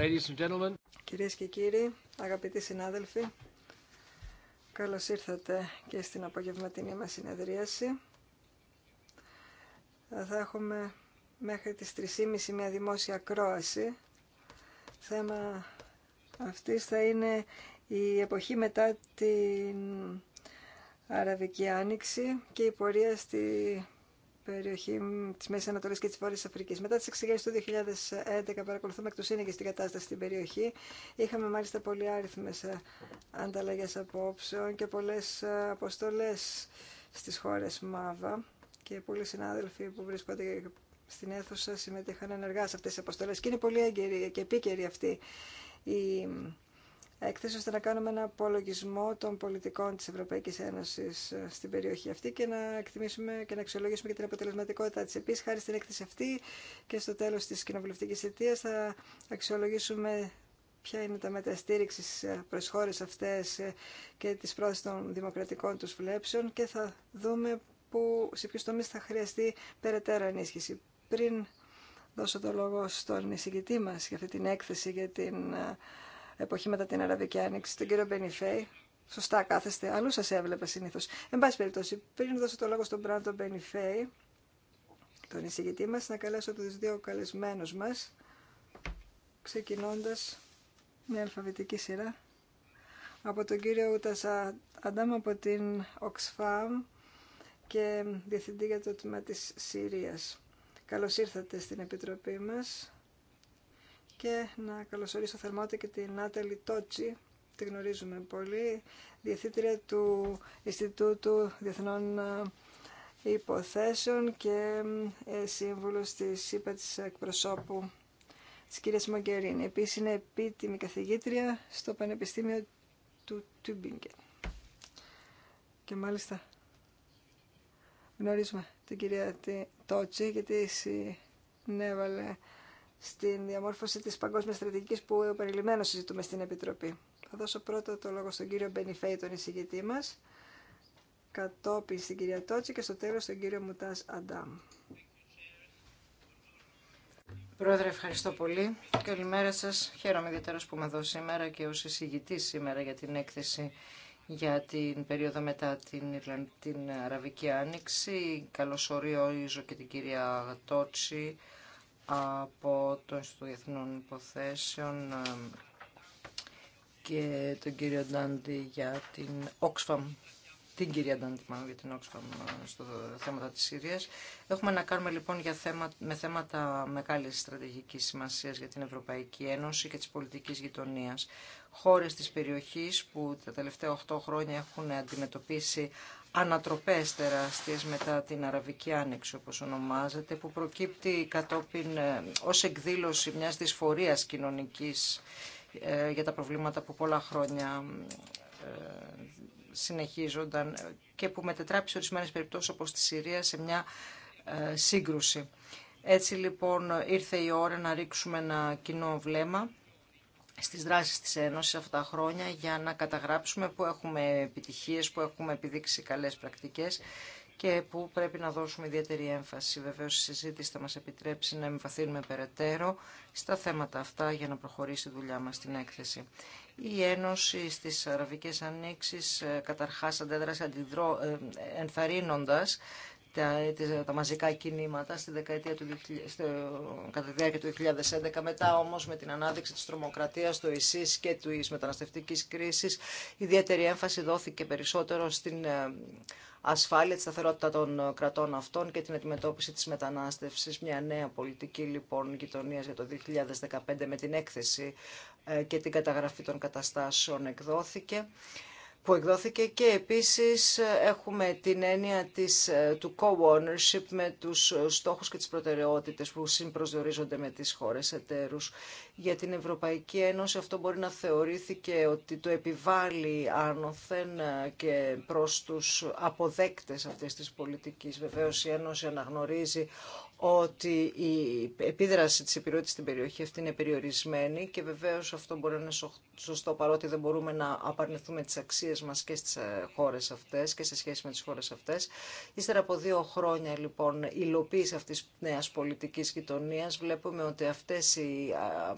Ladies and gentlemen. Κυρίες και κύριοι, αγαπητοί συνάδελφοι, καλώς ήρθατε και στην απογευματινή μας συνεδρίαση. Θα έχουμε μέχρι τις 3.30 μια δημόσια κρόαση. Θέμα αυτής θα είναι η εποχή μετά την Αραβική Άνοιξη και η πορεία στη περιοχή τη Μέση Ανατολή και τη Βόρεια Αφρική. Μετά τι εξηγήσει του 2011, παρακολουθούμε εκ του σύνεγγυ την κατάσταση στην περιοχή. Είχαμε μάλιστα πολύ άριθμε ανταλλαγέ απόψεων και πολλέ ε, αποστολέ στι χώρε ΜΑΒΑ. Και πολλοί συνάδελφοι που βρίσκονται στην αίθουσα συμμετείχαν ενεργά σε αυτέ τι αποστολέ. Και είναι πολύ έγκαιρη και επίκαιρη αυτή η έκθεση ώστε να κάνουμε ένα απολογισμό των πολιτικών της Ευρωπαϊκής Ένωσης ε, στην περιοχή αυτή και να εκτιμήσουμε και να αξιολογήσουμε και την αποτελεσματικότητά της. Επίσης, χάρη στην έκθεση αυτή και στο τέλος της κοινοβουλευτικής αιτίας θα αξιολογήσουμε ποια είναι τα μέτρα στήριξη ε, προ χώρε αυτέ ε, και τι πρόθεση των δημοκρατικών του βλέψεων και θα δούμε που, σε ποιους τομείς θα χρειαστεί περαιτέρω ενίσχυση. Πριν δώσω το λόγο στον εισηγητή μα για αυτή την έκθεση για την εποχή μετά την Αραβική Άνοιξη, τον κύριο Μπενιφέη. Σωστά κάθεστε, αλλού σα έβλεπα συνήθω. Εν πάση περιπτώσει, πριν δώσω το λόγο στον Μπράντον Μπενιφέη, τον εισηγητή μα να καλέσω του δύο καλεσμένου μα, ξεκινώντα μια αλφαβητική σειρά από τον κύριο Ούτασα Αντάμ από την Οξφάμ και Διευθυντή για το Τμήμα της Συρίας. Καλώς ήρθατε στην Επιτροπή μας και να καλωσορίσω θερμότητα και την Νάταλη Τότσι, τη γνωρίζουμε πολύ, διευθύντρια του Ινστιτούτου Διεθνών ε, Υποθέσεων και ε, σύμβουλος της ΥΠΑ της εκπροσώπου της κυρίας Μαγκερίνη. Επίσης είναι επίτιμη καθηγήτρια στο Πανεπιστήμιο του Τούμπιγκεν. Και μάλιστα γνωρίζουμε την κυρία Τότσι γιατί συνέβαλε στην διαμόρφωση της παγκόσμιας στρατηγικής που περιλημμένω συζητούμε στην Επιτροπή. Θα δώσω πρώτα το λόγο στον κύριο Μπενιφέη, τον εισηγητή μας, κατόπιν στην κυρία Τότση και στο τέλος στον κύριο Μουτάς Αντάμ. Πρόεδρε, ευχαριστώ πολύ. Καλημέρα σας. Χαίρομαι ιδιαίτερα που είμαι εδώ σήμερα και ως εισηγητή σήμερα για την έκθεση για την περίοδο μετά την, την Αραβική Άνοιξη. ορίζω και την κυρία Τότσι από το Ινστιτούτο Διεθνών Υποθέσεων ε, και τον κύριο Ντάντι για την Oxfam την κυρία Ντάντι για την Oxfam ε, στο θέμα της Συρίας. Έχουμε να κάνουμε λοιπόν για θέμα, με θέματα μεγάλης στρατηγικής σημασίας για την Ευρωπαϊκή Ένωση και της πολιτικής γειτονίας. Χώρες της περιοχής που τα τελευταία 8 χρόνια έχουν αντιμετωπίσει ανατροπές τεράστιες μετά την Αραβική Άνοιξη όπως ονομάζεται που προκύπτει κατόπιν ε, ως εκδήλωση μιας δυσφορίας κοινωνικής ε, για τα προβλήματα που πολλά χρόνια ε, συνεχίζονταν και που μετετράπησε ορισμένες περιπτώσεις όπως τη Συρία σε μια σύγκρουση. Έτσι λοιπόν ήρθε η ώρα να ρίξουμε ένα κοινό βλέμμα στις δράσεις της Ένωσης αυτά τα χρόνια για να καταγράψουμε που έχουμε επιτυχίες, που έχουμε επιδείξει καλές πρακτικές και που πρέπει να δώσουμε ιδιαίτερη έμφαση. Βεβαίως η συζήτηση θα μας επιτρέψει να εμβαθύνουμε περαιτέρω στα θέματα αυτά για να προχωρήσει η δουλειά μας στην έκθεση. Η Ένωση στις Αραβικές Ανοίξεις ε, καταρχάς αντέδρασε ε, ενθαρρύνοντας τα, τα μαζικά κινήματα στη δεκαετία του, στο, κατά τη διάρκεια του 2011. Μετά όμως με την ανάδειξη της τρομοκρατίας, του ΙΣΙΣ και του ΙΣ μεταναστευτικής κρίσης, ιδιαίτερη έμφαση δόθηκε περισσότερο στην ε, ασφάλεια, τη σταθερότητα των κρατών αυτών και την αντιμετώπιση της μετανάστευσης. Μια νέα πολιτική λοιπόν γειτονίας για το 2015 με την έκθεση ε, και την καταγραφή των καταστάσεων εκδόθηκε που εκδόθηκε και επίσης έχουμε την έννοια της, ε, του co-ownership με τους ε, στόχους και τις προτεραιότητες που συμπροσδιορίζονται με τις χώρες εταίρους. Για την Ευρωπαϊκή Ένωση αυτό μπορεί να θεωρήθηκε ότι το επιβάλλει άνωθεν ε, και προς τους αποδέκτες αυτής της πολιτικής. Βεβαίως η Ένωση αναγνωρίζει ότι η επίδραση της επιρροής στην περιοχή αυτή είναι περιορισμένη και βεβαίως αυτό μπορεί να είναι σωστό παρότι δεν μπορούμε να απαρνηθούμε τις αξίες μας και στις ε, χώρες αυτές και σε σχέση με τις χώρες αυτές. Ύστερα από δύο χρόνια λοιπόν υλοποίηση αυτής της νέας πολιτικής γειτονίας βλέπουμε ότι αυτές οι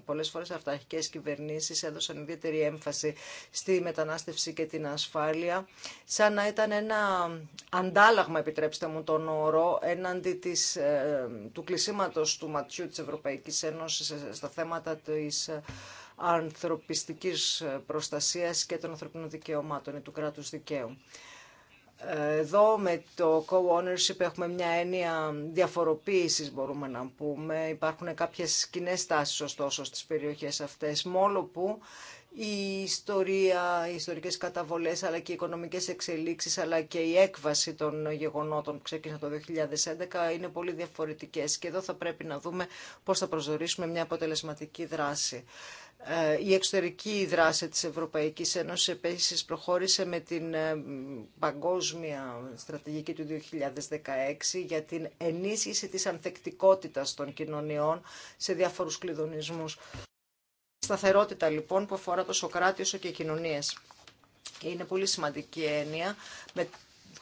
πολλές φορές αυταρχικές κυβερνήσεις έδωσαν ιδιαίτερη έμφαση στη μετανάστευση και την ασφάλεια σαν να ήταν ένα αντάλλαγμα επιτρέψτε μου τον όρο έναντι της ε, του κλεισίματος του ματιού τη Ευρωπαϊκής Ένωσης στα θέματα της ανθρωπιστικής προστασίας και των ανθρωπινών δικαιωμάτων ή του κράτους δικαίου. Εδώ με το co-ownership έχουμε μια έννοια διαφοροποίηση, μπορούμε να πούμε. Υπάρχουν κάποιες κοινέ τάσει, ωστόσο στις περιοχές αυτές, μόνο που η ιστορία, οι ιστορικές καταβολές αλλά και οι οικονομικές εξελίξεις αλλά και η έκβαση των γεγονότων που ξεκίνησαν το 2011 είναι πολύ διαφορετικές και εδώ θα πρέπει να δούμε πώς θα προσδορίσουμε μια αποτελεσματική δράση. Ε, η εξωτερική δράση της Ευρωπαϊκής Ένωσης επίσης προχώρησε με την ε, παγκόσμια στρατηγική του 2016 για την ενίσχυση της ανθεκτικότητας των κοινωνιών σε διάφορους κλειδονισμούς σταθερότητα λοιπόν που αφορά τόσο κράτη όσο και οι κοινωνίες. Και είναι πολύ σημαντική έννοια, με,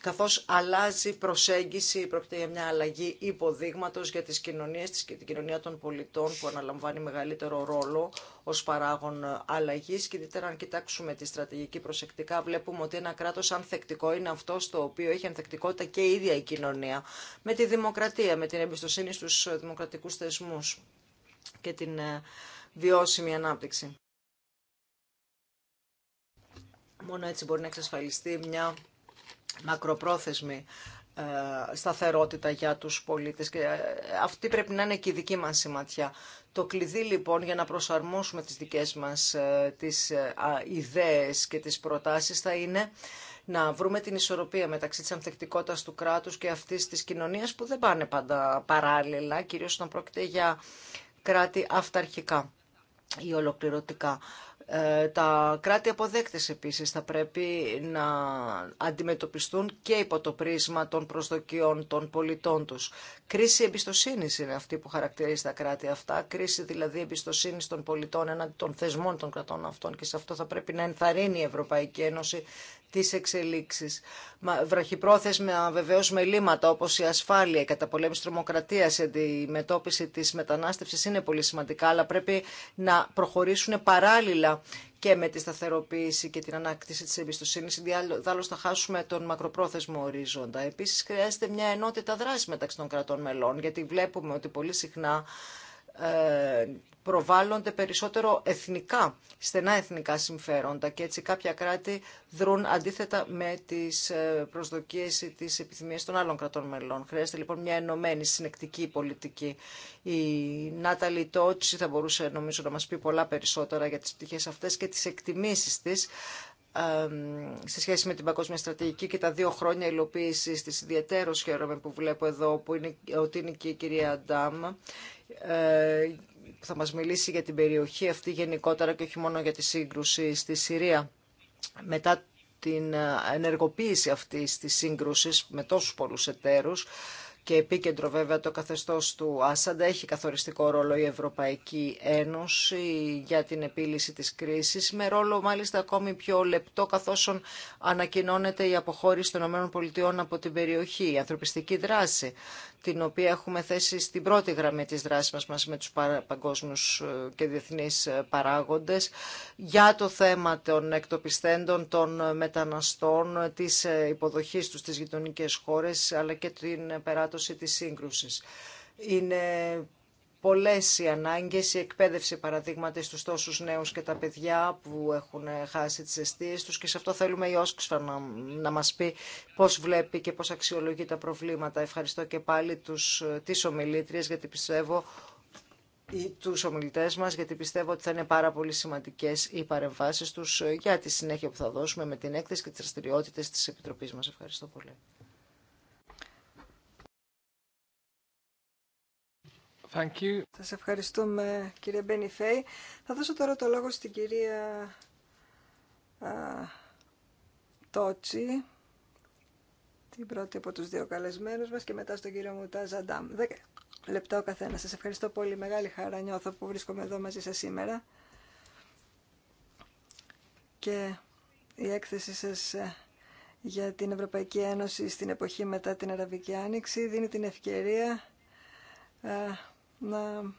καθώς αλλάζει προσέγγιση, πρόκειται για μια αλλαγή υποδείγματος για τις κοινωνίες της και την κοινωνία των πολιτών που αναλαμβάνει μεγαλύτερο ρόλο ως παράγον αλλαγής και ιδιαίτερα αν κοιτάξουμε τη στρατηγική προσεκτικά βλέπουμε ότι ένα κράτος ανθεκτικό είναι αυτό στο οποίο έχει ανθεκτικότητα και η ίδια η κοινωνία με τη δημοκρατία, με την εμπιστοσύνη στους δημοκρατικούς θεσμούς και την ε, βιώσιμη ανάπτυξη. Μόνο έτσι μπορεί να εξασφαλιστεί μια μακροπρόθεσμη ε, σταθερότητα για τους πολίτες και ε, αυτή πρέπει να είναι και η δική μας η Το κλειδί λοιπόν για να προσαρμόσουμε τις δικές μας ε, τις ιδέες και τις προτάσεις θα είναι να βρούμε την ισορροπία μεταξύ της ανθεκτικότητας του κράτους και αυτής της κοινωνίας που δεν πάνε πάντα παράλληλα, κυρίως όταν πρόκειται για κράτη αυταρχικά ή ολοκληρωτικά. Ε, τα κράτη αποδέκτες επίσης θα πρέπει να αντιμετωπιστούν και υπό το πρίσμα των προσδοκιών των πολιτών τους. Κρίση εμπιστοσύνης είναι αυτή που χαρακτηρίζει τα κράτη αυτά. Κρίση δηλαδή εμπιστοσύνης των πολιτών έναντι των θεσμών των κρατών αυτών και σε αυτό θα πρέπει να ενθαρρύνει η Ευρωπαϊκή Ένωση τις εξελίξεις. βραχυπρόθεσμα βεβαίω με λύματα όπως η ασφάλεια, η καταπολέμηση τρομοκρατίας, η αντιμετώπιση της μετανάστευσης είναι πολύ σημαντικά, αλλά πρέπει να προχωρήσουν παράλληλα και με τη σταθεροποίηση και την ανάκτηση της εμπιστοσύνης, δάλλως θα χάσουμε τον μακροπρόθεσμο ορίζοντα. επίση χρειάζεται μια ενότητα δράση μεταξύ των κρατών μελών, γιατί βλέπουμε ότι πολύ συχνά ε, προβάλλονται περισσότερο εθνικά, στενά εθνικά συμφέροντα και έτσι κάποια κράτη δρούν αντίθετα με τις ε, προσδοκίες ή τις επιθυμίες των άλλων κρατών μελών. Χρειάζεται λοιπόν μια ενωμένη συνεκτική πολιτική. Η Νάταλη Τότσι θα μπορούσε νομίζω να μας πει πολλά περισσότερα για τις πτυχές αυτές και τις εκτιμήσεις της σε σχέση με την παγκόσμια στρατηγική και τα δύο χρόνια υλοποίηση τη ιδιαίτερο χαίρομαι που βλέπω εδώ που είναι, ότι είναι και η κυρία Ντάμ ε, που θα μας μιλήσει για την περιοχή αυτή γενικότερα και όχι μόνο για τη σύγκρουση στη Συρία. Μετά την ε, ενεργοποίηση αυτής της σύγκρουσης με τόσους πολλούς εταίρους, και επίκεντρο βέβαια το καθεστώς του Άσαντα έχει καθοριστικό ρόλο η Ευρωπαϊκή Ένωση για την επίλυση της κρίσης με ρόλο μάλιστα ακόμη πιο λεπτό καθώς ανακοινώνεται η αποχώρηση των ΗΠΑ από την περιοχή, η ανθρωπιστική δράση την οποία έχουμε θέσει στην πρώτη γραμμή της δράσης μας με τους παγκόσμιους ε, και διεθνείς ε, παράγοντες για το θέμα των εκτοπιστέντων, των ε, μεταναστών, της υποδοχής τους στις γειτονικές χώρες αλλά και την περάτωση της σύγκρουσης. Είναι πολλές οι ανάγκες, η εκπαίδευση παραδείγματι στους τόσους νέους και τα παιδιά που έχουν χάσει τις αιστείες τους και σε αυτό θέλουμε η Όσκουσφα να, να μας πει πώς βλέπει και πώς αξιολογεί τα προβλήματα. Ευχαριστώ και πάλι τους, τις ομιλήτριες γιατί πιστεύω ή τους ομιλητές μας γιατί πιστεύω ότι θα είναι πάρα πολύ σημαντικές οι παρεμβάσεις τους για τη συνέχεια που θα δώσουμε με την έκθεση και τις δραστηριότητε της Επιτροπής μας. Ευχαριστώ πολύ. Thank Σας ευχαριστούμε κύριε Μπενιφέη. Θα δώσω τώρα το λόγο στην κυρία Τότσι, την πρώτη από τους δύο καλεσμένους μας και μετά στον κύριο Μουτά Ζαντάμ. Δέκα λεπτά ο καθένας. Σας ευχαριστώ πολύ. Μεγάλη χαρά νιώθω που βρίσκομαι εδώ μαζί σας σήμερα. Και η έκθεση σας ε, για την Ευρωπαϊκή Ένωση στην εποχή μετά την Αραβική Άνοιξη δίνει την ευκαιρία ε, να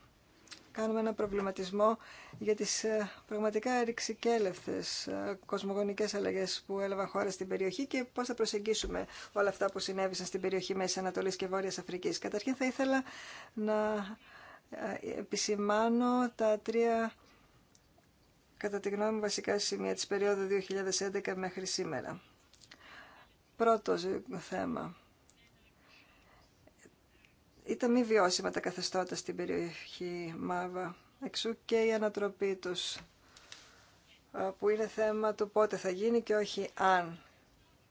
κάνουμε ένα προβληματισμό για τις ε, πραγματικά ρηξικέλευτες ε, κοσμογονικές αλλαγές που έλαβαν χώρα στην περιοχή και πώς θα προσεγγίσουμε όλα αυτά που συνέβησαν στην περιοχή Μέση Ανατολής και Βόρειας Αφρικής. Καταρχήν θα ήθελα να ε, επισημάνω τα τρία κατά τη γνώμη βασικά σημεία της περίοδου 2011 μέχρι σήμερα. Πρώτο θέμα, ήταν μη βιώσιμα τα καθεστώτα στην περιοχή Μάβα. Εξού και η ανατροπή τους, που είναι θέμα του πότε θα γίνει και όχι αν,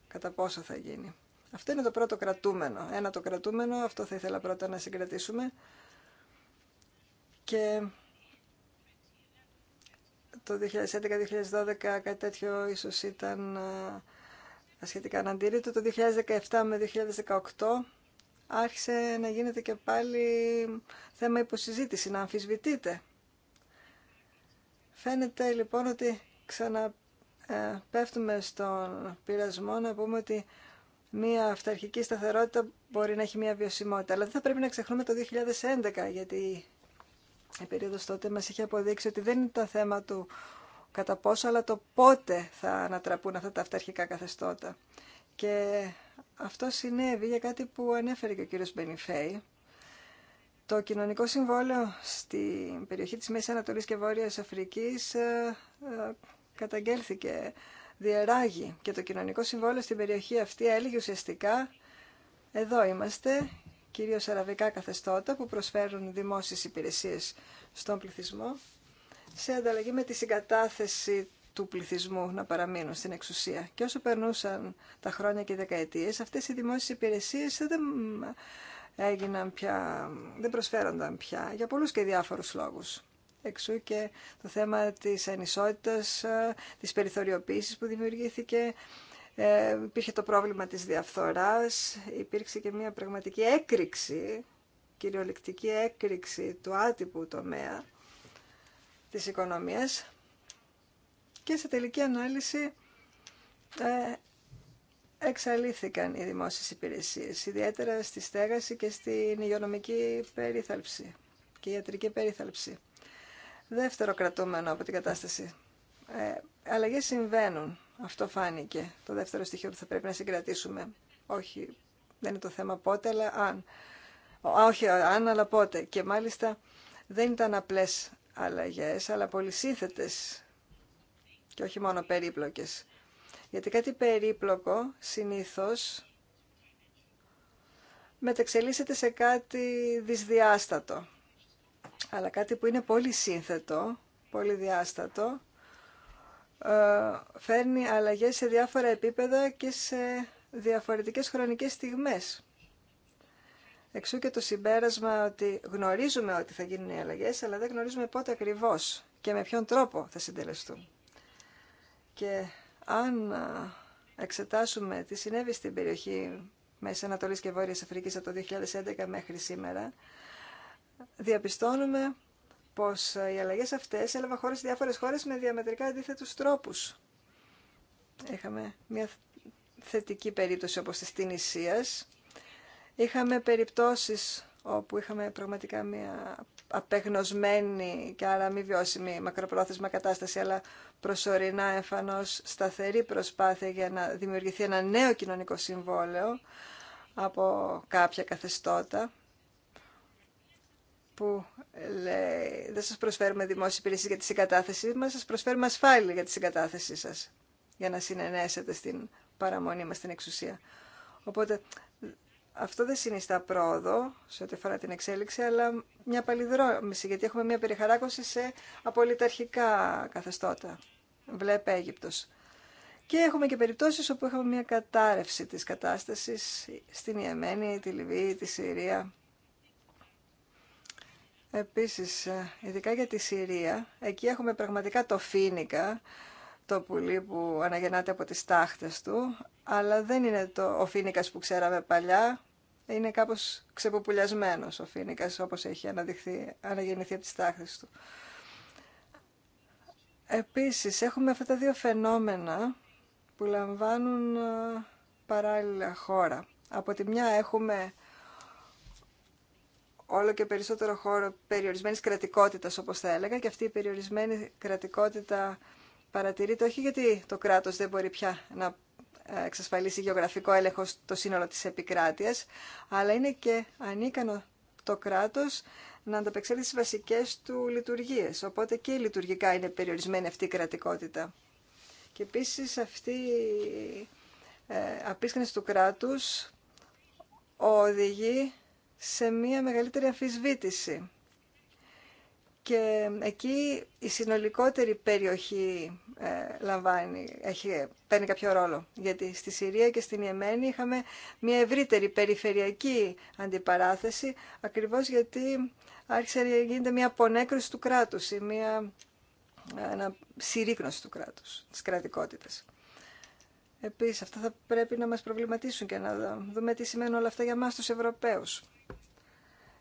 κατά πόσο θα γίνει. Αυτό είναι το πρώτο κρατούμενο. Ένα το κρατούμενο, αυτό θα ήθελα πρώτα να συγκρατήσουμε. Και το 2011-2012 κάτι τέτοιο ίσως ήταν σχετικά αναντήρητο. Το 2017 με 2018 άρχισε να γίνεται και πάλι θέμα υποσυζήτηση, να αμφισβητείτε. Φαίνεται λοιπόν ότι ξαναπέφτουμε ε, στον πειρασμό να πούμε ότι μια αυταρχική σταθερότητα μπορεί να έχει μια βιωσιμότητα. Αλλά δεν θα πρέπει να ξεχνούμε το 2011, γιατί η περίοδος τότε μας είχε αποδείξει ότι δεν ήταν θέμα του κατά πόσο, αλλά το πότε θα ανατραπούν αυτά τα αυταρχικά καθεστώτα. Και αυτό συνέβη για κάτι που ανέφερε και ο κύριος Μπενιφέη. Το κοινωνικό συμβόλαιο στην περιοχή της Μέσης Ανατολής και Βόρειας Αφρικής ε, ε, καταγγέλθηκε, διεράγει και το κοινωνικό συμβόλαιο στην περιοχή αυτή έλεγε ουσιαστικά εδώ είμαστε, κυρίως αραβικά καθεστώτα που προσφέρουν δημόσιες υπηρεσίες στον πληθυσμό σε ανταλλαγή με τη συγκατάθεση του πληθυσμού να παραμείνουν στην εξουσία. Και όσο περνούσαν τα χρόνια και οι δεκαετίες, αυτές οι δημόσιες υπηρεσίες δεν πια, δεν προσφέρονταν πια για πολλούς και διάφορους λόγους. Εξού και το θέμα της ανισότητας, ε, της περιθωριοποίησης που δημιουργήθηκε, ε, υπήρχε το πρόβλημα της διαφθοράς, υπήρξε και μια πραγματική έκρηξη, κυριολεκτική έκρηξη του άτυπου τομέα της οικονομίας και σε τελική ανάλυση ε, εξαλήθηκαν οι δημόσιες υπηρεσίες, ιδιαίτερα στη στέγαση και στην υγειονομική περίθαλψη και ιατρική περίθαλψη. Δεύτερο κρατούμενο από την κατάσταση. Ε, αλλαγές συμβαίνουν. Αυτό φάνηκε. Το δεύτερο στοιχείο που θα πρέπει να συγκρατήσουμε. Όχι, δεν είναι το θέμα πότε, αλλά αν. όχι, αν, αλλά πότε. Και μάλιστα δεν ήταν απλές αλλαγές, αλλά πολυσύνθετες και όχι μόνο περίπλοκες. Γιατί κάτι περίπλοκο συνήθως μεταξελίσσεται σε κάτι δυσδιάστατο. Αλλά κάτι που είναι πολύ σύνθετο, πολύ διάστατο, ε, φέρνει αλλαγές σε διάφορα επίπεδα και σε διαφορετικές χρονικές στιγμές. Εξού και το συμπέρασμα ότι γνωρίζουμε ότι θα γίνουν οι αλλαγές, αλλά δεν γνωρίζουμε πότε ακριβώς και με ποιον τρόπο θα συντελεστούν. Και αν εξετάσουμε τι συνέβη στην περιοχή Μέση Ανατολής και Βόρεια Αφρική από το 2011 μέχρι σήμερα, διαπιστώνουμε πως οι αλλαγέ αυτές έλαβαν χώρε σε διάφορες χώρες με διαμετρικά αντίθετου τρόπους. Είχαμε μια θετική περίπτωση όπως τη Τινησίας. Είχαμε περιπτώσεις όπου είχαμε πραγματικά μια απεγνωσμένη και άρα μη βιώσιμη μακροπρόθεσμα κατάσταση, αλλά προσωρινά εμφανώς σταθερή προσπάθεια για να δημιουργηθεί ένα νέο κοινωνικό συμβόλαιο από κάποια καθεστώτα που λέει δεν σας προσφέρουμε δημόσια υπηρεσία για τη συγκατάθεσή μας, σας προσφέρουμε ασφάλεια για τη συγκατάθεσή σας, για να συνενέσετε στην παραμονή μας στην εξουσία. Οπότε αυτό δεν συνιστά πρόοδο σε ό,τι αφορά την εξέλιξη, αλλά μια παλιδρόμηση, γιατί έχουμε μια περιχαράκωση σε απολυταρχικά καθεστώτα. Βλέπε Αίγυπτος. Και έχουμε και περιπτώσεις όπου έχουμε μια κατάρρευση της κατάστασης στην Ιεμένη, τη Λιβύη, τη Συρία. Επίσης, ειδικά για τη Συρία, εκεί έχουμε πραγματικά το φίνικα, το πουλί που αναγεννάται από τις τάχτες του, αλλά δεν είναι το, ο που ξέραμε παλιά, είναι κάπως ξεποπουλιασμένος ο Φίνικας όπως έχει αναδειχθεί, αναγεννηθεί από τις τάχτες του. Επίσης έχουμε αυτά τα δύο φαινόμενα που λαμβάνουν ε, παράλληλα χώρα. Από τη μια έχουμε όλο και περισσότερο χώρο περιορισμένης κρατικότητας όπως θα έλεγα και αυτή η περιορισμένη κρατικότητα παρατηρείται όχι γιατί το κράτος δεν μπορεί πια να εξασφαλίσει γεωγραφικό έλεγχο στο σύνολο της επικράτειας, αλλά είναι και ανίκανο το κράτος να ανταπεξέλθει στις βασικές του λειτουργίες. Οπότε και λειτουργικά είναι περιορισμένη αυτή η κρατικότητα. Και επίσης αυτή η ε, απίσκανση του κράτους οδηγεί σε μία μεγαλύτερη αμφισβήτηση και εκεί η συνολικότερη περιοχή ε, λαμβάνει, έχει, παίρνει κάποιο ρόλο. Γιατί στη Συρία και στην Ιεμένη είχαμε μια ευρύτερη περιφερειακή αντιπαράθεση, ακριβώς γιατί άρχισε να γίνεται μια απονέκρωση του κράτους ή μια ένα του κράτους, της κρατικότητας. Επίσης, αυτά θα πρέπει να μας προβληματίσουν και να δούμε τι σημαίνουν όλα αυτά για μας τους Ευρωπαίους.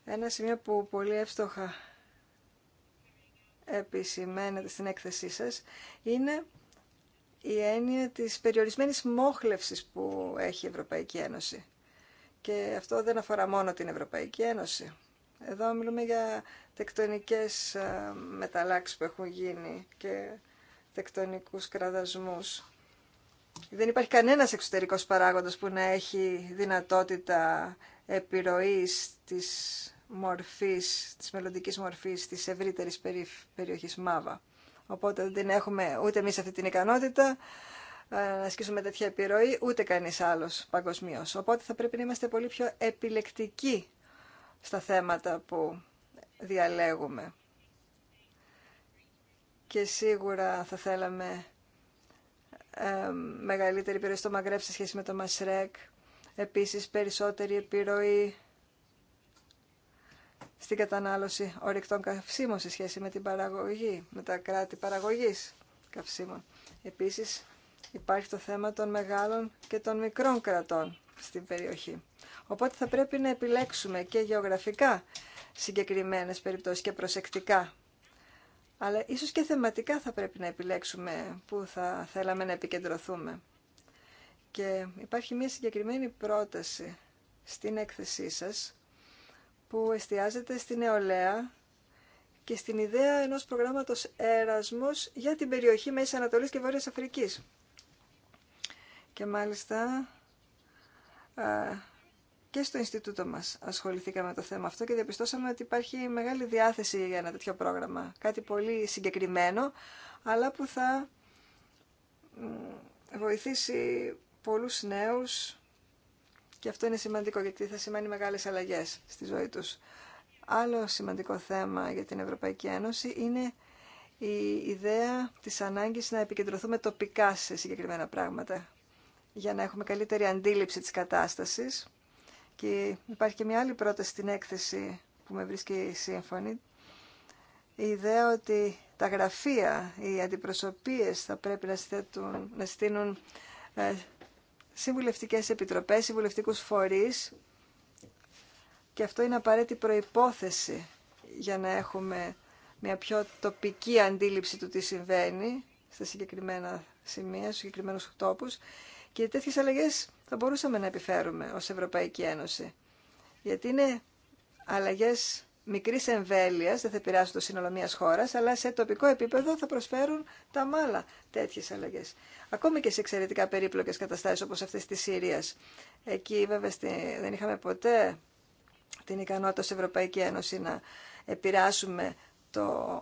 Ένα σημείο που πολύ εύστοχα επισημαίνεται στην έκθεσή σας είναι η έννοια της περιορισμένης μόχλευσης που έχει η Ευρωπαϊκή Ένωση. Και αυτό δεν αφορά μόνο την Ευρωπαϊκή Ένωση. Εδώ μιλούμε για τεκτονικές ε, μεταλλάξεις που έχουν γίνει και τεκτονικούς κραδασμούς. Δεν υπάρχει κανένας εξωτερικός παράγοντας που να έχει δυνατότητα επιρροής της μορφής, της μελλοντικής μορφής της ευρύτερης περιοχής ΜΑΒΑ. Οπότε δεν την έχουμε ούτε εμείς αυτή την ικανότητα ε, να ασκήσουμε τέτοια επιρροή, ούτε κανείς άλλος παγκοσμίω. Οπότε θα πρέπει να είμαστε πολύ πιο επιλεκτικοί στα θέματα που διαλέγουμε. Και σίγουρα θα θέλαμε ε, μεγαλύτερη επιρροή στο Μαγκρέφ σε σχέση με το Μασρέκ. Επίσης περισσότερη επιρροή στην κατανάλωση ορεικτών καυσίμων σε σχέση με την παραγωγή, με τα κράτη παραγωγής καυσίμων. Επίσης υπάρχει το θέμα των μεγάλων και των μικρών κρατών στην περιοχή. Οπότε θα πρέπει να επιλέξουμε και γεωγραφικά συγκεκριμένες περιπτώσεις και προσεκτικά. Αλλά ίσως και θεματικά θα πρέπει να επιλέξουμε που θα θέλαμε να επικεντρωθούμε. Και υπάρχει μια συγκεκριμένη πρόταση στην έκθεσή σας που εστιάζεται στην νεολαία και στην ιδέα ενός προγράμματος Έρασμος για την περιοχή Μέσης Ανατολής και Βόρειας Αφρικής. Και μάλιστα και στο Ινστιτούτο μας ασχοληθήκαμε με το θέμα αυτό και διαπιστώσαμε ότι υπάρχει μεγάλη διάθεση για ένα τέτοιο πρόγραμμα. Κάτι πολύ συγκεκριμένο, αλλά που θα βοηθήσει πολλούς νέους και αυτό είναι σημαντικό γιατί θα σημαίνει μεγάλες αλλαγές στη ζωή τους. Άλλο σημαντικό θέμα για την Ευρωπαϊκή Ένωση είναι η ιδέα της ανάγκης να επικεντρωθούμε τοπικά σε συγκεκριμένα πράγματα για να έχουμε καλύτερη αντίληψη της κατάστασης. Και υπάρχει και μια άλλη πρόταση στην έκθεση που με βρίσκει σύμφωνη. Η ιδέα ότι τα γραφεία, οι αντιπροσωπείες θα πρέπει να, να στείλουν ε, Συμβουλευτικέ επιτροπέ, συμβουλευτικού φορεί. και αυτό είναι απαραίτητη προϋπόθεση για να έχουμε μια πιο τοπική αντίληψη του τι συμβαίνει στα συγκεκριμένα σημεία, στους συγκεκριμένους τόπους και τέτοιε αλλαγές θα μπορούσαμε να επιφέρουμε ως Ευρωπαϊκή Ένωση γιατί είναι αλλαγές Μικρή εμβέλεια δεν θα επηρεάσουν το σύνολο μια χώρας, αλλά σε τοπικό επίπεδο θα προσφέρουν τα μάλα τέτοιες αλλαγές. Ακόμη και σε εξαιρετικά περίπλοκες καταστάσεις όπως αυτές της Συρία. Εκεί βέβαια δεν είχαμε ποτέ την ικανότητα ω Ευρωπαϊκή Ένωση να επηρεάσουμε το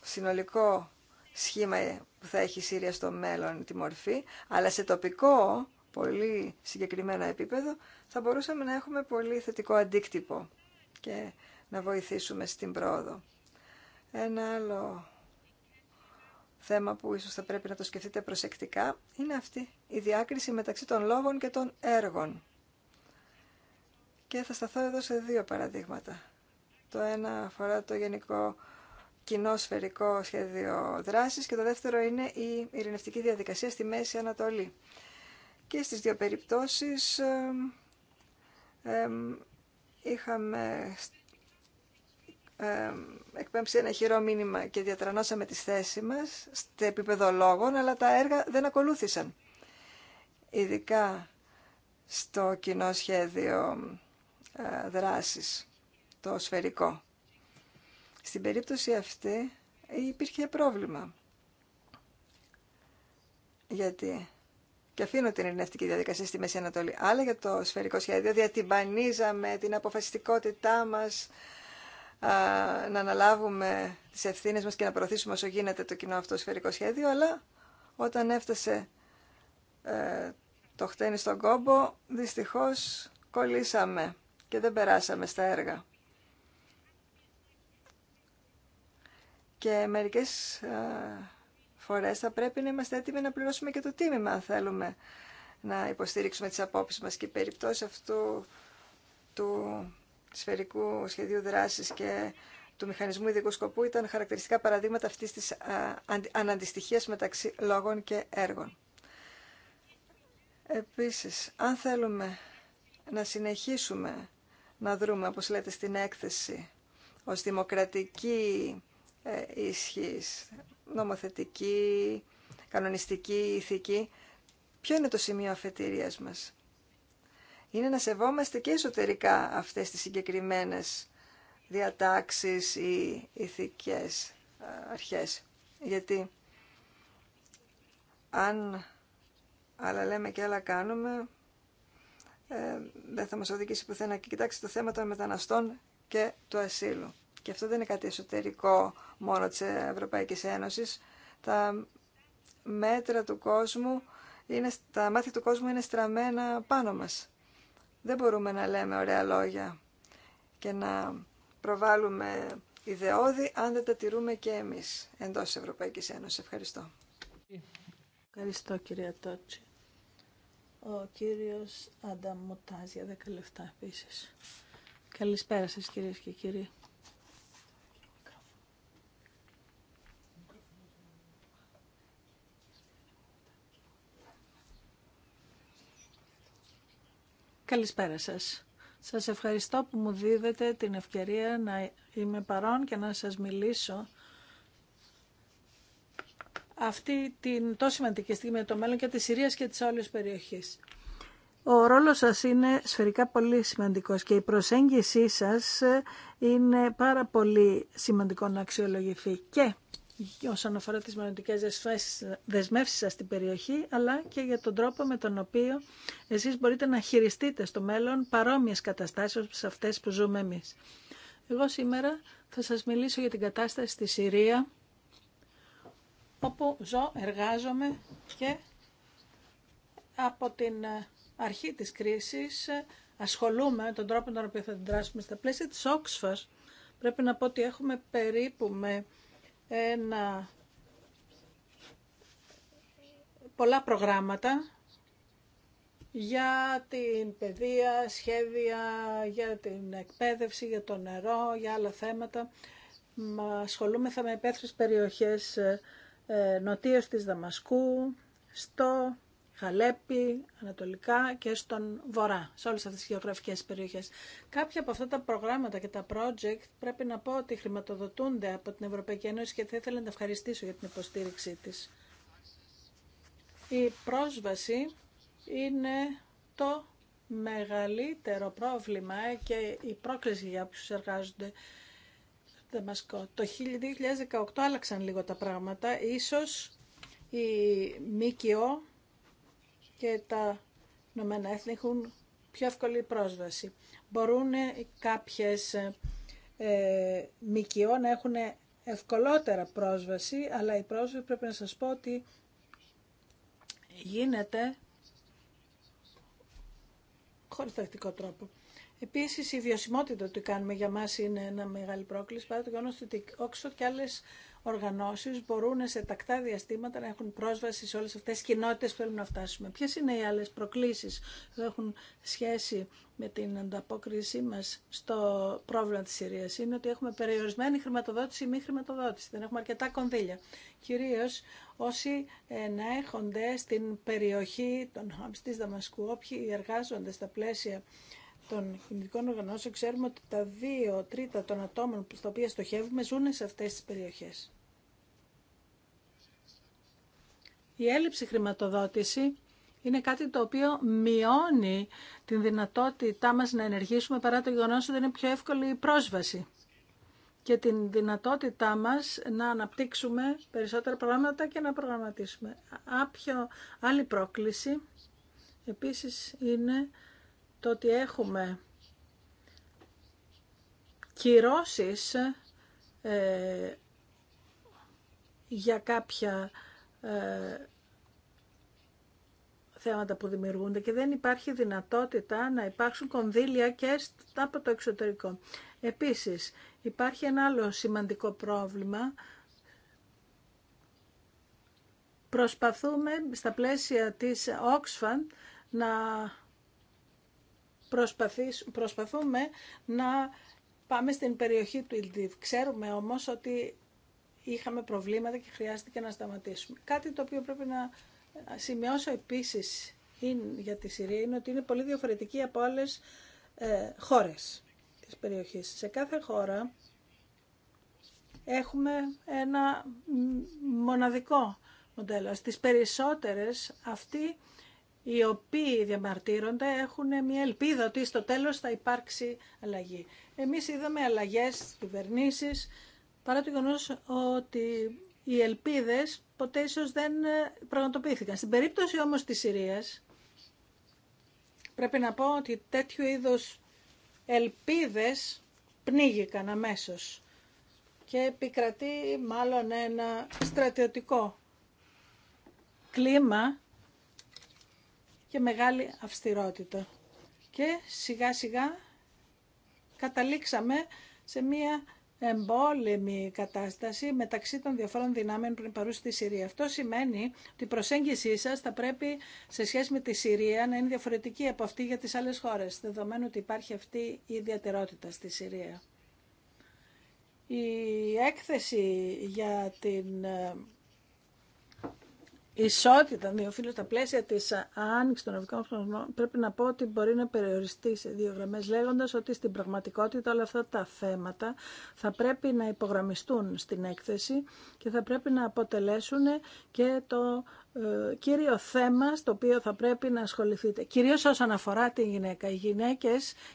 συνολικό σχήμα που θα έχει η Σύρια στο μέλλον τη μορφή, αλλά σε τοπικό, πολύ συγκεκριμένο επίπεδο, θα μπορούσαμε να έχουμε πολύ θετικό αντίκτυπο και να βοηθήσουμε στην πρόοδο. Ένα άλλο θέμα που ίσως θα πρέπει να το σκεφτείτε προσεκτικά είναι αυτή η διάκριση μεταξύ των λόγων και των έργων. Και θα σταθώ εδώ σε δύο παραδείγματα. Το ένα αφορά το γενικό κοινό σφαιρικό σχέδιο δράσης και το δεύτερο είναι η ειρηνευτική διαδικασία στη Μέση Ανατολή. Και στις δύο περιπτώσεις είχαμε εκπέμψει ένα χειρό μήνυμα και διατρανώσαμε τη θέση μας σε επίπεδο λόγων, αλλά τα έργα δεν ακολούθησαν. Ειδικά στο κοινό σχέδιο ε, δράσης, το σφαιρικό. Στην περίπτωση αυτή υπήρχε πρόβλημα. Γιατί και αφήνω την ειρηνευτική διαδικασία στη Μέση Ανατολή. Αλλά για το σφαιρικό σχέδιο διατυμπανίζαμε την αποφασιστικότητά μας, να αναλάβουμε τις ευθύνες μας και να προωθήσουμε όσο γίνεται το κοινό αυτό σχέδιο, αλλά όταν έφτασε ε, το χτένι στον κόμπο, δυστυχώς κολλήσαμε και δεν περάσαμε στα έργα. Και μερικές ε, φορές θα πρέπει να είμαστε έτοιμοι να πληρώσουμε και το τίμημα, αν θέλουμε να υποστηρίξουμε τις απόψεις μας. Και η περιπτώσει αυτού του σφαιρικού σχεδίου δράσης και του μηχανισμού ειδικού σκοπού ήταν χαρακτηριστικά παραδείγματα αυτής της αναντιστοιχία μεταξύ λόγων και έργων. Επίσης, αν θέλουμε να συνεχίσουμε να δρούμε, όπως λέτε στην έκθεση, ως δημοκρατική ε, νομοθετική, κανονιστική, ηθική, ποιο είναι το σημείο αφετηρίας μας είναι να σεβόμαστε και εσωτερικά αυτές τις συγκεκριμένες διατάξεις ή ηθικές αρχές. Γιατί αν άλλα λέμε και άλλα κάνουμε, ε, δεν θα μας οδηγήσει πουθενά. Και κοιτάξτε το θέμα των μεταναστών και του ασύλου. Και αυτό δεν είναι κάτι εσωτερικό μόνο της Ευρωπαϊκής Ένωσης. Τα μέτρα του κόσμου, είναι, τα μάτια του κόσμου είναι στραμμένα πάνω μας. Δεν μπορούμε να λέμε ωραία λόγια και να προβάλλουμε ιδεώδη αν δεν τα τηρούμε και εμείς εντός Ευρωπαϊκής Ένωσης. Ευχαριστώ. Ευχαριστώ κυρία Τότσι. Ο κύριος Ανταμουτάζ για 10 λεπτά επίσης. Καλησπέρα σας κυρίες και κύριοι. Καλησπέρα σας. Σας ευχαριστώ που μου δίδετε την ευκαιρία να είμαι παρόν και να σας μιλήσω αυτή την τόσο σημαντική στιγμή το μέλλον και της Συρίας και της όλης περιοχής. Ο ρόλος σας είναι σφαιρικά πολύ σημαντικός και η προσέγγιση σας είναι πάρα πολύ σημαντικό να αξιολογηθεί και όσον αφορά τις μελλοντικές δεσμεύσεις σας στην περιοχή, αλλά και για τον τρόπο με τον οποίο εσείς μπορείτε να χειριστείτε στο μέλλον παρόμοιες καταστάσεις όπως αυτές που ζούμε εμείς. Εγώ σήμερα θα σας μιλήσω για την κατάσταση στη Συρία, όπου ζω, εργάζομαι και από την ε, αρχή της κρίσης ε, ασχολούμαι με τον τρόπο με τον οποίο θα την δράσουμε στα πλαίσια της Oxford. Πρέπει να πω ότι έχουμε περίπου με ένα, πολλά προγράμματα για την παιδεία, σχέδια, για την εκπαίδευση, για το νερό, για άλλα θέματα. Μα ασχολούμεθα με υπαίθρες περιοχές ε, ε, νοτίως της Δαμασκού, στο Χαλέπη, Ανατολικά και στον Βορρά, σε όλες αυτές τις γεωγραφικές περιοχές. Κάποια από αυτά τα προγράμματα και τα project πρέπει να πω ότι χρηματοδοτούνται από την Ευρωπαϊκή Ένωση και θα ήθελα να τα ευχαριστήσω για την υποστήριξή της. Η πρόσβαση είναι το μεγαλύτερο πρόβλημα και η πρόκληση για όποιους εργάζονται Το 2018 άλλαξαν λίγο τα πράγματα. Ίσως η ΜΚΟ και τα Ηνωμένα Έθνη έχουν πιο εύκολη πρόσβαση. Μπορούν κάποιες ε, να έχουν ευκολότερα πρόσβαση, αλλά η πρόσβαση πρέπει να σας πω ότι γίνεται χωρίς τακτικό τρόπο. Επίσης η βιωσιμότητα του κάνουμε για μας είναι ένα μεγάλη πρόκληση, παρά το γεγονός ότι όξο και άλλες οργανώσεις μπορούν σε τακτά διαστήματα να έχουν πρόσβαση σε όλες αυτές τις κοινότητες που θέλουμε να φτάσουμε. Ποιες είναι οι άλλες προκλήσεις που έχουν σχέση με την ανταπόκρισή μας στο πρόβλημα της Συρίας. Είναι ότι έχουμε περιορισμένη χρηματοδότηση ή μη χρηματοδότηση. Δεν έχουμε αρκετά κονδύλια. Κυρίως όσοι ε, να έχονται στην περιοχή των Χαμς της Δαμασκού, όποιοι εργάζονται στα πλαίσια των κινητικών οργανώσεων ξέρουμε ότι τα δύο τρίτα των ατόμων στα οποία στοχεύουμε ζουν σε αυτές τις περιοχές. Η έλλειψη χρηματοδότηση είναι κάτι το οποίο μειώνει την δυνατότητά μας να ενεργήσουμε παρά το γεγονός ότι είναι πιο εύκολη η πρόσβαση και την δυνατότητά μας να αναπτύξουμε περισσότερα προγράμματα και να προγραμματίσουμε. Άπιο άλλη πρόκληση επίσης είναι το ότι έχουμε κυρώσεις ε, για κάποια ε, θέματα που δημιουργούνται και δεν υπάρχει δυνατότητα να υπάρξουν κονδύλια και από το εξωτερικό. Επίσης, υπάρχει ένα άλλο σημαντικό πρόβλημα. Προσπαθούμε στα πλαίσια της Oxfam να προσπαθούμε να πάμε στην περιοχή του Ιλτίβ. Ξέρουμε όμως ότι είχαμε προβλήματα και χρειάστηκε να σταματήσουμε. Κάτι το οποίο πρέπει να σημειώσω επίσης για τη Συρία είναι ότι είναι πολύ διαφορετική από άλλες ε, χώρες της περιοχής. Σε κάθε χώρα έχουμε ένα μοναδικό μοντέλο. Στις περισσότερες αυτή οι οποίοι διαμαρτύρονται έχουν μια ελπίδα ότι στο τέλος θα υπάρξει αλλαγή. Εμείς είδαμε αλλαγές στις κυβερνήσεις, παρά το γεγονό ότι οι ελπίδες ποτέ ίσως δεν πραγματοποιήθηκαν. Στην περίπτωση όμως της Συρίας, πρέπει να πω ότι τέτοιου είδους ελπίδες πνίγηκαν αμέσως και επικρατεί μάλλον ένα στρατιωτικό κλίμα και μεγάλη αυστηρότητα. Και σιγά σιγά καταλήξαμε σε μία εμπόλεμη κατάσταση μεταξύ των διαφόρων δυνάμεων που είναι παρούσε στη Συρία. Αυτό σημαίνει ότι η προσέγγιση σας θα πρέπει σε σχέση με τη Συρία να είναι διαφορετική από αυτή για τις άλλες χώρες, δεδομένου ότι υπάρχει αυτή η ιδιαιτερότητα στη Συρία. Η έκθεση για την ε, ισότητα δύο φίλου στα πλαίσια τη άνοιξη των ευρωπαϊκών οργανισμών, πρέπει να πω ότι μπορεί να περιοριστεί σε δύο γραμμέ, λέγοντα ότι στην πραγματικότητα όλα αυτά τα θέματα θα πρέπει να υπογραμμιστούν στην έκθεση και θα πρέπει να αποτελέσουν και το ε, κύριο θέμα στο οποίο θα πρέπει να ασχοληθείτε. Κυρίω όσον αφορά τη γυναίκα. Οι γυναίκε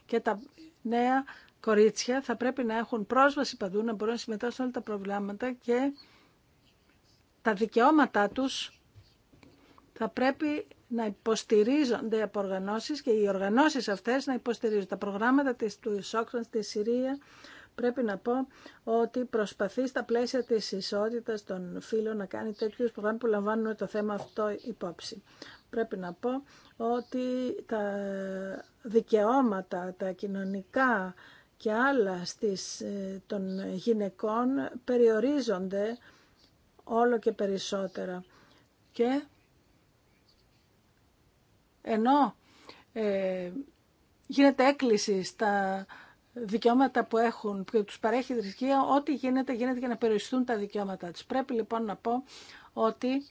και τα νέα κορίτσια θα πρέπει να έχουν πρόσβαση παντού, να μπορούν να συμμετάσχουν όλα τα προβλήματα και τα δικαιώματά τους θα πρέπει να υποστηρίζονται από οργανώσεις και οι οργανώσεις αυτές να υποστηρίζουν τα προγράμματα της, του Ισόκραν στη Συρία. Πρέπει να πω ότι προσπαθεί στα πλαίσια της ισότητας των φίλων να κάνει τέτοιους προγράμματα που λαμβάνουν το θέμα αυτό υπόψη. Πρέπει να πω ότι τα δικαιώματα, τα κοινωνικά και άλλα στις, ε, των γυναικών περιορίζονται όλο και περισσότερα. Και ενώ ε, γίνεται έκκληση στα δικαιώματα που έχουν, που τους παρέχει η θρησκεία, ό,τι γίνεται, γίνεται για να περιοριστούν τα δικαιώματα τους. Πρέπει λοιπόν να πω ότι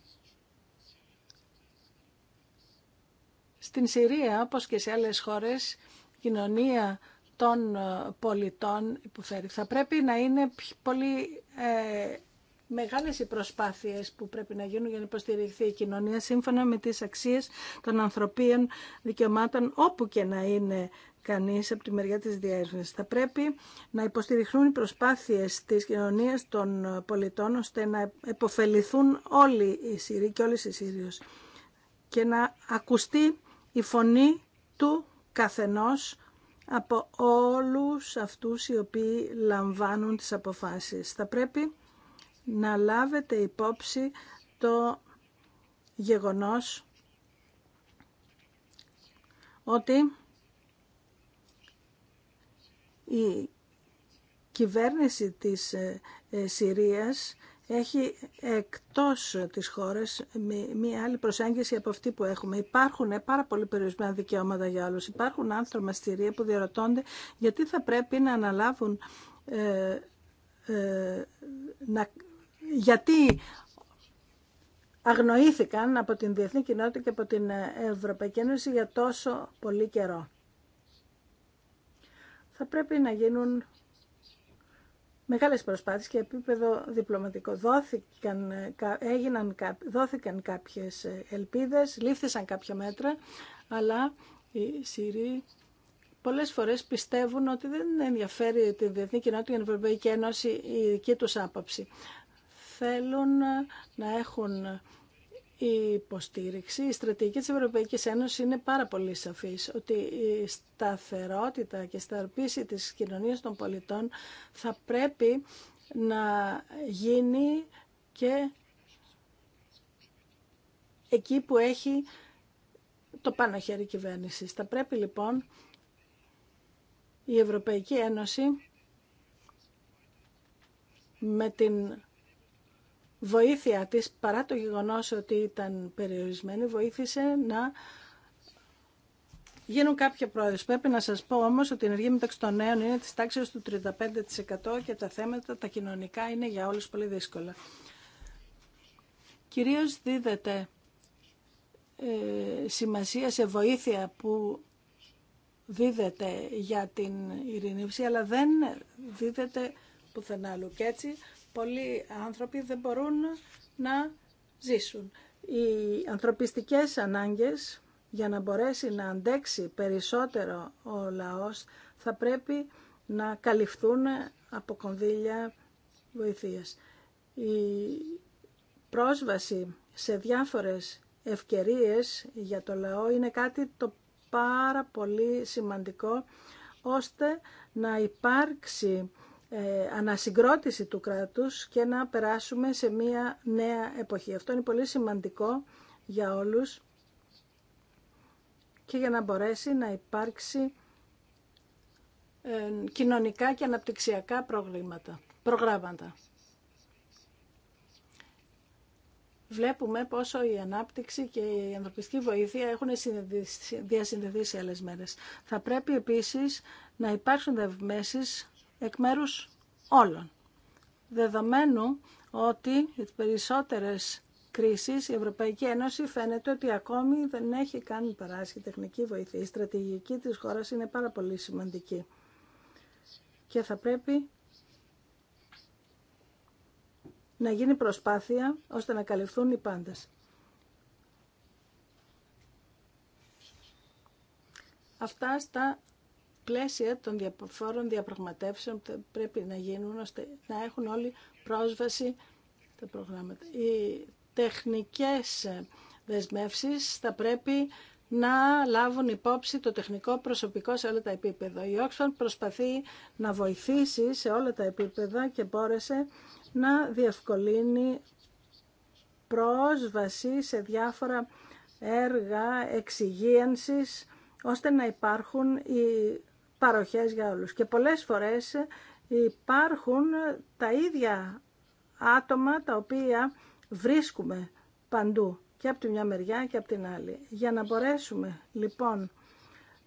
στην Συρία, όπως και σε άλλες χώρες, η κοινωνία των ε, πολιτών υποφέρει. Θα πρέπει να είναι πολύ ε, μεγάλες οι προσπάθειες που πρέπει να γίνουν για να υποστηριχθεί η κοινωνία σύμφωνα με τις αξίες των ανθρωπίων δικαιωμάτων όπου και να είναι κανείς από τη μεριά της διεύθυνσης. Θα πρέπει να υποστηριχθούν οι προσπάθειες της κοινωνίας των πολιτών ώστε να επωφεληθούν όλοι οι Σύριοι και όλες οι Σύριοι και να ακουστεί η φωνή του καθενός από όλους αυτούς οι οποίοι λαμβάνουν τις αποφάσεις. Θα πρέπει να λάβετε υπόψη το γεγονός ότι η κυβέρνηση της ε, ε, Συρίας έχει εκτός της χώρας μία άλλη προσέγγιση από αυτή που έχουμε. Υπάρχουν ε, πάρα πολύ περιορισμένα δικαιώματα για όλους. Υπάρχουν άνθρωποι στη Συρία που διαρωτώνται γιατί θα πρέπει να αναλάβουν ε, να γιατί αγνοήθηκαν από την διεθνή κοινότητα και από την Ευρωπαϊκή Ένωση για τόσο πολύ καιρό. Θα πρέπει να γίνουν μεγάλες προσπάθειες και επίπεδο διπλωματικό. Δόθηκαν, έγιναν, δόθηκαν κάποιες ελπίδες, λήφθησαν κάποια μέτρα, αλλά οι Σύριοι πολλές φορές πιστεύουν ότι δεν ενδιαφέρει την διεθνή κοινότητα και την Ευρωπαϊκή Ένωση η δική τους άποψη θέλουν να έχουν η υποστήριξη. Η στρατηγική της Ευρωπαϊκής Ένωσης είναι πάρα πολύ σαφής ότι η σταθερότητα και η σταρπίση της κοινωνίας των πολιτών θα πρέπει να γίνει και εκεί που έχει το πάνω χέρι κυβέρνηση. Θα πρέπει λοιπόν η Ευρωπαϊκή Ένωση με την βοήθεια της, παρά το γεγονός ότι ήταν περιορισμένη, βοήθησε να γίνουν κάποια πρόοδες. Πρέπει να σας πω όμως ότι η ενεργή μεταξύ των νέων είναι της τάξης του 35% και τα θέματα τα κοινωνικά είναι για όλους πολύ δύσκολα. Κυρίως δίδεται ε, σημασία σε βοήθεια που δίδεται για την ειρηνήψη, αλλά δεν δίδεται πουθενά άλλου. Και έτσι πολλοί άνθρωποι δεν μπορούν να ζήσουν. Οι ανθρωπιστικές ανάγκες για να μπορέσει να αντέξει περισσότερο ο λαός θα πρέπει να καλυφθούν από κονδύλια βοηθείας. Η πρόσβαση σε διάφορες ευκαιρίες για το λαό είναι κάτι το πάρα πολύ σημαντικό ώστε να υπάρξει ε, ανασυγκρότηση του κράτους και να περάσουμε σε μία νέα εποχή. Αυτό είναι πολύ σημαντικό για όλους και για να μπορέσει να υπάρξει ε, κοινωνικά και αναπτυξιακά προβλήματα, προγράμματα. Βλέπουμε πόσο η ανάπτυξη και η ανθρωπιστική βοήθεια έχουν διασυνδεθεί σε άλλες μέρες. Θα πρέπει επίσης να υπάρξουν δευμέσεις εκ μέρους όλων. Δεδομένου ότι οι περισσότερες κρίσεις η Ευρωπαϊκή Ένωση φαίνεται ότι ακόμη δεν έχει κάνει περάσει τεχνική βοήθεια. Η στρατηγική της χώρας είναι πάρα πολύ σημαντική και θα πρέπει να γίνει προσπάθεια ώστε να καλυφθούν οι πάντες. Αυτά στα πλαίσια των διαφόρων διαπραγματεύσεων που πρέπει να γίνουν ώστε να έχουν όλοι πρόσβαση τα προγράμματα. Οι τεχνικές δεσμεύσεις θα πρέπει να λάβουν υπόψη το τεχνικό προσωπικό σε όλα τα επίπεδα. Η Oxfam προσπαθεί να βοηθήσει σε όλα τα επίπεδα και μπόρεσε να διευκολύνει πρόσβαση σε διάφορα έργα εξυγίανσης ώστε να υπάρχουν οι παροχές για όλους. Και πολλές φορές υπάρχουν τα ίδια άτομα τα οποία βρίσκουμε παντού και από τη μια μεριά και από την άλλη. Για να μπορέσουμε λοιπόν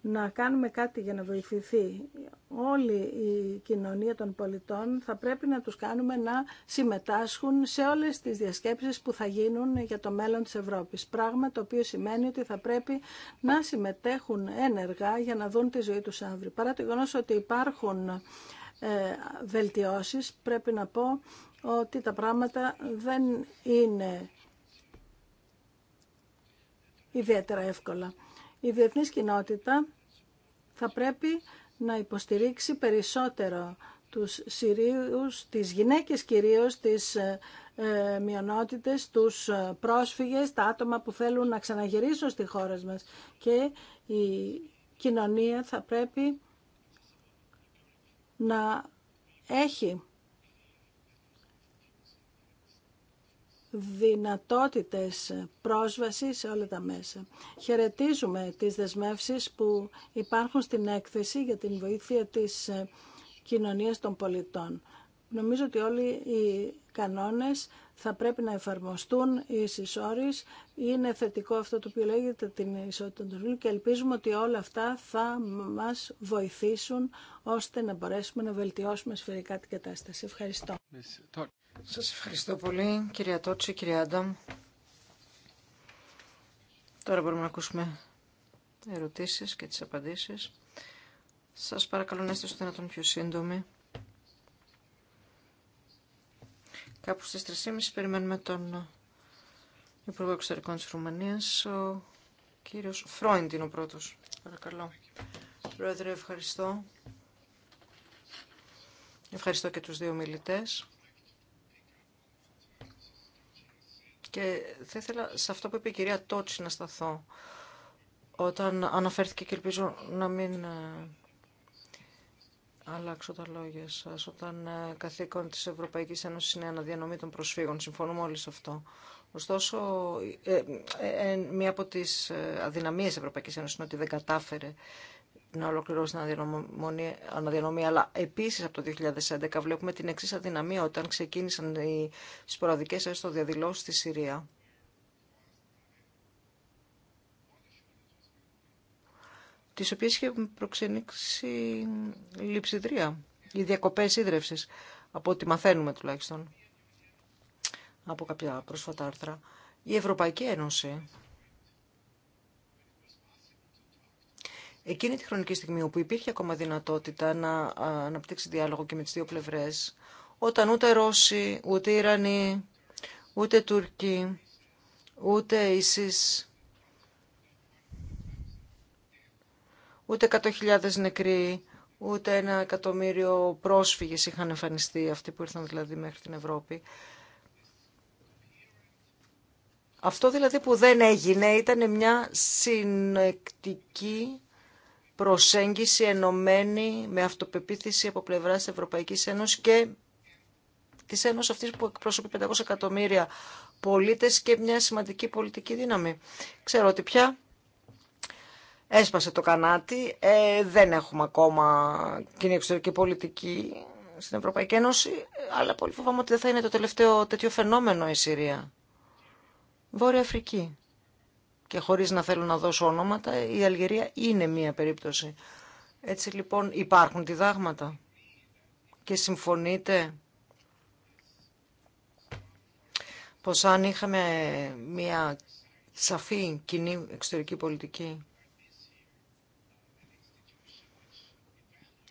να κάνουμε κάτι για να βοηθηθεί όλη η κοινωνία των πολιτών, θα πρέπει να τους κάνουμε να συμμετάσχουν σε όλες τις διασκέψεις που θα γίνουν για το μέλλον της Ευρώπης. Πράγμα το οποίο σημαίνει ότι θα πρέπει να συμμετέχουν ένεργα για να δουν τη ζωή τους αύριο. Παρά το γεγονός ότι υπάρχουν ε, βελτιώσεις, πρέπει να πω ότι τα πράγματα δεν είναι ιδιαίτερα εύκολα. Η διεθνής κοινότητα θα πρέπει να υποστηρίξει περισσότερο τους Συρίους, τις γυναίκες κυρίως, τις ε, ε μειονότητες, τους ε, πρόσφυγες, τα άτομα που θέλουν να ξαναγυρίσουν στη χώρα μας. Και η κοινωνία θα πρέπει να έχει δυνατότητες πρόσβασης σε όλα τα μέσα. Χαιρετίζουμε τις δεσμεύσεις που υπάρχουν στην έκθεση για την βοήθεια της ε, κοινωνίας των πολιτών. Νομίζω ότι όλοι οι κανόνες θα πρέπει να εφαρμοστούν εις εισόρις. Είναι θετικό αυτό το οποίο λέγεται την ισότητα των δουλειών και ελπίζουμε ότι όλα αυτά θα μας βοηθήσουν ώστε να μπορέσουμε να βελτιώσουμε σφαιρικά την κατάσταση. Ευχαριστώ. Σας ευχαριστώ πολύ, κυρία Τότση, κυρία Άνταμ. Τώρα μπορούμε να ακούσουμε ερωτήσεις και τις απαντήσεις. Σας παρακαλώ να είστε στο δυνατόν πιο σύντομοι. Κάπου στις 3.30 περιμένουμε τον Υπουργό Εξωτερικών της Ρουμανίας, ο κύριος Φρόιντ είναι ο πρώτος. Παρακαλώ. Πρόεδρε, ευχαριστώ. Ευχαριστώ και τους δύο μιλητές. Και θα ήθελα σε αυτό που είπε η κυρία Τότσι να σταθώ. Όταν αναφέρθηκε και ελπίζω να μην ε, αλλάξω τα λόγια σας, όταν ε, καθήκον της Ευρωπαϊκής Ένωσης είναι αναδιανομή των προσφύγων. Συμφωνούμε όλοι σε αυτό. Ωστόσο, ε, μία από τις αδυναμίες της Ευρωπαϊκής Ένωσης είναι ότι δεν κατάφερε να ολοκληρώσει την αναδιανομή, αλλά επίσης από το 2011 βλέπουμε την εξής αδυναμία όταν ξεκίνησαν οι σποραδικές έστω διαδηλώσεις στη Συρία. τις οποίες είχε προξενήξει λειψιδρία ή διακοπές ίδρευσης, από ό,τι μαθαίνουμε τουλάχιστον από κάποια πρόσφατα άρθρα. οι Ευρωπαϊκή Ένωση εκείνη τη χρονική στιγμή όπου υπήρχε ακόμα δυνατότητα να αναπτύξει διάλογο και με τις δύο πλευρές, όταν ούτε Ρώσοι, ούτε Ιρανοί, ούτε Τούρκοι, ούτε Ίσης, ούτε 100.000 νεκροί, ούτε ένα εκατομμύριο πρόσφυγες είχαν εμφανιστεί, αυτοί που ήρθαν δηλαδή μέχρι την Ευρώπη. Αυτό δηλαδή που δεν έγινε ήταν μια συνεκτική προσέγγιση ενωμένη με αυτοπεποίθηση από πλευράς τη Ευρωπαϊκής Ένωσης και της Ένωσης αυτή που εκπροσωπεί 500 εκατομμύρια πολίτες και μια σημαντική πολιτική δύναμη. Ξέρω ότι πια έσπασε το κανάτι, ε, δεν έχουμε ακόμα κοινή εξωτερική πολιτική στην Ευρωπαϊκή Ένωση, αλλά πολύ φοβάμαι ότι δεν θα είναι το τελευταίο τέτοιο φαινόμενο η Συρία. Βόρεια Αφρική και χωρίς να θέλω να δώσω ονόματα, η Αλγερία είναι μία περίπτωση. Έτσι λοιπόν υπάρχουν διδάγματα και συμφωνείτε πως αν είχαμε μία σαφή κοινή εξωτερική πολιτική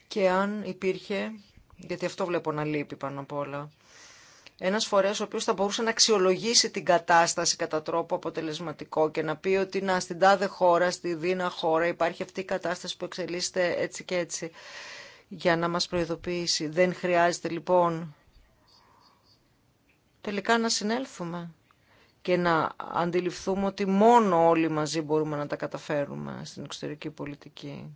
και αν υπήρχε, γιατί αυτό βλέπω να λείπει πάνω απ' όλα, ένα φορέας ο οποίο θα μπορούσε να αξιολογήσει την κατάσταση κατά τρόπο αποτελεσματικό και να πει ότι να, στην τάδε χώρα, στη δίνα χώρα υπάρχει αυτή η κατάσταση που εξελίσσεται έτσι και έτσι για να μας προειδοποιήσει. Δεν χρειάζεται λοιπόν τελικά να συνέλθουμε και να αντιληφθούμε ότι μόνο όλοι μαζί μπορούμε να τα καταφέρουμε στην εξωτερική πολιτική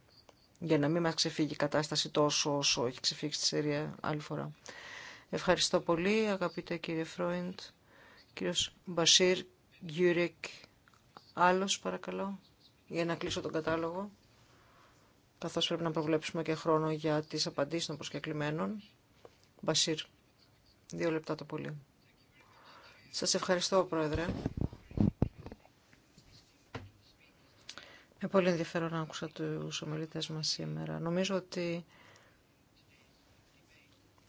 για να μην μας ξεφύγει η κατάσταση τόσο όσο έχει ξεφύγει στη Συρία άλλη φορά. Ευχαριστώ πολύ, αγαπητέ κύριε Φρόιντ. Κύριος Μπασίρ Γιούρικ Άλλος, παρακαλώ, για να κλείσω τον κατάλογο, καθώς πρέπει να προβλέψουμε και χρόνο για τις απαντήσεις των προσκεκλημένων. Μπασίρ, δύο λεπτά το πολύ. Σας ευχαριστώ, Πρόεδρε. Με πολύ ενδιαφέρον άκουσα τους ομιλητές μας σήμερα. Νομίζω ότι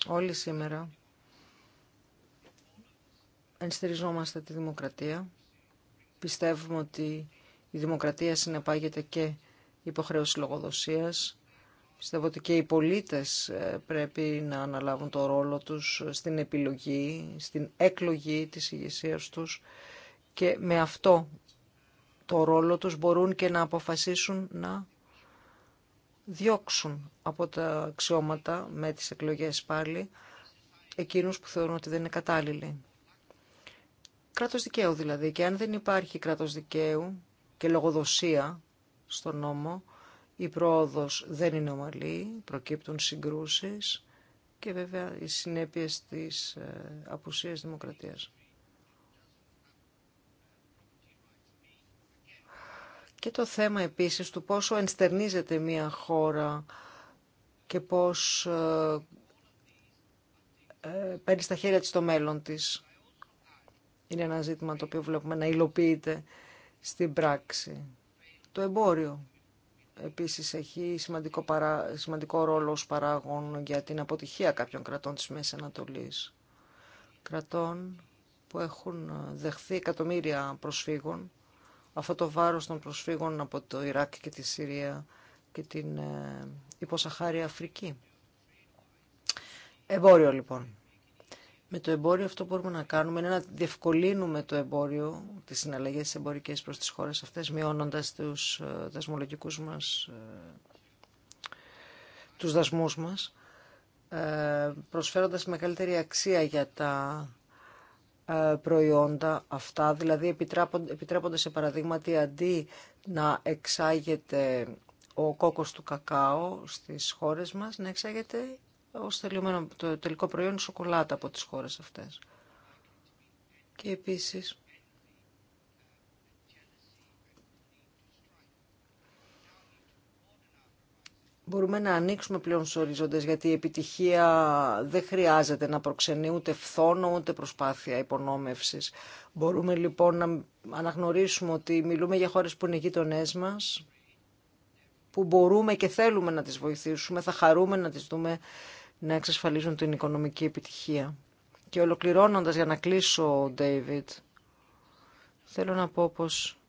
όλοι σήμερα ενστηριζόμαστε τη δημοκρατία. Πιστεύουμε ότι η δημοκρατία συνεπάγεται και υποχρέωση λογοδοσίας. Πιστεύω ότι και οι πολίτες ε, πρέπει να αναλάβουν το ρόλο τους στην επιλογή, στην εκλογή της ηγεσία τους και με αυτό το ρόλο τους μπορούν και να αποφασίσουν να διώξουν από τα αξιώματα με τις εκλογές πάλι εκείνους που θεωρούν ότι δεν είναι κατάλληλοι. Κράτος δικαίου δηλαδή. Και αν δεν υπάρχει κράτος δικαίου και λογοδοσία στον νόμο, η πρόοδος δεν είναι ομαλή, προκύπτουν συγκρούσεις και βέβαια οι συνέπειες της ε, απουσίας δημοκρατίας. Και το θέμα επίσης του πόσο ενστερνίζεται μια χώρα και πώς ε, ε, παίρνει στα χέρια της το μέλλον της. Είναι ένα ζήτημα το οποίο βλέπουμε να υλοποιείται στην πράξη. Το εμπόριο επίσης έχει σημαντικό, παρά, σημαντικό ρόλο ως παράγον για την αποτυχία κάποιων κρατών της Μέσης Ανατολής. Κρατών που έχουν ε, δεχθεί εκατομμύρια προσφύγων αυτό το βάρος των προσφύγων από το Ιράκ και τη Συρία και την ε, υποσαχάρια Αφρική. Εμπόριο λοιπόν. Με το εμπόριο αυτό που μπορούμε να κάνουμε είναι να διευκολύνουμε το εμπόριο, τις συναλλαγές τις εμπορικές προς τις χώρες αυτές, μειώνοντας τους ε, δασμολογικούς μας, ε, τους δασμούς μας, ε, προσφέροντας μεγαλύτερη αξία για τα ε, προϊόντα αυτά, δηλαδή επιτρέπονται σε παραδείγματι αντί να εξάγεται ο κόκκος του κακάο στις χώρες μας, να εξάγεται ως το τελικό προϊόν σοκολάτα από τις χώρες αυτές. Και επίσης μπορούμε να ανοίξουμε πλέον στους οριζόντες, γιατί η επιτυχία δεν χρειάζεται να προξενεί ούτε φθόνο, ούτε προσπάθεια υπονόμευσης. Μπορούμε λοιπόν να αναγνωρίσουμε ότι μιλούμε για χώρες που είναι γείτονέ μας, που μπορούμε και θέλουμε να τις βοηθήσουμε, θα χαρούμε να τις δούμε να εξασφαλίζουν την οικονομική επιτυχία. Και ολοκληρώνοντας για να κλείσω, David, θέλω να πω πως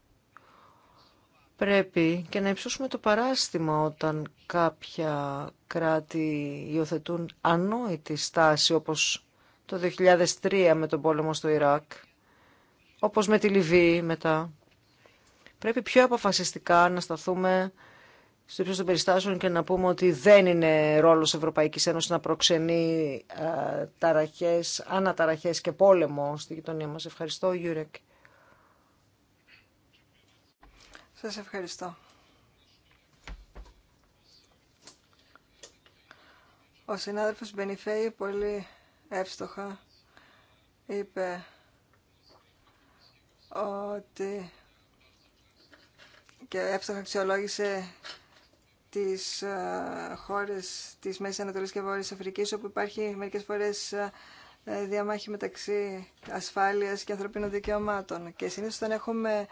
πρέπει και να υψώσουμε το παράστημα όταν κάποια κράτη υιοθετούν ανόητη στάση όπως το 2003 με τον πόλεμο στο Ιράκ, όπως με τη Λιβύη μετά. Πρέπει πιο αποφασιστικά να σταθούμε στο ύψος των περιστάσεων και να πούμε ότι δεν είναι ρόλος Ευρωπαϊκής Ένωσης να προξενεί ε, ταραχές, αναταραχές και πόλεμο στη γειτονία μας. Ευχαριστώ, Γιούρεκ. Σας ευχαριστώ. Ο συνάδελφος Μπενιφέη πολύ εύστοχα είπε ότι και εύστοχα αξιολόγησε τις ε, χώρες της Μέσης Ανατολής και Βόρειας Αφρικής όπου υπάρχει μερικές φορές ε, διαμάχη μεταξύ ασφάλειας και ανθρωπίνων δικαιωμάτων. Και συνήθως όταν έχουμε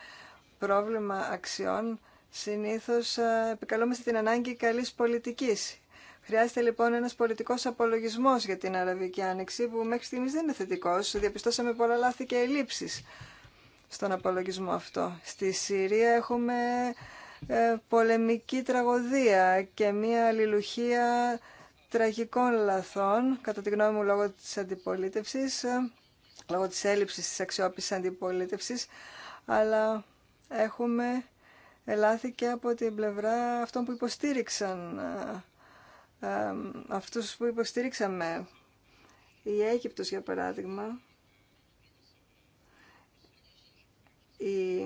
πρόβλημα αξιών συνήθως ε, επικαλούμαστε την ανάγκη καλής πολιτικής. Χρειάζεται λοιπόν ένας πολιτικός απολογισμός για την Αραβική Άνοιξη που μέχρι στιγμής δεν είναι θετικός. Διαπιστώσαμε πολλά λάθη και ελλείψεις στον απολογισμό αυτό. Στη Συρία έχουμε ε, πολεμική τραγωδία και μια αλληλουχία τραγικών λαθών, κατά τη γνώμη μου λόγω της αντιπολίτευσης, ε, λόγω της έλλειψης της αξιόπισης αντιπολίτευσης, αλλά έχουμε ελάθη και από την πλευρά αυτών που υποστήριξαν, ε, ε, αυτούς που υποστήριξαμε. Η Αίγυπτος, για παράδειγμα, η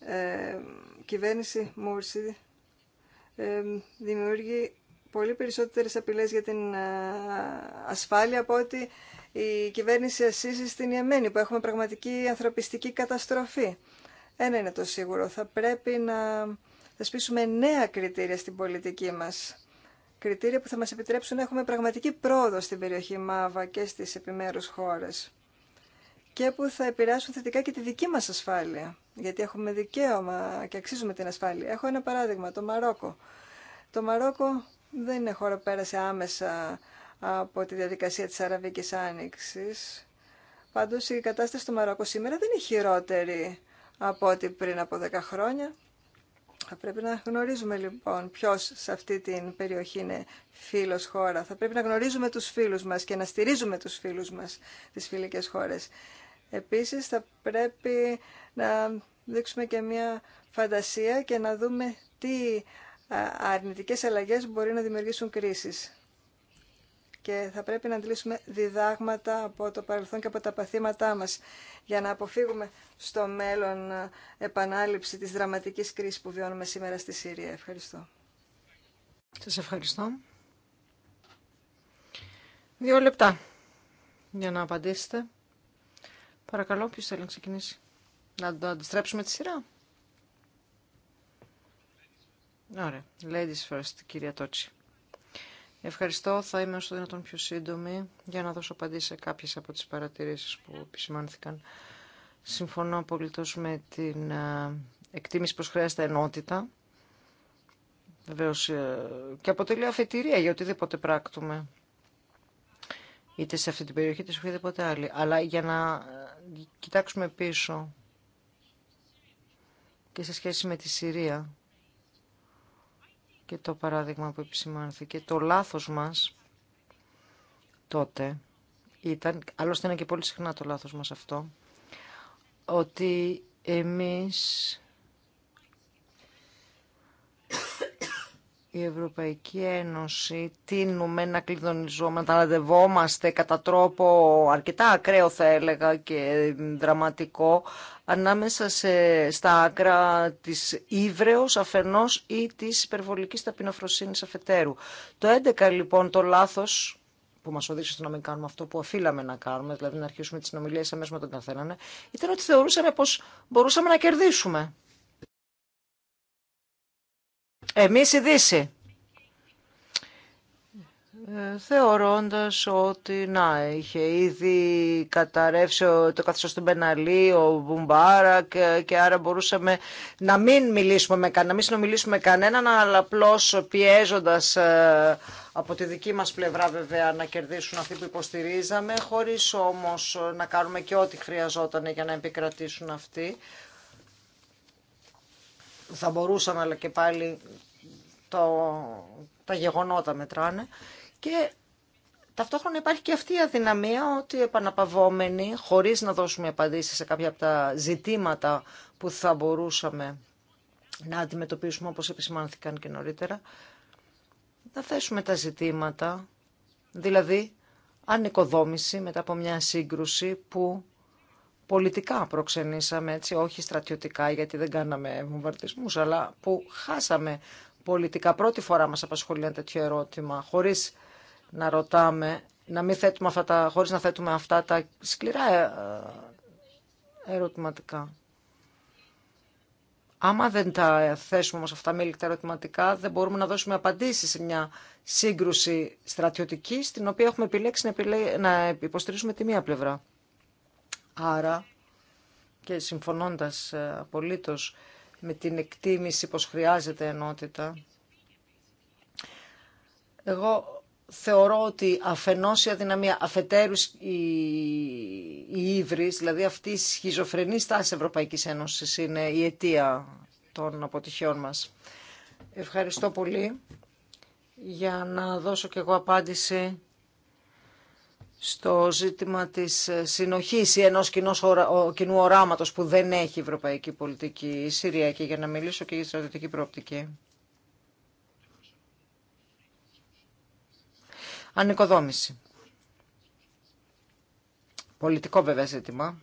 ε, κυβέρνηση Μούρση ε, δημιούργει πολύ περισσότερες απειλές για την ασφάλεια από ότι η κυβέρνηση Ασίσης στην Ιεμένη, που έχουμε πραγματική ανθρωπιστική καταστροφή. Ένα είναι το σίγουρο, θα πρέπει να θεσπίσουμε νέα κριτήρια στην πολιτική μας. Κριτήρια που θα μας επιτρέψουν να έχουμε πραγματική πρόοδο στην περιοχή ΜΑΒΑ και στις επιμέρους χώρες και που θα επηρεάσουν θετικά και τη δική μας ασφάλεια. Γιατί έχουμε δικαίωμα και αξίζουμε την ασφάλεια. Έχω ένα παράδειγμα, το Μαρόκο. Το Μαρόκο δεν είναι χώρο που πέρασε άμεσα από τη διαδικασία της Αραβικής Άνοιξης. Πάντως η κατάσταση στο Μαρόκο σήμερα δεν είναι χειρότερη από ό,τι πριν από 10 χρόνια. Θα πρέπει να γνωρίζουμε λοιπόν ποιος σε αυτή την περιοχή είναι φίλος χώρα. Θα πρέπει να γνωρίζουμε τους φίλους μας και να στηρίζουμε τους φίλους μας, τις φιλικές χώρες. Επίσης θα πρέπει να δείξουμε και μια φαντασία και να δούμε τι αρνητικές αλλαγές μπορεί να δημιουργήσουν κρίσεις και θα πρέπει να αντλήσουμε διδάγματα από το παρελθόν και από τα παθήματά μας για να αποφύγουμε στο μέλλον ε, επανάληψη της δραματικής κρίσης που βιώνουμε σήμερα στη Συρία. Ευχαριστώ. Σας ευχαριστώ. Δύο λεπτά για να απαντήσετε. Παρακαλώ, ποιος θέλει να ξεκινήσει. Να το αντιστρέψουμε τη σειρά. Ωραία. Ladies first, κυρία Τότσι. Ευχαριστώ. Θα είμαι όσο δυνατόν πιο σύντομη για να δώσω απαντήσει σε κάποιες από τις παρατηρήσεις που επισημάνθηκαν. Συμφωνώ απολύτως με την ε, εκτίμηση πω χρειάζεται ενότητα. Βεβαίω, ε, και αποτελεί αφετηρία για οτιδήποτε πράκτουμε. Είτε σε αυτή την περιοχή, είτε σε οποιαδήποτε άλλη. Αλλά για να ε, κοιτάξουμε πίσω και σε σχέση με τη Συρία, και το παράδειγμα που επισημάνθηκε, το λάθος μας τότε ήταν, άλλωστε είναι και πολύ συχνά το λάθος μας αυτό, ότι εμείς η Ευρωπαϊκή Ένωση τίνουμε να κλειδονιζόμαστε, να ραντεβόμαστε κατά τρόπο αρκετά ακραίο θα έλεγα και δραματικό ανάμεσα σε, στα άκρα της ύβρεως αφενός ή της υπερβολικής ταπεινοφροσύνης αφετέρου. Το 11 λοιπόν το λάθος που μας οδήγησε στο να μην κάνουμε αυτό που οφείλαμε να κάνουμε, δηλαδή να αρχίσουμε τις συνομιλίες αμέσως με τον καθέναν, ήταν ότι θεωρούσαμε πως μπορούσαμε να κερδίσουμε. Εμείς η Δύση. Ε, θεωρώντας ότι να είχε ήδη καταρρεύσει το καθεστώς του Μπεναλή, ο Μπουμπάρα ε, και, άρα μπορούσαμε να μην μιλήσουμε με κανέναν, να μην συνομιλήσουμε κανέναν, αλλά απλώ πιέζοντας ε, από τη δική μας πλευρά βέβαια να κερδίσουν αυτοί που υποστηρίζαμε, χωρίς όμως να κάνουμε και ό,τι χρειαζόταν για να επικρατήσουν αυτοί θα μπορούσαν αλλά και πάλι το, τα γεγονότα μετράνε και Ταυτόχρονα υπάρχει και αυτή η αδυναμία ότι επαναπαυόμενοι, χωρίς να δώσουμε απαντήσεις σε κάποια από τα ζητήματα που θα μπορούσαμε να αντιμετωπίσουμε, όπως επισημάνθηκαν και νωρίτερα, να θέσουμε τα ζητήματα, δηλαδή ανοικοδόμηση μετά από μια σύγκρουση που πολιτικά προξενήσαμε, έτσι, όχι στρατιωτικά γιατί δεν κάναμε βομβαρδισμούς, αλλά που χάσαμε πολιτικά. Πρώτη φορά μας απασχολεί ένα τέτοιο ερώτημα, χωρίς να ρωτάμε, να μην θέτουμε αυτά τα, χωρίς να θέτουμε αυτά τα σκληρά ε, ε, ερωτηματικά. Άμα δεν τα θέσουμε όμως αυτά με ερωτηματικά, δεν μπορούμε να δώσουμε απαντήσεις σε μια σύγκρουση στρατιωτική, στην οποία έχουμε επιλέξει να, να υποστηρίζουμε τη μία πλευρά. Άρα και συμφωνώντας ε, απολύτως με την εκτίμηση πως χρειάζεται ενότητα, εγώ θεωρώ ότι αφενός η αδυναμία, αφετέρου η, η δηλαδή αυτή η σχιζοφρενή στάση Ευρωπαϊκής Ένωσης είναι η αιτία των αποτυχιών μας. Ευχαριστώ πολύ για να δώσω και εγώ απάντηση στο ζήτημα της ε, συνοχής ή ενός κοινού οράματος που δεν έχει η ευρωπαϊκή πολιτική η Συριακή, για να μιλήσω και για στρατιωτική προοπτική. Ανοικοδόμηση. Πολιτικό βέβαια ζήτημα.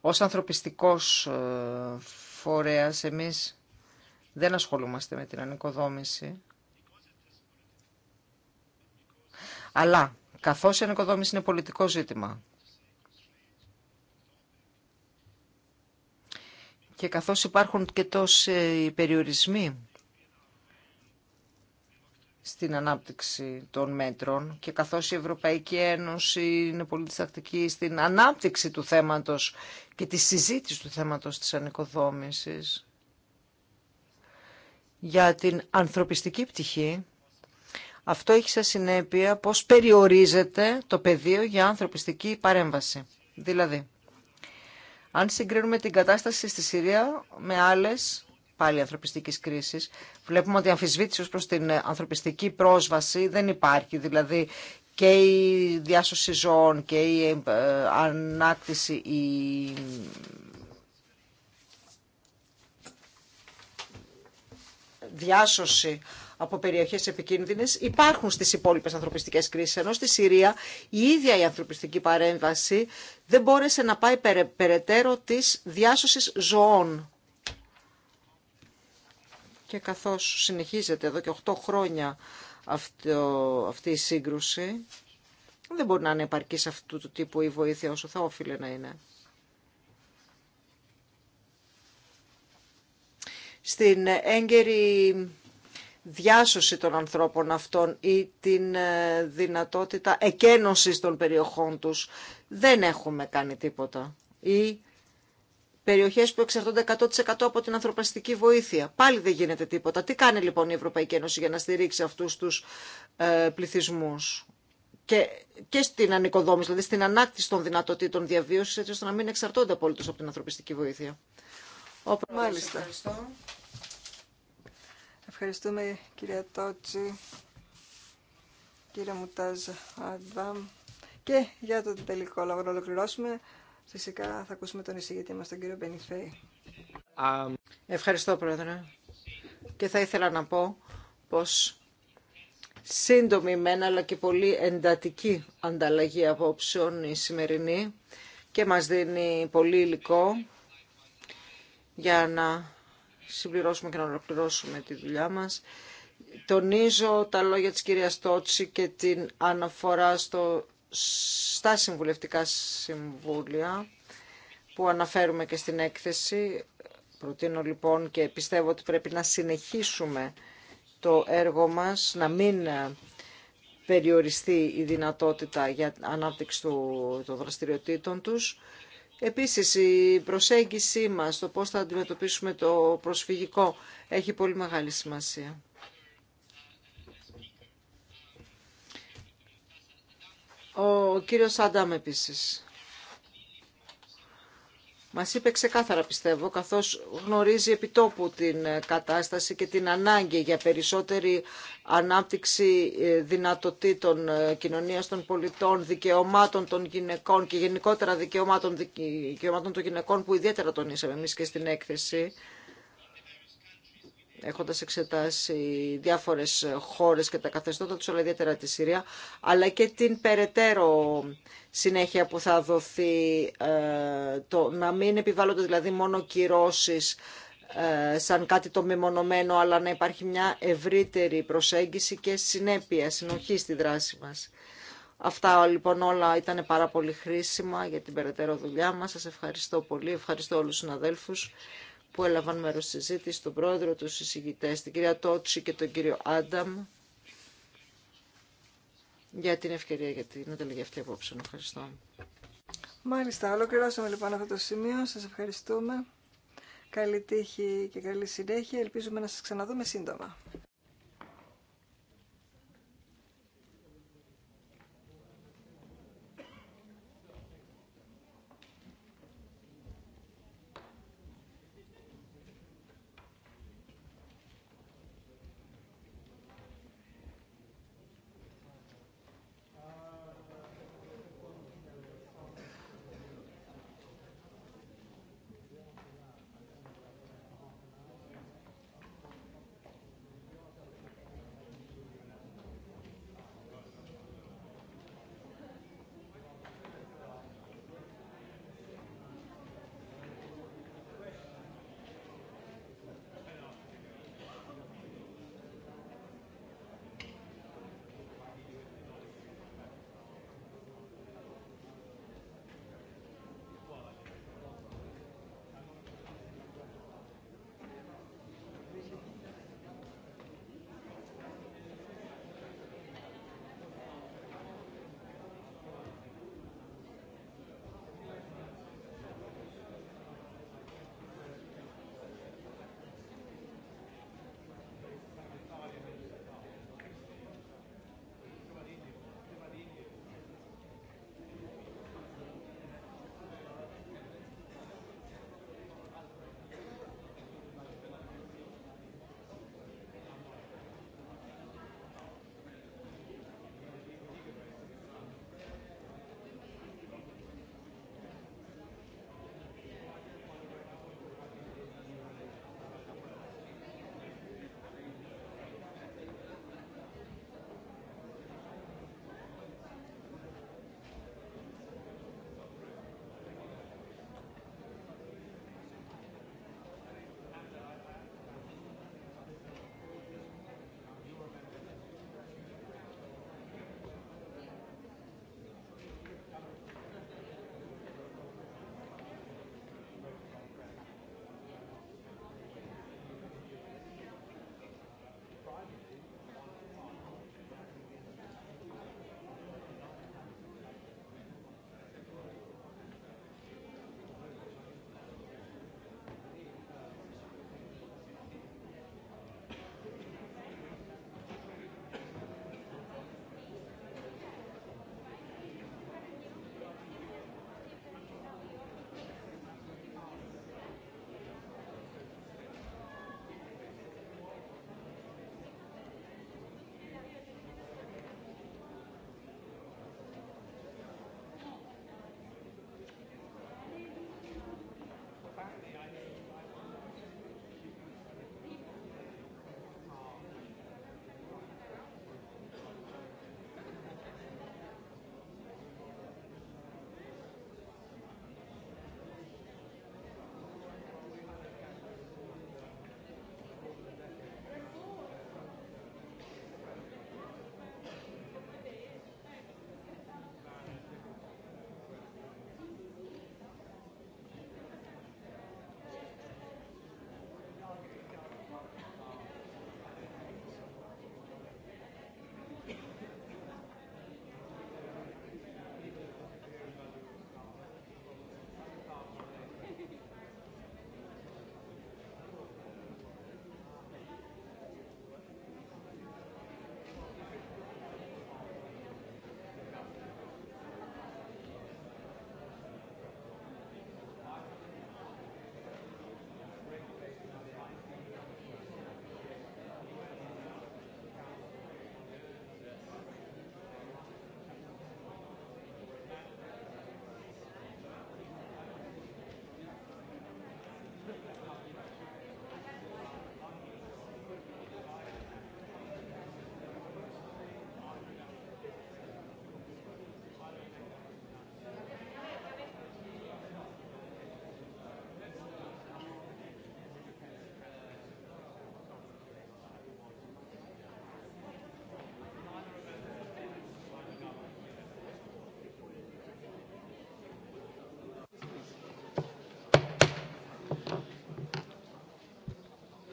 Ως ανθρωπιστικός ε, φορέας εμείς δεν ασχολούμαστε με την ανοικοδόμηση. Αλλά καθώς η ανοικοδόμηση είναι πολιτικό ζήτημα. Και καθώς υπάρχουν και τόσοι περιορισμοί στην ανάπτυξη των μέτρων και καθώς η Ευρωπαϊκή Ένωση είναι πολύ διστακτική στην ανάπτυξη του θέματος και τη συζήτηση του θέματος της ανοικοδόμησης για την ανθρωπιστική πτυχή αυτό έχει σαν συνέπεια πώς περιορίζεται το πεδίο για ανθρωπιστική παρέμβαση. Δηλαδή, αν συγκρίνουμε την κατάσταση στη Συρία με άλλες πάλι ανθρωπιστικής κρίσης, βλέπουμε ότι αμφισβήτηση ως προς την ανθρωπιστική πρόσβαση δεν υπάρχει. Δηλαδή, και η διάσωση ζώων και η ε, ανάκτηση, η διάσωση από περιοχές επικίνδυνες υπάρχουν στις υπόλοιπες ανθρωπιστικές κρίσεις, ενώ στη Συρία η ίδια η ανθρωπιστική παρέμβαση δεν μπόρεσε να πάει περαιτέρω της διάσωσης ζωών. Και καθώς συνεχίζεται εδώ και 8 χρόνια αυτό, αυτή η σύγκρουση, δεν μπορεί να είναι σε αυτού του τύπου η βοήθεια όσο θα όφιλε να είναι. Στην έγκαιρη διάσωση των ανθρώπων αυτών ή την ε, δυνατότητα εκένωσης των περιοχών τους. Δεν έχουμε κάνει τίποτα. Ή περιοχές που εξαρτώνται 100% από την ανθρωπιστική βοήθεια. Πάλι δεν γίνεται τίποτα. Τι κάνει λοιπόν η Ευρωπαϊκή Ένωση για να στηρίξει αυτούς τους πληθυσμού. Ε, πληθυσμούς. Και, και στην ανοικοδόμηση, δηλαδή στην ανάκτηση των δυνατοτήτων διαβίωσης, έτσι ώστε να μην εξαρτώνται απόλυτος από την ανθρωπιστική βοήθεια. Ευχαριστώ. Ευχαριστούμε κυρία Τότσι, κύριε Μουτάζ Αντβάμ και για το τελικό λόγο να ολοκληρώσουμε. Φυσικά θα ακούσουμε τον εισηγητή μας, τον κύριο Μπενιφέη. Ευχαριστώ πρόεδρε και θα ήθελα να πω πως σύντομη ένα αλλά και πολύ εντατική ανταλλαγή απόψεων η σημερινή και μας δίνει πολύ υλικό για να συμπληρώσουμε και να ολοκληρώσουμε τη δουλειά μας. Τονίζω τα λόγια της κυρίας Τότσι και την αναφορά στο, στα συμβουλευτικά συμβούλια που αναφέρουμε και στην έκθεση. Προτείνω λοιπόν και πιστεύω ότι πρέπει να συνεχίσουμε το έργο μας, να μην περιοριστεί η δυνατότητα για ανάπτυξη του, των δραστηριοτήτων τους Επίσης η προσέγγιση μας, το πώς θα αντιμετωπίσουμε το προσφυγικό, έχει πολύ μεγάλη σημασία. Ο κύριος Αντάμ επίσης. Μας είπε ξεκάθαρα πιστεύω, καθώς γνωρίζει επιτόπου την ε, κατάσταση και την ανάγκη για περισσότερη ανάπτυξη ε, δυνατοτήτων ε, κοινωνίας των πολιτών, δικαιωμάτων των γυναικών και γενικότερα δικαιωμάτων, δικαιωμάτων των γυναικών που ιδιαίτερα τονίσαμε εμείς και στην έκθεση έχοντας εξετάσει διάφορες χώρες και τα καθεστώτα τους, αλλά ιδιαίτερα τη Συρία, αλλά και την περαιτέρω συνέχεια που θα δοθεί, ε, το, να μην επιβάλλονται δηλαδή μόνο κυρώσεις ε, σαν κάτι το μεμονωμένο, αλλά να υπάρχει μια ευρύτερη προσέγγιση και συνέπεια, συνοχή στη δράση μας. Αυτά λοιπόν όλα ήταν πάρα πολύ χρήσιμα για την περαιτέρω δουλειά μας. Σας ευχαριστώ πολύ, ευχαριστώ όλους τους συναδέλφους που έλαβαν μέρος στη συζήτηση, τον πρόεδρο, τους συζητητές, την κυρία Τότσι και τον κύριο Άνταμ για την ευκαιρία για την ανταλλαγή αυτή απόψε. Ευχαριστώ. Μάλιστα, ολοκληρώσαμε λοιπόν αυτό το σημείο. Σας ευχαριστούμε. Καλή τύχη και καλή συνέχεια. Ελπίζουμε να σας ξαναδούμε σύντομα.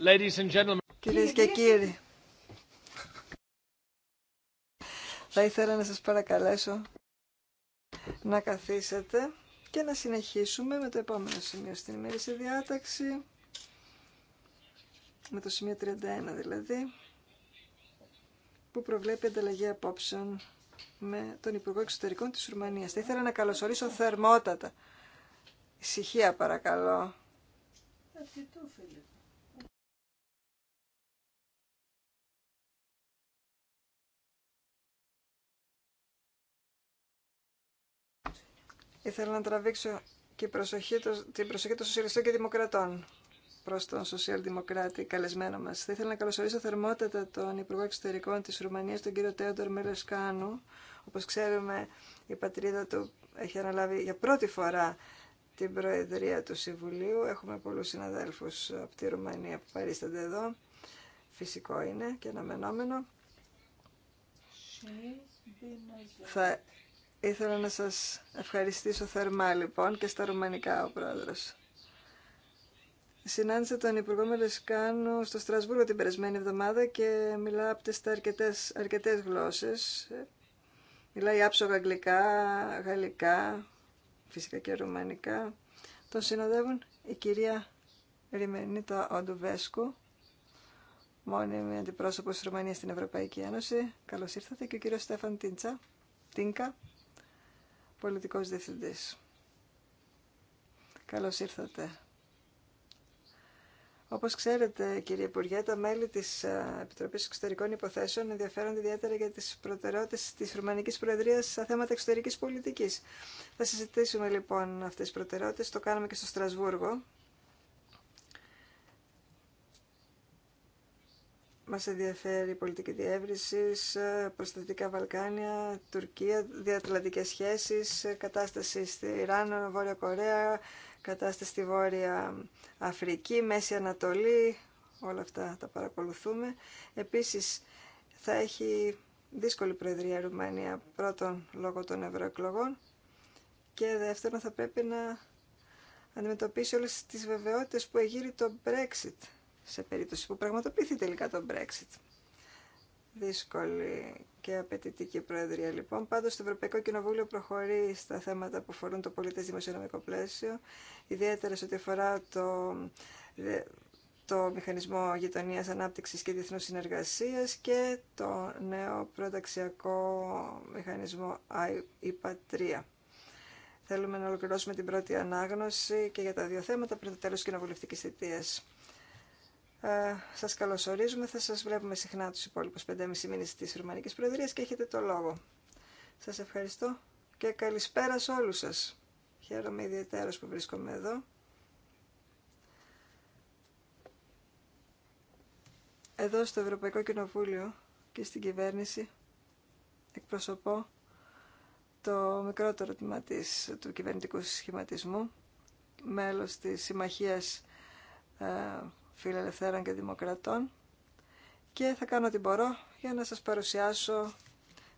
Ladies and gentlemen. Κυρίες και κύριοι, θα ήθελα να σας παρακαλέσω να καθίσετε και να συνεχίσουμε με το επόμενο σημείο στην ημερήσια διάταξη, με το σημείο 31 δηλαδή, που προβλέπει ανταλλαγή απόψεων με τον Υπουργό Εξωτερικών της Ρουμανίας. Θα ήθελα να καλωσορίσω θερμότατα. Ησυχία παρακαλώ ήθελα να τραβήξω και την προσοχή των σοσιαλιστών και δημοκρατών προ τον σοσιαλδημοκράτη καλεσμένο μα. Θα ήθελα να καλωσορίσω θερμότατα τον Υπουργό Εξωτερικών τη Ρουμανία, τον κύριο Τέοντορ Μελεσκάνου. Όπω ξέρουμε, η πατρίδα του έχει αναλάβει για πρώτη φορά την Προεδρία του Συμβουλίου. Έχουμε πολλού συναδέλφου από τη Ρουμανία που παρίστανται εδώ. Φυσικό είναι και αναμενόμενο. Θα Ήθελα να σας ευχαριστήσω θερμά λοιπόν και στα ρουμανικά ο πρόεδρος. Συνάντησα τον Υπουργό Μελεσκάνου στο Στρασβούργο την περασμένη εβδομάδα και μιλά από αρκετές, αρκετές γλώσσες. Μιλάει άψογα αγγλικά, γαλλικά, φυσικά και ρουμανικά. Τον συνοδεύουν η κυρία Ριμενίτα Οντουβέσκου, μόνιμη αντιπρόσωπος της Ρουμανίας στην Ευρωπαϊκή Ένωση. Καλώς ήρθατε και ο κύριος Στέφαν Τίντσα, Τίνκα, πολιτικός διευθυντής. Καλώς ήρθατε. Όπως ξέρετε, κύριε Υπουργέ, τα μέλη της ε, Επιτροπής Εξωτερικών Υποθέσεων ενδιαφέρονται ιδιαίτερα για τις προτεραιότητες της Ρουμανικής Προεδρίας στα θέματα εξωτερικής πολιτικής. Θα συζητήσουμε λοιπόν αυτές τις προτεραιότητες, το κάναμε και στο Στρασβούργο Μας ενδιαφέρει η πολιτική διεύρυνση, προστατικά Βαλκάνια, Τουρκία, διατλαντικές σχέσεις, κατάσταση στη Ιράν, Βόρεια Κορέα, κατάσταση στη Βόρεια Αφρική, Μέση Ανατολή, όλα αυτά τα παρακολουθούμε. Επίσης θα έχει δύσκολη προεδρία Ρουμανία πρώτον λόγω των ευρωεκλογών και δεύτερον θα πρέπει να αντιμετωπίσει όλες τις βεβαιότητες που εγείρει το Brexit σε περίπτωση που πραγματοποιηθεί τελικά το Brexit. Δύσκολη και απαιτητική προεδρία λοιπόν. Πάντω το Ευρωπαϊκό Κοινοβούλιο προχωρεί στα θέματα που αφορούν το πολιτέ δημοσιονομικό πλαίσιο, ιδιαίτερα σε ό,τι αφορά το, το Μηχανισμό Γειτονία Ανάπτυξη και διεθνού συνεργασία και το νέο προταξιακό μηχανισμό IPA3. Θέλουμε να ολοκληρώσουμε την πρώτη ανάγνωση και για τα δύο θέματα πριν το τέλο τη κοινοβουλευτική ε, σας καλωσορίζουμε. Θα σας βλέπουμε συχνά τους υπόλοιπους 5,5 μήνες της Ρουμανικής Προεδρίας και έχετε το λόγο. Σας ευχαριστώ και καλησπέρα σε όλους σας. Χαίρομαι ιδιαίτερα που βρίσκομαι εδώ. Εδώ στο Ευρωπαϊκό Κοινοβούλιο και στην κυβέρνηση εκπροσωπώ το μικρότερο τμήμα του κυβερνητικού συσχηματισμού. μέλος της Συμμαχίας ε, Φιλελευθέρων και Δημοκρατών και θα κάνω ό,τι μπορώ για να σας παρουσιάσω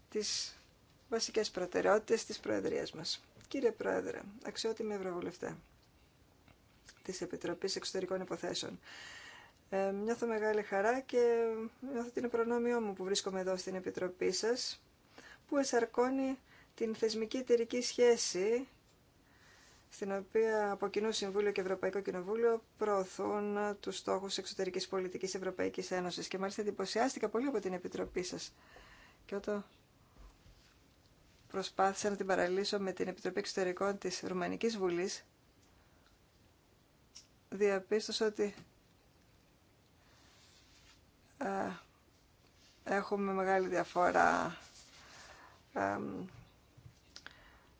τις βασικές προτεραιότητες της Προεδρίας μας. Κύριε Πρόεδρε, αξιότιμη Ευρωβουλευτέ της Επιτροπής Εξωτερικών Υποθέσεων, ε, νιώθω μεγάλη χαρά και νιώθω την προνόμιό μου που βρίσκομαι εδώ στην Επιτροπή σας, που εσαρκώνει την θεσμική εταιρική σχέση στην οποία από κοινού Συμβούλιο και Ευρωπαϊκό Κοινοβούλιο προωθούν του στόχου εξωτερική πολιτική Ευρωπαϊκή Ένωση. Και μάλιστα εντυπωσιάστηκα πολύ από την επιτροπή σα. Και όταν προσπάθησα να την παραλύσω με την Επιτροπή Εξωτερικών τη Ρουμανική Βουλή, διαπίστωσα ότι ε, έχουμε μεγάλη διαφορά ε,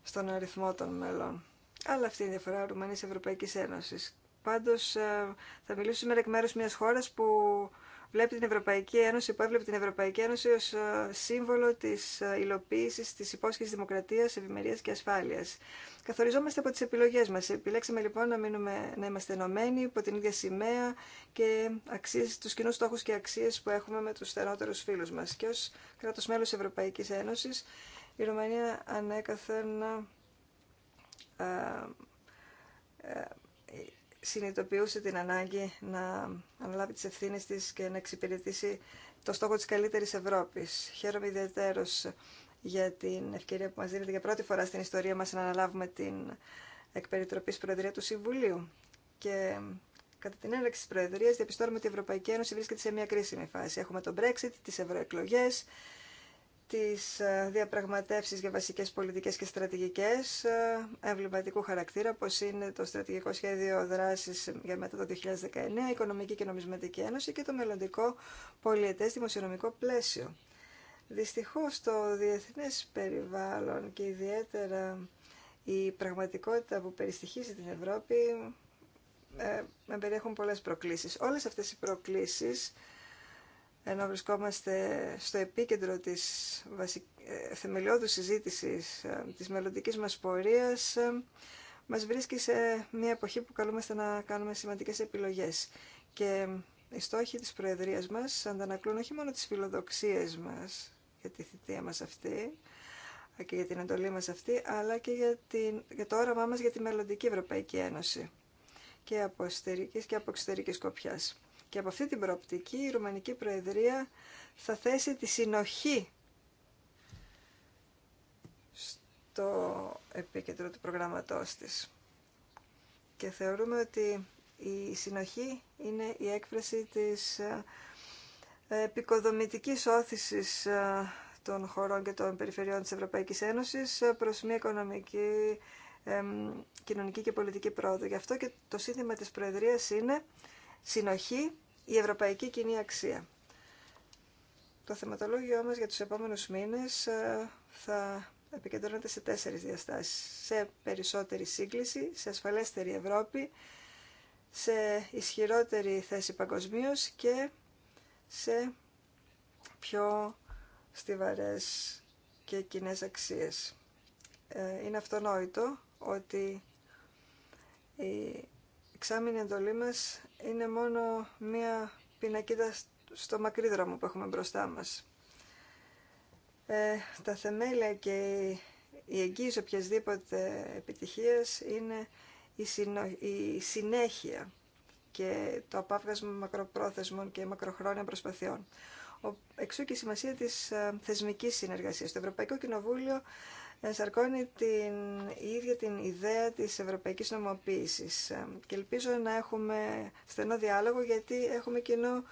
στον αριθμό των μελών. Αλλά αυτή είναι η διαφορά Ρουμανίας Ευρωπαϊκής Ένωσης. Πάντως ε, θα μιλήσω σήμερα εκ μέρους μιας χώρας που βλέπει την Ευρωπαϊκή Ένωση, που έβλεπε την Ευρωπαϊκή Ένωση ως ε, σύμβολο της ε, υλοποίησης της υπόσχεσης δημοκρατίας, ευημερίας και ασφάλειας. Καθοριζόμαστε από τις επιλογές μας. Επιλέξαμε λοιπόν να, μείνουμε, να είμαστε ενωμένοι υπό την ίδια σημαία και αξίες, τους κοινούς στόχους και αξίες που έχουμε με τους στενότερους φίλους μας. Και ως κράτος μέλος Ευρωπαϊκής Ένωσης η Ρουμανία ανέκαθεν ε, ε, συνειδητοποιούσε την ανάγκη να αναλάβει τις ευθύνες της και να εξυπηρετήσει το στόχο της καλύτερης Ευρώπης. Χαίρομαι ιδιαίτερος για την ευκαιρία που μας δίνεται για πρώτη φορά στην ιστορία μας να αναλάβουμε την εκπεριτροπής Προεδρία του Συμβουλίου. Και κατά την έναρξη της Προεδρίας διαπιστώνουμε ότι η Ευρωπαϊκή Ένωση βρίσκεται σε μια κρίσιμη φάση. Έχουμε τον Brexit, τις ευρωεκλογέ τις ε, διαπραγματεύσεις για βασικές πολιτικές και στρατηγικές ε, εμβληματικού χαρακτήρα, όπως είναι το στρατηγικό σχέδιο δράσης για μετά το 2019, η Οικονομική και Νομισματική Ένωση και το μελλοντικό πολιετές δημοσιονομικό πλαίσιο. Δυστυχώς το διεθνές περιβάλλον και ιδιαίτερα η πραγματικότητα που περιστοιχίζει την Ευρώπη ε, περιέχουν πολλές προκλήσεις. Όλες αυτές οι προκλήσεις ενώ βρισκόμαστε στο επίκεντρο της ε, θεμελιώδους συζήτησης ε, της μελλοντικής μας πορείας, ε, μας βρίσκει σε μια εποχή που καλούμαστε να κάνουμε σημαντικές επιλογές. Και οι στόχοι της Προεδρίας μας αντανακλούν όχι μόνο τις φιλοδοξίες μας για τη θητεία μας αυτή και για την εντολή μας αυτή, αλλά και για, την, για το όραμά μας για τη μελλοντική Ευρωπαϊκή Ένωση και από και από εξωτερικής κοπιάς. Και από αυτή την προοπτική η Ρουμανική Προεδρία θα θέσει τη συνοχή στο επίκεντρο του προγραμματός της. Και θεωρούμε ότι η συνοχή είναι η έκφραση της ε, επικοδομητικής όθησης ε, των χωρών και των περιφερειών της Ευρωπαϊκής Ένωσης ε, προς μια οικονομική, κοινωνική και πολιτική πρόοδο. Γι' αυτό και το σύνθημα της Προεδρίας είναι συνοχή η ευρωπαϊκή κοινή αξία. Το θεματολόγιο μας για τους επόμενους μήνες ε, θα επικεντρώνεται σε τέσσερις διαστάσεις. Σε περισσότερη σύγκληση, σε ασφαλέστερη Ευρώπη, σε ισχυρότερη θέση παγκοσμίω και σε πιο στιβαρές και κοινέ αξίες. Ε, είναι αυτονόητο ότι η εξάμεινη εντολή μας είναι μόνο μία πινακίδα στο μακρύ δρόμο που έχουμε μπροστά μας. Ε, τα θεμέλια και η εγγύηση οποιασδήποτε επιτυχίας είναι η, η συνέχεια και το απάφγασμα μακροπρόθεσμων και μακροχρόνια προσπαθειών. Εξού και η σημασία της ε, θεσμικής συνεργασίας. Το Ευρωπαϊκό Κοινοβούλιο ενσαρκώνει την ίδια την ιδέα της ευρωπαϊκής νομοποίησης. Και ελπίζω να έχουμε στενό διάλογο γιατί έχουμε κοινό,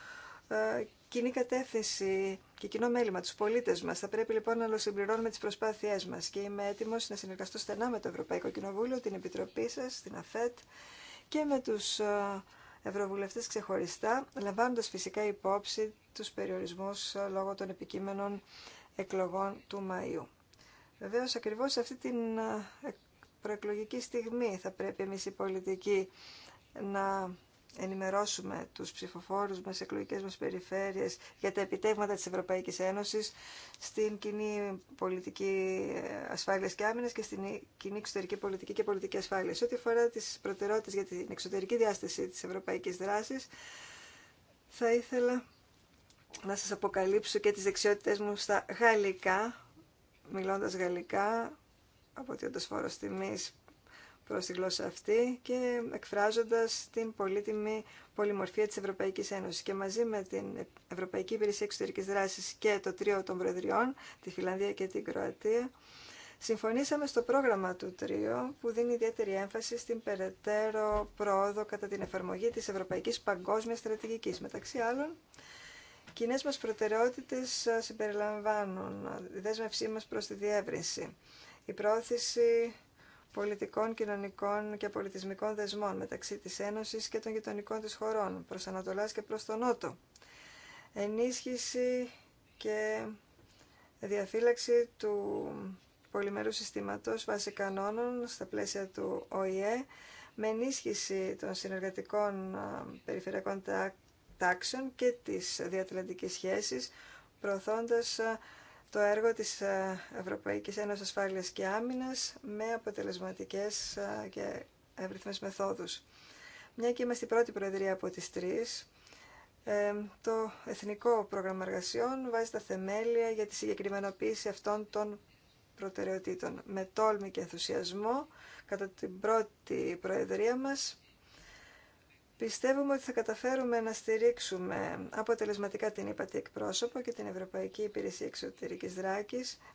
ε, κοινή κατεύθυνση και κοινό μέλημα τους πολίτες μας. Θα πρέπει λοιπόν να συμπληρώνουμε τις προσπάθειές μας και είμαι έτοιμος να συνεργαστώ στενά με το Ευρωπαϊκό Κοινοβούλιο, την Επιτροπή σας, την ΑΦΕΤ και με τους ε, ευρωβουλευτές ξεχωριστά, λαμβάνοντας φυσικά υπόψη τους περιορισμούς ε, λόγω των επικείμενων εκλογών του Μαΐου. Βεβαίως ακριβώς σε αυτή την ε, προεκλογική στιγμή θα πρέπει εμείς οι πολιτικοί να ενημερώσουμε τους ψηφοφόρους μας, εκλογικές μας περιφέρειες για τα επιτεύγματα της Ευρωπαϊκής Ένωσης στην κοινή πολιτική ε, ασφάλειας και άμυνας και στην κοινή εξωτερική πολιτική και πολιτική ασφάλειας. Ό,τι αφορά τις προτεραιότητες για την εξωτερική διάσταση της ευρωπαϊκής δράσης, θα ήθελα να σας αποκαλύψω και τις δεξιότητες μου στα γαλλικά, μιλώντας γαλλικά, όντως φόρος τιμής προς τη γλώσσα αυτή και εκφράζοντας την πολύτιμη πολυμορφία της Ευρωπαϊκής Ένωσης. Και μαζί με την Ευρωπαϊκή Υπηρεσία Εξωτερικής Δράσης και το τρίο των Προεδριών, τη Φιλανδία και την Κροατία, συμφωνήσαμε στο πρόγραμμα του τρίο που δίνει ιδιαίτερη έμφαση στην περαιτέρω πρόοδο κατά την εφαρμογή της Ευρωπαϊκής Παγκόσμιας Στρατηγικής. Μεταξύ άλλων, κοινέ μας προτεραιότητες ε, συμπεριλαμβάνουν ε, η δέσμευσή μας προς τη διεύρυνση, η πρόθεση πολιτικών, κοινωνικών και πολιτισμικών δεσμών μεταξύ της Ένωσης και των γειτονικών της χωρών, προς Ανατολάς και προς τον Νότο, ενίσχυση και διαφύλαξη του πολυμερού συστήματος βάση κανόνων στα πλαίσια του ΟΗΕ, με ενίσχυση των συνεργατικών ε, περιφερειακών τάξεων και της διατλαντικής σχέσεις, προωθώντας ε, το έργο της ε, Ευρωπαϊκής Ένωσης Ασφάλειας και Άμυνας με αποτελεσματικές ε, και εύρυθμες μεθόδους. Μια και είμαστε η πρώτη Προεδρία από τις τρεις, το Εθνικό Πρόγραμμα Εργασιών βάζει τα θεμέλια για τη συγκεκριμενοποίηση αυτών των προτεραιοτήτων. Με τόλμη και ενθουσιασμό, κατά την πρώτη Προεδρία μας, Πιστεύουμε ότι θα καταφέρουμε να στηρίξουμε αποτελεσματικά την ύπατη εκπρόσωπο και την Ευρωπαϊκή Υπηρεσία Εξωτερικής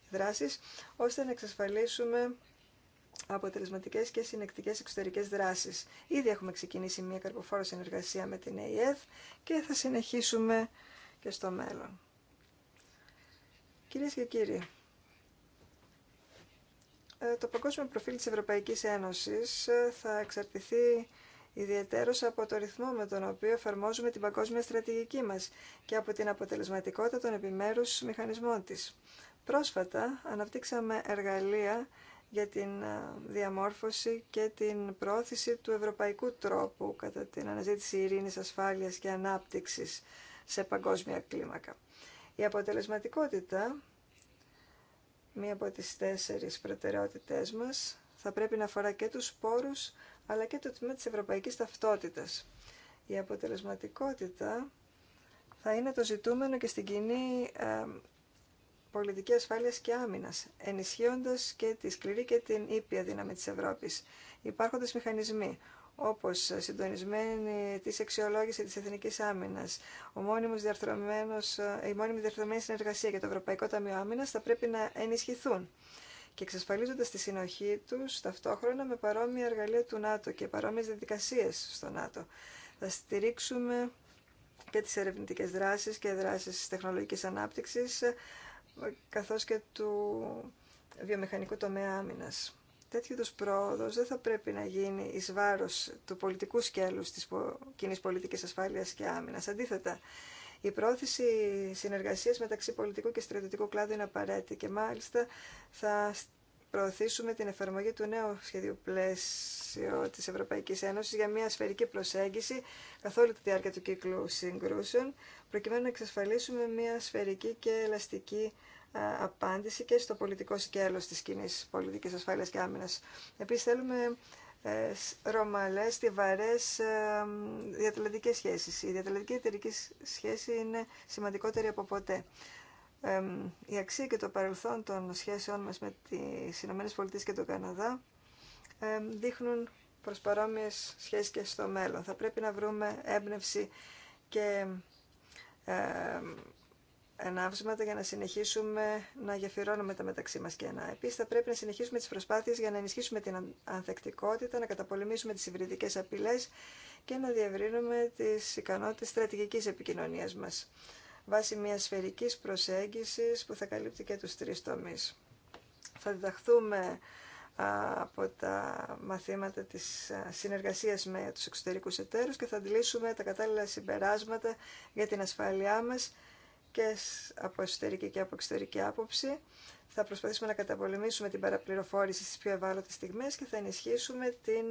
Δράσης, ώστε να εξασφαλίσουμε αποτελεσματικές και συνεκτικές εξωτερικές δράσεις. Ήδη έχουμε ξεκινήσει μια καρποφόρο συνεργασία με την ΕΕ και θα συνεχίσουμε και στο μέλλον. Κυρίες και κύριοι, ε, το παγκόσμιο προφίλ της Ευρωπαϊκής Ένωσης ε, θα εξαρτηθεί ιδιαίτερος από το ρυθμό με τον οποίο εφαρμόζουμε την παγκόσμια στρατηγική μας και από την αποτελεσματικότητα των επιμέρους μηχανισμών της. Πρόσφατα αναπτύξαμε εργαλεία για την διαμόρφωση και την πρόθεση του ευρωπαϊκού τρόπου κατά την αναζήτηση ειρήνης, ασφάλειας και ανάπτυξης σε παγκόσμια κλίμακα. Η αποτελεσματικότητα, μία από τις τέσσερις προτεραιότητές μας, θα πρέπει να αφορά και τους πόρους, αλλά και το τμήμα της ευρωπαϊκής ταυτότητας. Η αποτελεσματικότητα θα είναι το ζητούμενο και στην κοινή ε, πολιτική ασφάλειας και άμυνας, ενισχύοντας και τη σκληρή και την ήπια δύναμη της Ευρώπης. Υπάρχοντας μηχανισμοί, όπως συντονισμένη της αξιολόγηση της Εθνικής Άμυνας, ο μόνιμος διαρθρωμένος, ε, η μόνιμη διαρθρωμένη συνεργασία και το Ευρωπαϊκό Ταμείο Άμυνας θα πρέπει να ενισχυθούν και εξασφαλίζοντα τη συνοχή τους ταυτόχρονα με παρόμοια εργαλεία του ΝΑΤΟ και παρόμοιε διαδικασίε στο ΝΑΤΟ. Θα στηρίξουμε και τις ερευνητικές δράσεις και δράσεις τεχνολογικής ανάπτυξης καθώς και του βιομηχανικού τομέα άμυνας. Τέτοιου είδου πρόοδο δεν θα πρέπει να γίνει ει βάρο του πολιτικού σκέλου τη κοινή πολιτική ασφάλεια και άμυνα. Αντίθετα, η πρόθεση συνεργασίας μεταξύ πολιτικού και στρατιωτικού κλάδου είναι απαραίτητη και μάλιστα θα προωθήσουμε την εφαρμογή του νέου σχεδίου πλαίσιο της Ευρωπαϊκής Ένωσης για μια σφαιρική προσέγγιση καθ' όλη τη διάρκεια του κύκλου συγκρούσεων, προκειμένου να εξασφαλίσουμε μια σφαιρική και ελαστική απάντηση και στο πολιτικό σκέλος της κοινή πολιτικής ασφάλειας και άμυνας. Επίσης θέλουμε ρωμαλές, στιβαρές ε, διατελετικές σχέσεις. Η διατελετική εταιρική σχέση είναι σημαντικότερη από ποτέ. Η αξία και το παρελθόν των σχέσεων μας με τις Ηνωμένες Πολιτείες και τον Καναδά δείχνουν προς παρόμοιες σχέσεις και στο μέλλον. Θα πρέπει να βρούμε έμπνευση και για να συνεχίσουμε να γεφυρώνουμε τα μεταξύ μας κενά. Επίσης θα πρέπει να συνεχίσουμε τις προσπάθειες για να ενισχύσουμε την ανθεκτικότητα, να καταπολεμήσουμε τις υβριδικές απειλές και να διευρύνουμε τις ικανότητες στρατηγικής επικοινωνίας μας βάσει μια σφαιρική προσέγγισης που θα καλύπτει και τους τρεις τομείς. Θα διδαχθούμε από τα μαθήματα της συνεργασίας με τους εξωτερικούς εταίρους και θα αντιλήσουμε τα κατάλληλα συμπεράσματα για την ασφάλειά μας και από εσωτερική και από εξωτερική άποψη. Θα προσπαθήσουμε να καταπολεμήσουμε την παραπληροφόρηση στις πιο ευάλωτες στιγμές και θα ενισχύσουμε την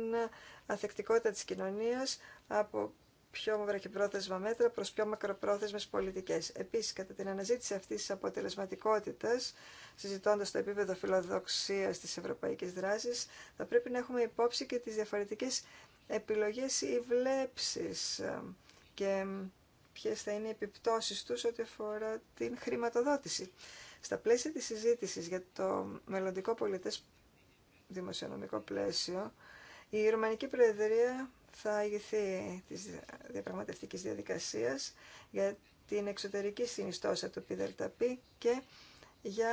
αθεκτικότητα της κοινωνίας από πιο βραχυπρόθεσμα μέτρα προς πιο μακροπρόθεσμες πολιτικές. Επίσης, κατά την αναζήτηση αυτής της αποτελεσματικότητας, συζητώντα το επίπεδο φιλοδοξίας της ευρωπαϊκής δράσης, θα πρέπει να έχουμε υπόψη και τις διαφορετικές επιλογές ή βλέψεις ε, και ποιες θα είναι οι επιπτώσεις τους ό,τι αφορά την χρηματοδότηση. Στα πλαίσια της συζήτησης για το μελλοντικό πολιτές δημοσιονομικό πλαίσιο, η Ρουμανική Προεδρία θα ηγηθεί της διαπραγματευτικής διαδικασίας για την εξωτερική συνιστόσα του ΠΙΔΕΛΤΑΠΗ και για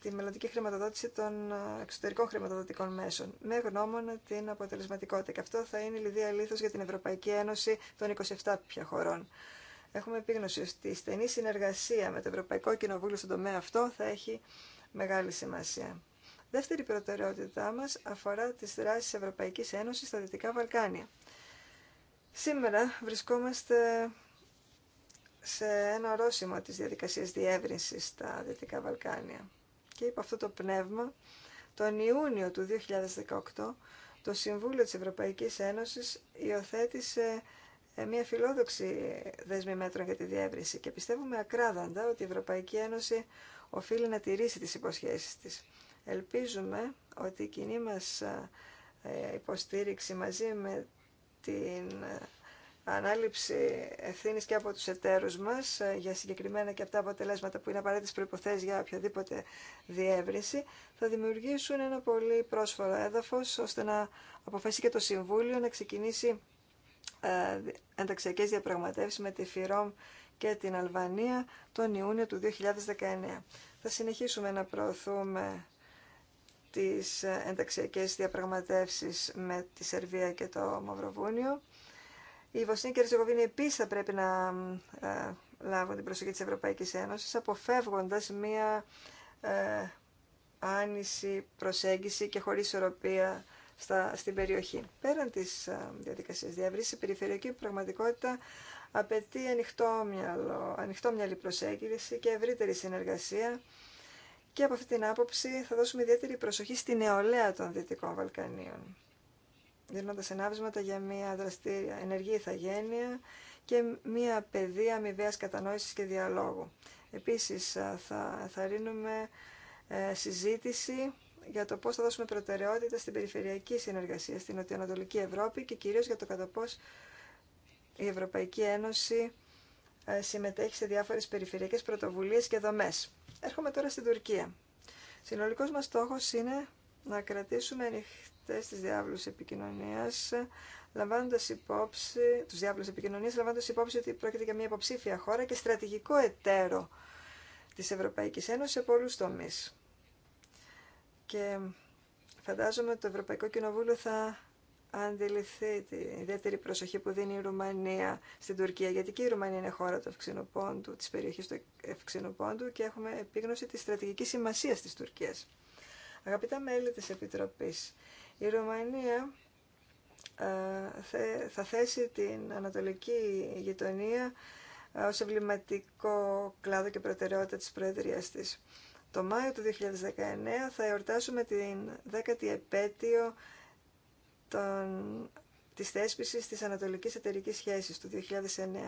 τη μελλοντική χρηματοδότηση των εξωτερικών χρηματοδοτικών μέσων, με γνώμονα την αποτελεσματικότητα. Και αυτό θα είναι η λιδία λίθος για την Ευρωπαϊκή Ένωση των 27 πια χωρών. Έχουμε επίγνωση ότι η στενή συνεργασία με το Ευρωπαϊκό Κοινοβούλιο στον τομέα αυτό θα έχει μεγάλη σημασία. Δεύτερη προτεραιότητά μας αφορά τις δράσεις Ευρωπαϊκής Ένωσης στα Δυτικά Βαλκάνια. Σήμερα βρισκόμαστε σε ένα ορόσημο της διαδικασίας διεύρυνσης στα Δυτικά Βαλκάνια. Και υπό αυτό το πνεύμα, τον Ιούνιο του 2018, το Συμβούλιο της Ευρωπαϊκής Ένωσης υιοθέτησε ε, μια φιλόδοξη δέσμη μέτρων για τη διεύρυνση και πιστεύουμε ακράδαντα ότι η Ευρωπαϊκή Ένωση οφείλει να τηρήσει τις υποσχέσεις της. Ελπίζουμε ότι η κοινή μας ε, υποστήριξη μαζί με την ε, ανάληψη ευθύνη και από του εταίρου μα ε, για συγκεκριμένα και αυτά αποτελέσματα που είναι απαραίτητε προποθέσει για οποιαδήποτε διεύρυνση, θα δημιουργήσουν ένα πολύ πρόσφορο έδαφο ώστε να αποφασίσει και το Συμβούλιο να ξεκινήσει ε, ενταξιακές διαπραγματεύσεις με τη ΦΥΡΟΜ και την Αλβανία τον Ιούνιο του 2019. Θα συνεχίσουμε να προωθούμε τις ε, ενταξιακές διαπραγματεύσεις με τη Σερβία και το Μαυροβούνιο η Βοσνία και η Ερζεγοβίνη επίση θα πρέπει να ε, λάβουν την προσοχή της Ευρωπαϊκής Ένωσης, αποφεύγοντα μία ε, άνηση προσέγγιση και χωρί ισορροπία στην περιοχή. Πέραν της ε, διαδικασίας διαβρύσης, η περιφερειακή πραγματικότητα απαιτεί ανοιχτό μυαλό, ανοιχτό μυαλή προσέγγιση και ευρύτερη συνεργασία και από αυτή την άποψη θα δώσουμε ιδιαίτερη προσοχή στη νεολαία των Δυτικών Βαλκανίων δίνοντας ενάβησματα για μια δραστήρια ενεργή ηθαγένεια και μια παιδεία αμοιβαία κατανόησης και διαλόγου. Επίσης θα, θα ρίνουμε ε, συζήτηση για το πώς θα δώσουμε προτεραιότητα στην περιφερειακή συνεργασία στην Νοτιοανατολική Ευρώπη και κυρίως για το κατά πώς η Ευρωπαϊκή Ένωση ε, συμμετέχει σε διάφορες περιφερειακές πρωτοβουλίες και δομές. Έρχομαι τώρα στην Τουρκία. Συνολικός μας στόχος είναι να κρατήσουμε ανοιχτή αυτές της διάβλους επικοινωνίας λαμβάνοντας υπόψη, τους διάβλους επικοινωνίας λαμβάνοντας υπόψη ότι πρόκειται για μια υποψήφια χώρα και στρατηγικό εταίρο της Ευρωπαϊκής Ένωσης σε πολλούς τομείς. Και φαντάζομαι ότι το Ευρωπαϊκό Κοινοβούλιο θα αντιληφθεί τη ιδιαίτερη προσοχή που δίνει η Ρουμανία στην Τουρκία, γιατί και η Ρουμανία είναι χώρα του περιοχή της περιοχής του Ευξηνοπόντου και έχουμε επίγνωση της στρατηγικής σημασίας της Τουρκίας. Αγαπητά μέλη της Επιτροπής, η Ρωμανία ε, θα θέσει την ανατολική γειτονία ε, ως εμβληματικό κλάδο και προτεραιότητα της Προεδρίας της. Το Μάιο του 2019 θα εορτάσουμε την δέκατη επέτειο των, της θέσπισης της Ανατολικής Εταιρικής Σχέσης του 2009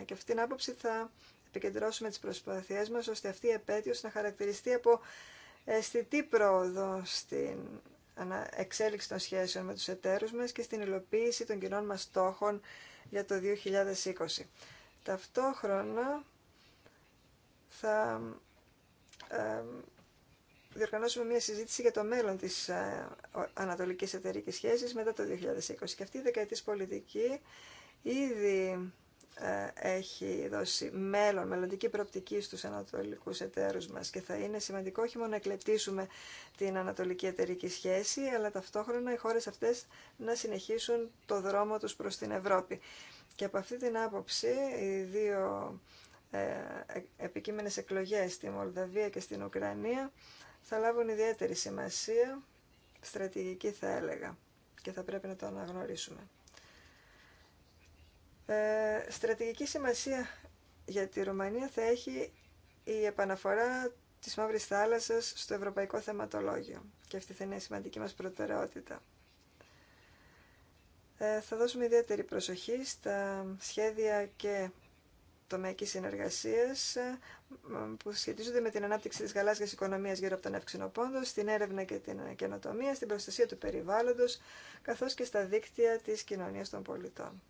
και αυτήν την άποψη θα επικεντρώσουμε τις προσπαθίες μας ώστε αυτή η επέτειος να χαρακτηριστεί από αισθητή πρόοδο στην εξέλιξη των σχέσεων με τους εταίρους μας και στην υλοποίηση των κοινών μας στόχων για το 2020. Ταυτόχρονα θα διοργανώσουμε μια συζήτηση για το μέλλον της ε, ανατολικής εταιρικής σχέσης μετά το 2020. Και αυτή η δεκαετής πολιτική ήδη ε, έχει δώσει μέλλον, μελλοντική προοπτική στους ανατολικούς εταίρους μας και θα είναι σημαντικό όχι μόνο να εκλεπτήσουμε την ανατολική εταιρική σχέση, αλλά ταυτόχρονα οι χώρες αυτές να συνεχίσουν το δρόμο τους προς την Ευρώπη. Και από αυτή την άποψη οι δύο ε, ε, επικείμενες εκλογές στη Μολδαβία και στην Ουκρανία θα λάβουν ιδιαίτερη σημασία, στρατηγική θα έλεγα, και θα πρέπει να το αναγνωρίσουμε. Ε, στρατηγική σημασία για τη Ρουμανία θα έχει η επαναφορά της Μαύρης Θάλασσας στο ευρωπαϊκό θεματολόγιο. Και αυτή θα είναι η σημαντική μας προτεραιότητα. Ε, θα δώσουμε ιδιαίτερη προσοχή στα σχέδια και τομέακή συνεργασίας ε, που σχετίζονται με την ανάπτυξη της γαλάζιας οικονομίας γύρω από τον εύξηνο πόντο, στην έρευνα και την καινοτομία, στην προστασία του περιβάλλοντος, καθώς και στα δίκτυα της κοινωνίας των πολιτών.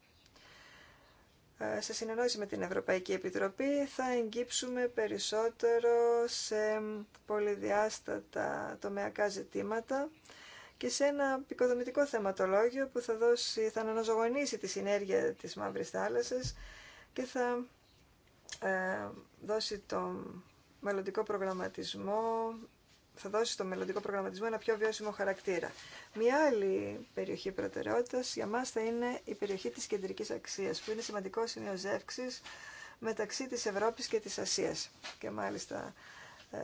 Ε, σε συνεννόηση με την Ευρωπαϊκή Επιτροπή θα εγγύψουμε περισσότερο σε πολυδιάστατα τομεακά ζητήματα και σε ένα πικοδομητικό θεματολόγιο που θα, δώσει, θα αναζωογονήσει τη συνέργεια της Μαύρης Θάλασσας και θα ε, δώσει τον μελλοντικό προγραμματισμό θα δώσει στο μελλοντικό προγραμματισμό ένα πιο βιώσιμο χαρακτήρα. Μια άλλη περιοχή προτεραιότητα για μα θα είναι η περιοχή τη κεντρική αξία, που είναι σημαντικό σημείο ζεύξη μεταξύ τη Ευρώπη και τη Ασία. Και μάλιστα ε,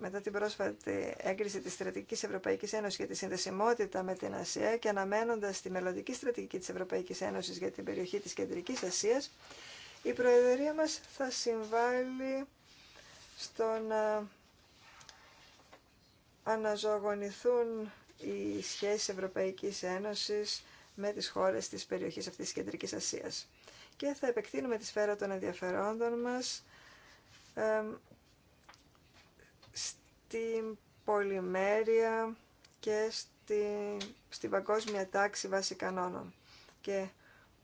μετά την πρόσφατη έγκριση της Στρατηγικής Ευρωπαϊκής Ένωσης για τη συνδεσιμότητα με την Ασία και αναμένοντας τη μελλοντική στρατηγική της Ευρωπαϊκής Ένωσης για την περιοχή της Κεντρικής Ασίας, η Προεδρία μας θα συμβάλλει στο να ε, αναζωογονηθούν οι σχέσεις Ευρωπαϊκής Ένωσης με τις χώρες της περιοχής αυτής της Κεντρικής Ασίας. Και θα επεκτείνουμε τη σφαίρα των ενδιαφερόντων μας ε, στην πολυμέρεια και στην, παγκόσμια τάξη βάση κανόνων. Και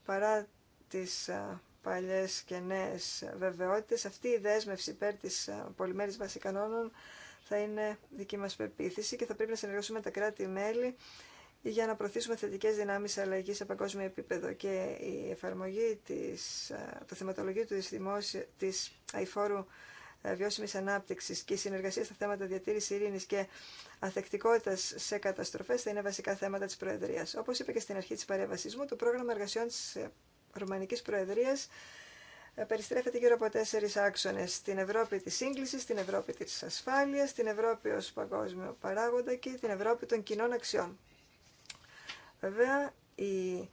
παρά τις ε, παλιές και νέες βεβαιότητες, αυτή η δέσμευση υπέρ της ε, πολυμέρειας βάση κανόνων θα είναι δική μας πεποίθηση και θα πρέπει να συνεργαστούμε με τα κράτη-μέλη για να προωθήσουμε θετικές δυνάμεις αλλαγή σε παγκόσμιο επίπεδο και η εφαρμογή της, θεματολογίου τη αηφόρου βιώσιμη ανάπτυξη και η συνεργασία στα θέματα διατήρηση ειρήνη και αθεκτικότητα σε καταστροφέ θα είναι βασικά θέματα τη Προεδρία. Όπω είπα και στην αρχή τη παρέμβασή μου, το πρόγραμμα εργασιών τη Ρουμανική Προεδρία περιστρέφεται γύρω από τέσσερι άξονε. Την Ευρώπη της σύγκληση, την Ευρώπη της ασφάλειας, την Ευρώπη ω παγκόσμιο παράγοντα και την Ευρώπη των κοινών αξιών. Βέβαια, η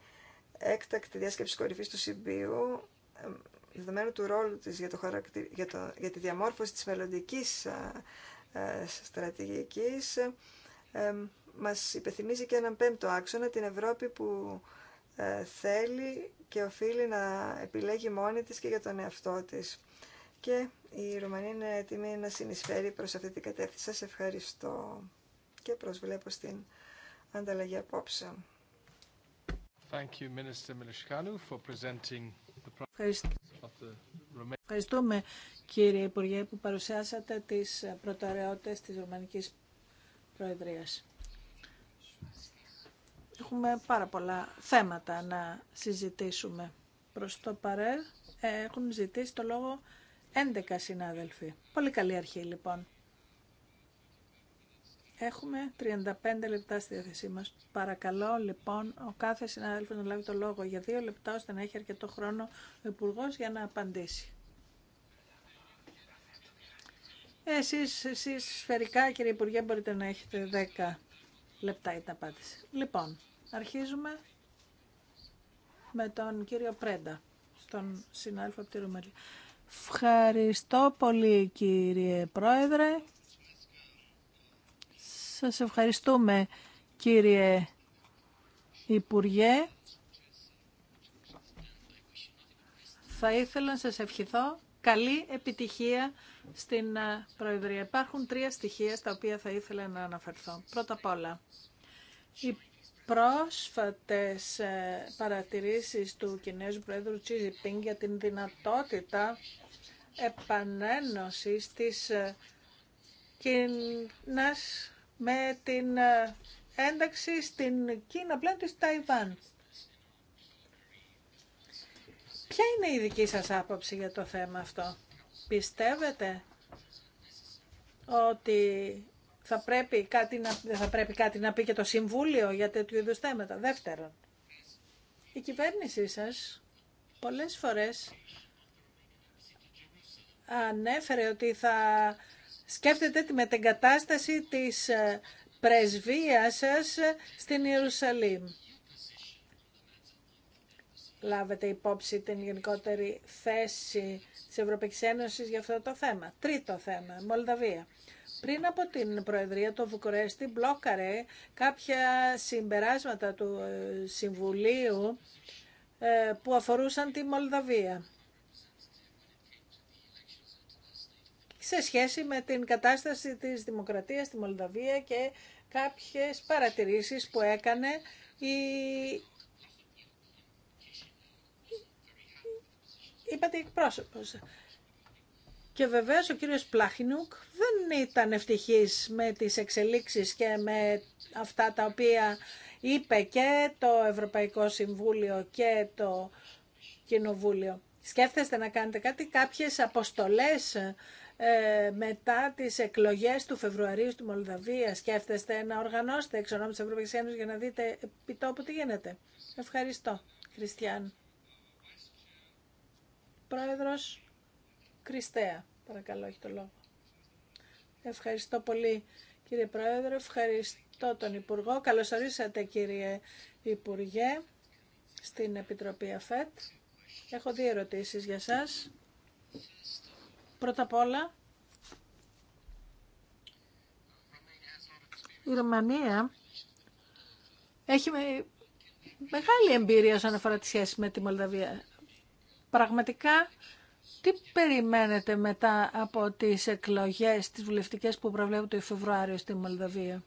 έκτακτη διάσκεψη κορυφή του Συμπίου, δεδομένου του ρόλου της για, το για, το... για τη διαμόρφωση της μελλοντική στρατηγικής, μας υπενθυμίζει και έναν πέμπτο άξονα, την Ευρώπη που ε, θέλει και οφείλει να επιλέγει μόνη της και για τον εαυτό της. Και η Ρουμανία είναι έτοιμη να συνεισφέρει προς αυτή την κατεύθυνση. Σας ευχαριστώ και προσβλέπω στην ανταλλαγή απόψε. Thank you, Minister presenting the... Ευχαριστούμε κύριε Υπουργέ που παρουσιάσατε τις προτεραιότητες της Ρουμανικής Προεδρίας έχουμε πάρα πολλά θέματα να συζητήσουμε. Προς το παρέλ έχουν ζητήσει το λόγο 11 συνάδελφοι. Πολύ καλή αρχή λοιπόν. Έχουμε 35 λεπτά στη διάθεσή μας. Παρακαλώ λοιπόν ο κάθε συνάδελφος να λάβει το λόγο για δύο λεπτά ώστε να έχει αρκετό χρόνο ο υπουργό για να απαντήσει. Ε, εσείς, εσείς σφαιρικά κύριε Υπουργέ μπορείτε να έχετε 10 λεπτά η απάντηση. Λοιπόν, αρχίζουμε με τον κύριο Πρέντα, στον συνάδελφο από τη Ευχαριστώ πολύ κύριε Πρόεδρε. Σας ευχαριστούμε κύριε Υπουργέ. Θα ήθελα να σας ευχηθώ καλή επιτυχία στην ε, Προεδρία. Υπάρχουν τρία στοιχεία στα οποία θα ήθελα να αναφερθώ. Πρώτα απ' όλα, οι πρόσφατες ε, παρατηρήσεις του Κινέζου Πρόεδρου Τσίζι Πινγκ για την δυνατότητα επανένωσης της ε, Κίνας με την ένταξη στην Κίνα πλέον της Ταϊβάν. Ποια είναι η δική σας άποψη για το θέμα αυτό. Πιστεύετε ότι θα πρέπει κάτι να, θα πρέπει κάτι να πει και το Συμβούλιο για τέτοιου είδου θέματα. Δεύτερον, η κυβέρνησή σας πολλές φορές ανέφερε ότι θα σκέφτεται τη μετεγκατάσταση της ε, πρεσβείας σας στην Ιερουσαλήμ λάβετε υπόψη την γενικότερη θέση της Ευρωπαϊκής Ένωσης για αυτό το θέμα. Τρίτο θέμα, Μολδαβία. Πριν από την Προεδρία, το Βουκουρέστι μπλόκαρε κάποια συμπεράσματα του ε, Συμβουλίου ε, που αφορούσαν τη Μολδαβία. σε σχέση με την κατάσταση της δημοκρατίας στη Μολδαβία και κάποιες παρατηρήσεις που έκανε η είπατε εκπρόσωπος. Και βεβαίως ο κύριος Πλάχινουκ δεν ήταν ευτυχής με τις εξελίξεις και με αυτά τα οποία είπε και το Ευρωπαϊκό Συμβούλιο και το Κοινοβούλιο. Σκέφτεστε να κάνετε κάτι, κάποιες αποστολές ε, μετά τις εκλογές του Φεβρουαρίου στη Μολδαβία. Σκέφτεστε να οργανώσετε εξ ονόμου της Ευρωπαϊκής για να δείτε τόπου τι γίνεται. Ευχαριστώ, Χριστιαν. Πρόεδρος Κριστέα. Παρακαλώ, έχει το λόγο. Ευχαριστώ πολύ κύριε Πρόεδρε, ευχαριστώ τον Υπουργό. Καλώς ορίσατε κύριε Υπουργέ στην Επιτροπή ΑΦΕΤ. Έχω δύο ερωτήσεις για σας. Πρώτα απ' όλα, η Ρωμανία έχει μεγάλη εμπειρία όσον αφορά τη σχέση με τη Μολδαβία πραγματικά τι περιμένετε μετά από τις εκλογές, τις βουλευτικές που προβλέπουν το Φεβρουάριο στη Μολδαβία.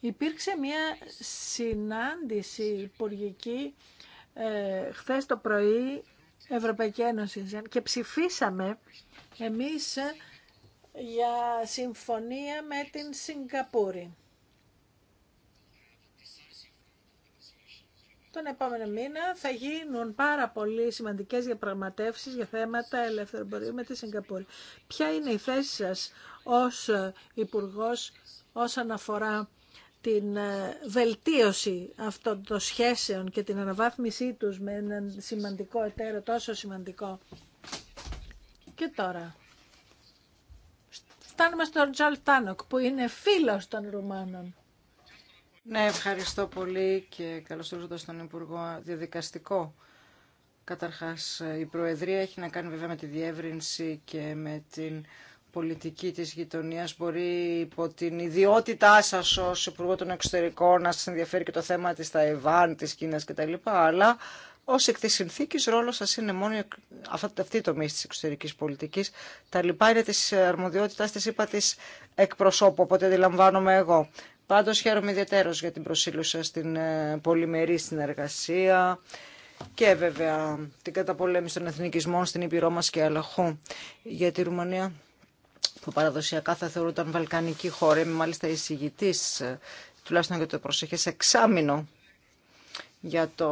Υπήρξε μια συνάντηση υπουργική ε, χθες το πρωί Ευρωπαϊκή Ένωση και ψηφίσαμε εμείς για συμφωνία με την Σιγκαπούρη. Τον επόμενο μήνα θα γίνουν πάρα πολύ σημαντικές διαπραγματεύσει για θέματα ελεύθερου εμπορίου με τη Σιγκαπούρη. Ποια είναι η θέση σας ως υπουργό όσον αφορά την ε, βελτίωση αυτών των σχέσεων και την αναβάθμισή τους με έναν σημαντικό εταίρο τόσο σημαντικό. Και τώρα, φτάνουμε στον Τζολ Τάνοκ που είναι φίλος των Ρουμάνων. Ναι, ευχαριστώ πολύ και καλώς ήρθατε στον Υπουργό Διαδικαστικό. Καταρχάς, η Προεδρία έχει να κάνει βέβαια με τη διεύρυνση και με την πολιτική της γειτονίας μπορεί υπό την ιδιότητά σας ως Υπουργό των Εξωτερικών να σας ενδιαφέρει και το θέμα της Ταϊβάν, της Κίνας κτλ. Αλλά ω εκ τη συνθήκης ρόλο σα είναι μόνο αυτή η τομή τη εξωτερική πολιτική. Τα λοιπά είναι τη αρμοδιότητά, τη είπα τη εκπροσώπου, οπότε αντιλαμβάνομαι εγώ. Πάντως χαίρομαι ιδιαίτερος για την προσήλωση στην ε, πολυμερή συνεργασία και βέβαια την καταπολέμηση των εθνικισμών στην Ήπειρό μας και Αλαχού για τη Ρουμανία που παραδοσιακά θα θεωρούνταν βαλκανική χώρα. Είμαι μάλιστα εισηγητής ε, τουλάχιστον για το προσεχές εξάμεινο για το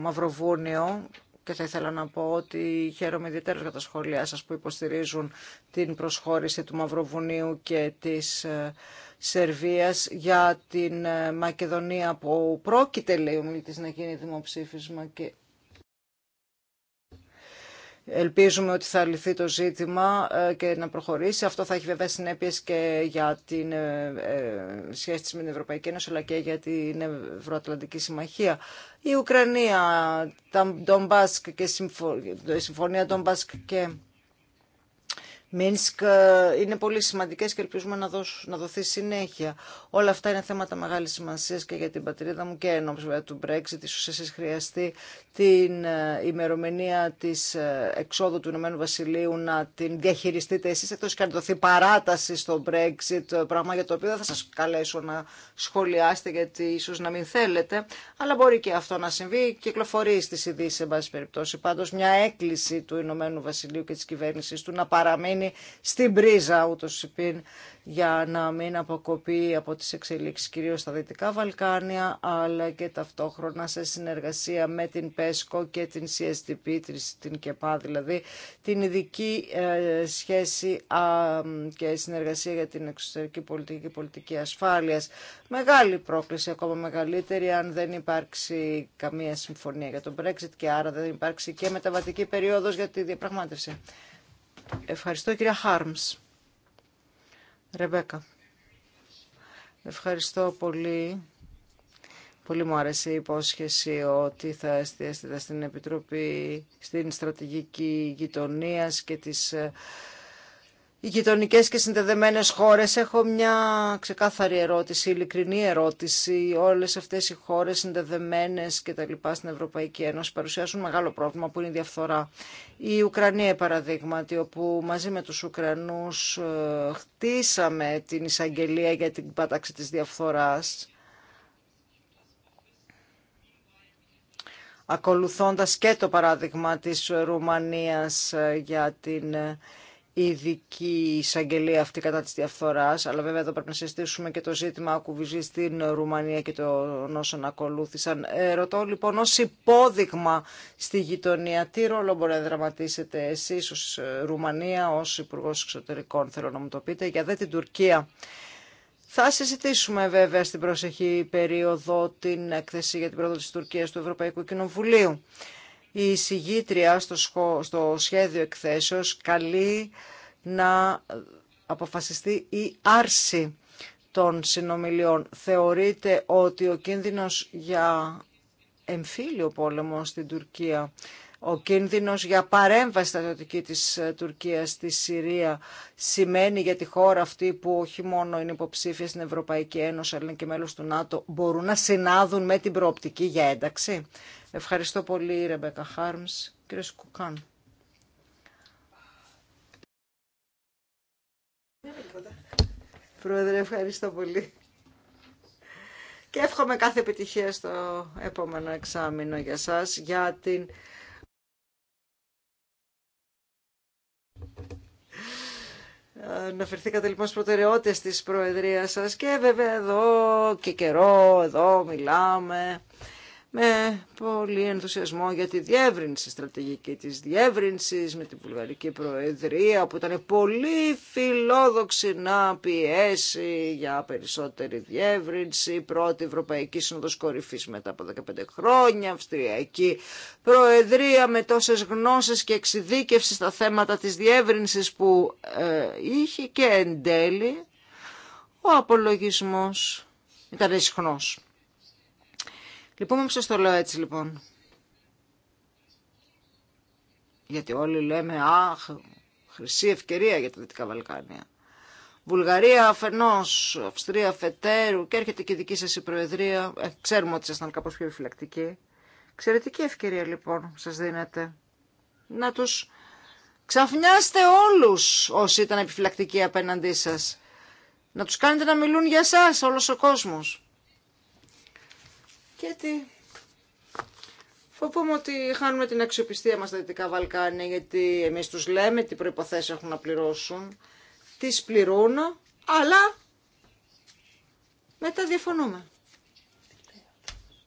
Μαυροβούνιο και θα ήθελα να πω ότι χαίρομαι ιδιαίτερα για τα σχόλιά σας που υποστηρίζουν την προσχώρηση του Μαυροβουνίου και της ε, Σερβίας για την ε, Μακεδονία που πρόκειται, λέει ο να γίνει δημοψήφισμα και Ελπίζουμε ότι θα λυθεί το ζήτημα ε, και να προχωρήσει. Αυτό θα έχει βέβαια συνέπειε και για την ε, σχέση με την Ευρωπαϊκή Ένωση αλλά και για την Ευρωατλαντική Συμμαχία. Η Ουκρανία, η συμφωνία των Μπάσκ και Μίνσκ ε, είναι πολύ σημαντικές και ελπίζουμε να, να δοθεί συνέχεια. Όλα αυτά είναι θέματα μεγάλης σημασίας και για την πατρίδα μου και ενώ του Brexit. Ίσως εσείς χρειαστεί την ε, ημερομηνία της ε, εξόδου του Ηνωμένου Βασιλείου να την διαχειριστείτε εσείς. Εκτός και αν δοθεί παράταση στο Brexit, πράγμα για το οποίο δεν θα σας καλέσω να σχολιάσετε γιατί ίσως να μην θέλετε. Αλλά μπορεί και αυτό να συμβεί. Κυκλοφορεί στις ειδήσεις, σε πάση περιπτώσει. Πάντως μια έκκληση του Ηνωμένου Βασιλείου και τη κυβέρνηση του να παραμείνει στην πρίζα ούτως πιν για να μην αποκοπεί από τις εξελίξεις κυρίως στα Δυτικά Βαλκάνια αλλά και ταυτόχρονα σε συνεργασία με την ΠΕΣΚΟ και την CSTP, την ΚΕΠΑ δηλαδή, την ειδική ε, σχέση και συνεργασία για την εξωτερική πολιτική και πολιτική ασφάλειας. Μεγάλη πρόκληση, ακόμα μεγαλύτερη, αν δεν υπάρξει καμία συμφωνία για τον Brexit και άρα δεν υπάρξει και μεταβατική περίοδος για τη διαπραγμάτευση. Ευχαριστώ κυρία Χάρμς. Ρεμπέκα. Ευχαριστώ πολύ. Πολύ μου άρεσε η υπόσχεση ότι θα εστιαστείτε στην Επιτροπή, στην στρατηγική γειτονία και της... Ε, οι γειτονικέ και συνδεδεμένε χώρες. Έχω μια ξεκάθαρη ερώτηση, ειλικρινή ερώτηση. Όλες αυτές οι χώρες συνδεδεμένε και τα λοιπά στην Ευρωπαϊκή Ένωση παρουσιάζουν μεγάλο πρόβλημα που είναι η διαφθορά. Η Ουκρανία, παραδείγματι, όπου μαζί με τους Ουκρανούς ε, χτίσαμε την εισαγγελία για την πάταξη τη διαφθορά. Ακολουθώντας και το παράδειγμα της Ρουμανίας ε, για την ε, ειδική εισαγγελία αυτή κατά της διαφθοράς, αλλά βέβαια εδώ πρέπει να συζητήσουμε και το ζήτημα ακουβιζή στην Ρουμανία και των όσων ακολούθησαν. Ε, ρωτώ λοιπόν ως υπόδειγμα στη γειτονία, τι ρόλο μπορεί να δραματίσετε εσείς ως ε, Ρουμανία, ως υπουργό Εξωτερικών, θέλω να μου το πείτε, για δε την Τουρκία. Θα συζητήσουμε βέβαια στην προσεχή περίοδο την έκθεση για την πρόοδο της Τουρκίας του Ευρωπαϊκού Κοινοβουλίου η εισηγήτρια στο σχέδιο εκθέσεως καλεί να αποφασιστεί η άρση των συνομιλιών. Θεωρείται ότι ο κίνδυνος για εμφύλιο πόλεμο στην Τουρκία ο κίνδυνος για παρέμβαση στρατιωτική της ε, Τουρκίας στη Συρία σημαίνει για τη χώρα αυτή που όχι μόνο είναι υποψήφια στην Ευρωπαϊκή Ένωση αλλά και μέλος του ΝΑΤΟ μπορούν να συνάδουν με την προοπτική για ένταξη. Ευχαριστώ πολύ Ρεμπέκα Χάρμς. Κύριε Σκουκάν. Πρόεδρε, ευχαριστώ πολύ. Και εύχομαι κάθε επιτυχία στο επόμενο εξάμεινο για σας, για την αναφερθήκατε λοιπόν στις προτεραιότητες της Προεδρίας σας και βέβαια εδώ και καιρό εδώ μιλάμε με πολύ ενθουσιασμό για τη διεύρυνση, στρατηγική της διεύρυνσης με την Βουλγαρική Προεδρία που ήταν πολύ φιλόδοξη να πιέσει για περισσότερη διεύρυνση, πρώτη Ευρωπαϊκή Σύνοδος Κορυφής μετά από 15 χρόνια, Αυστριακή Προεδρία με τόσες γνώσεις και εξειδίκευση στα θέματα της διεύρυνσης που ε, είχε και εν τέλει ο απολογισμός ήταν ισχνός. Λυπούμε λοιπόν, που σας το λέω έτσι λοιπόν. Γιατί όλοι λέμε «Αχ, χρυσή ευκαιρία για τα Δυτικά Βαλκάνια». Βουλγαρία αφενό, Αυστρία αφετέρου και έρχεται και η δική σα η Προεδρία. Ε, ξέρουμε ότι ήσασταν κάπως πιο επιφυλακτικοί. Εξαιρετική ευκαιρία λοιπόν σα δίνετε να του ξαφνιάστε όλους όσοι ήταν επιφυλακτικοί απέναντί σα. Να του κάνετε να μιλούν για εσά όλο ο κόσμο γιατί φοβούμαι ότι χάνουμε την αξιοπιστία μας στα Δυτικά Βαλκάνια, γιατί εμείς τους λέμε τι προϋποθέσεις έχουν να πληρώσουν, τις πληρούν, αλλά μετά διαφωνούμε.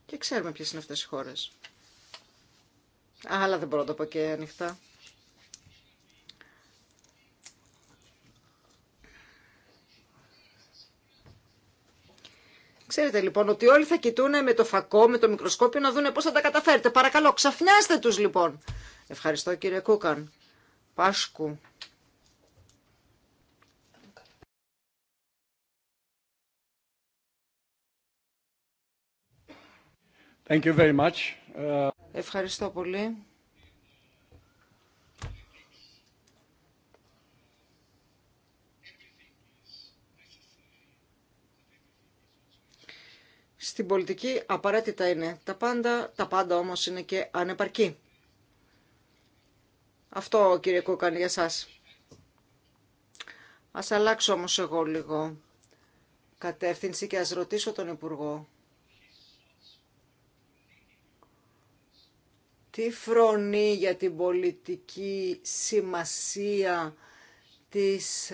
Και ξέρουμε ποιες είναι αυτές οι χώρες. Αλλά δεν μπορώ να το πω και ανοιχτά. Ξέρετε λοιπόν ότι όλοι θα κοιτούν με το φακό, με το μικροσκόπιο να δούνε πώς θα τα καταφέρετε. Παρακαλώ, ξαφνιάστε τους λοιπόν. Ευχαριστώ κύριε Κούκαν. Πάσκου. Thank you very much. Ευχαριστώ πολύ. στην πολιτική απαραίτητα είναι τα πάντα, τα πάντα όμως είναι και ανεπαρκή. Αυτό κύριε Κούκαν για σας. Ας αλλάξω όμως εγώ λίγο κατεύθυνση και ας ρωτήσω τον Υπουργό. Τι φρονεί για την πολιτική σημασία της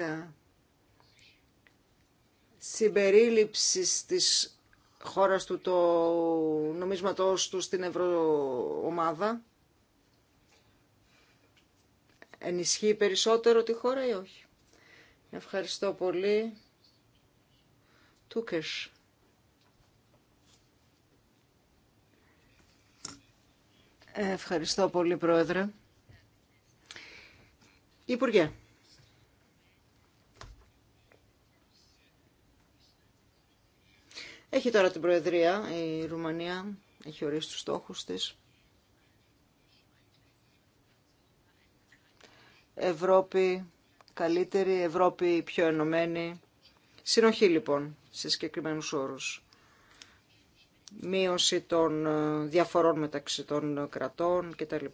συμπερίληψης της χώρας του το νομίσματός του στην Ευρωομάδα ενισχύει περισσότερο τη χώρα ή όχι. Ευχαριστώ πολύ. Τούκες. Ευχαριστώ πολύ, Πρόεδρε. Υπουργέ, Έχει τώρα την Προεδρία η Ρουμανία, έχει ορίσει τους στόχους της. Ευρώπη καλύτερη, Ευρώπη πιο ενωμένη. Συνοχή λοιπόν σε συγκεκριμένους όρους. Μείωση των ε, διαφορών μεταξύ των κρατών κτλ.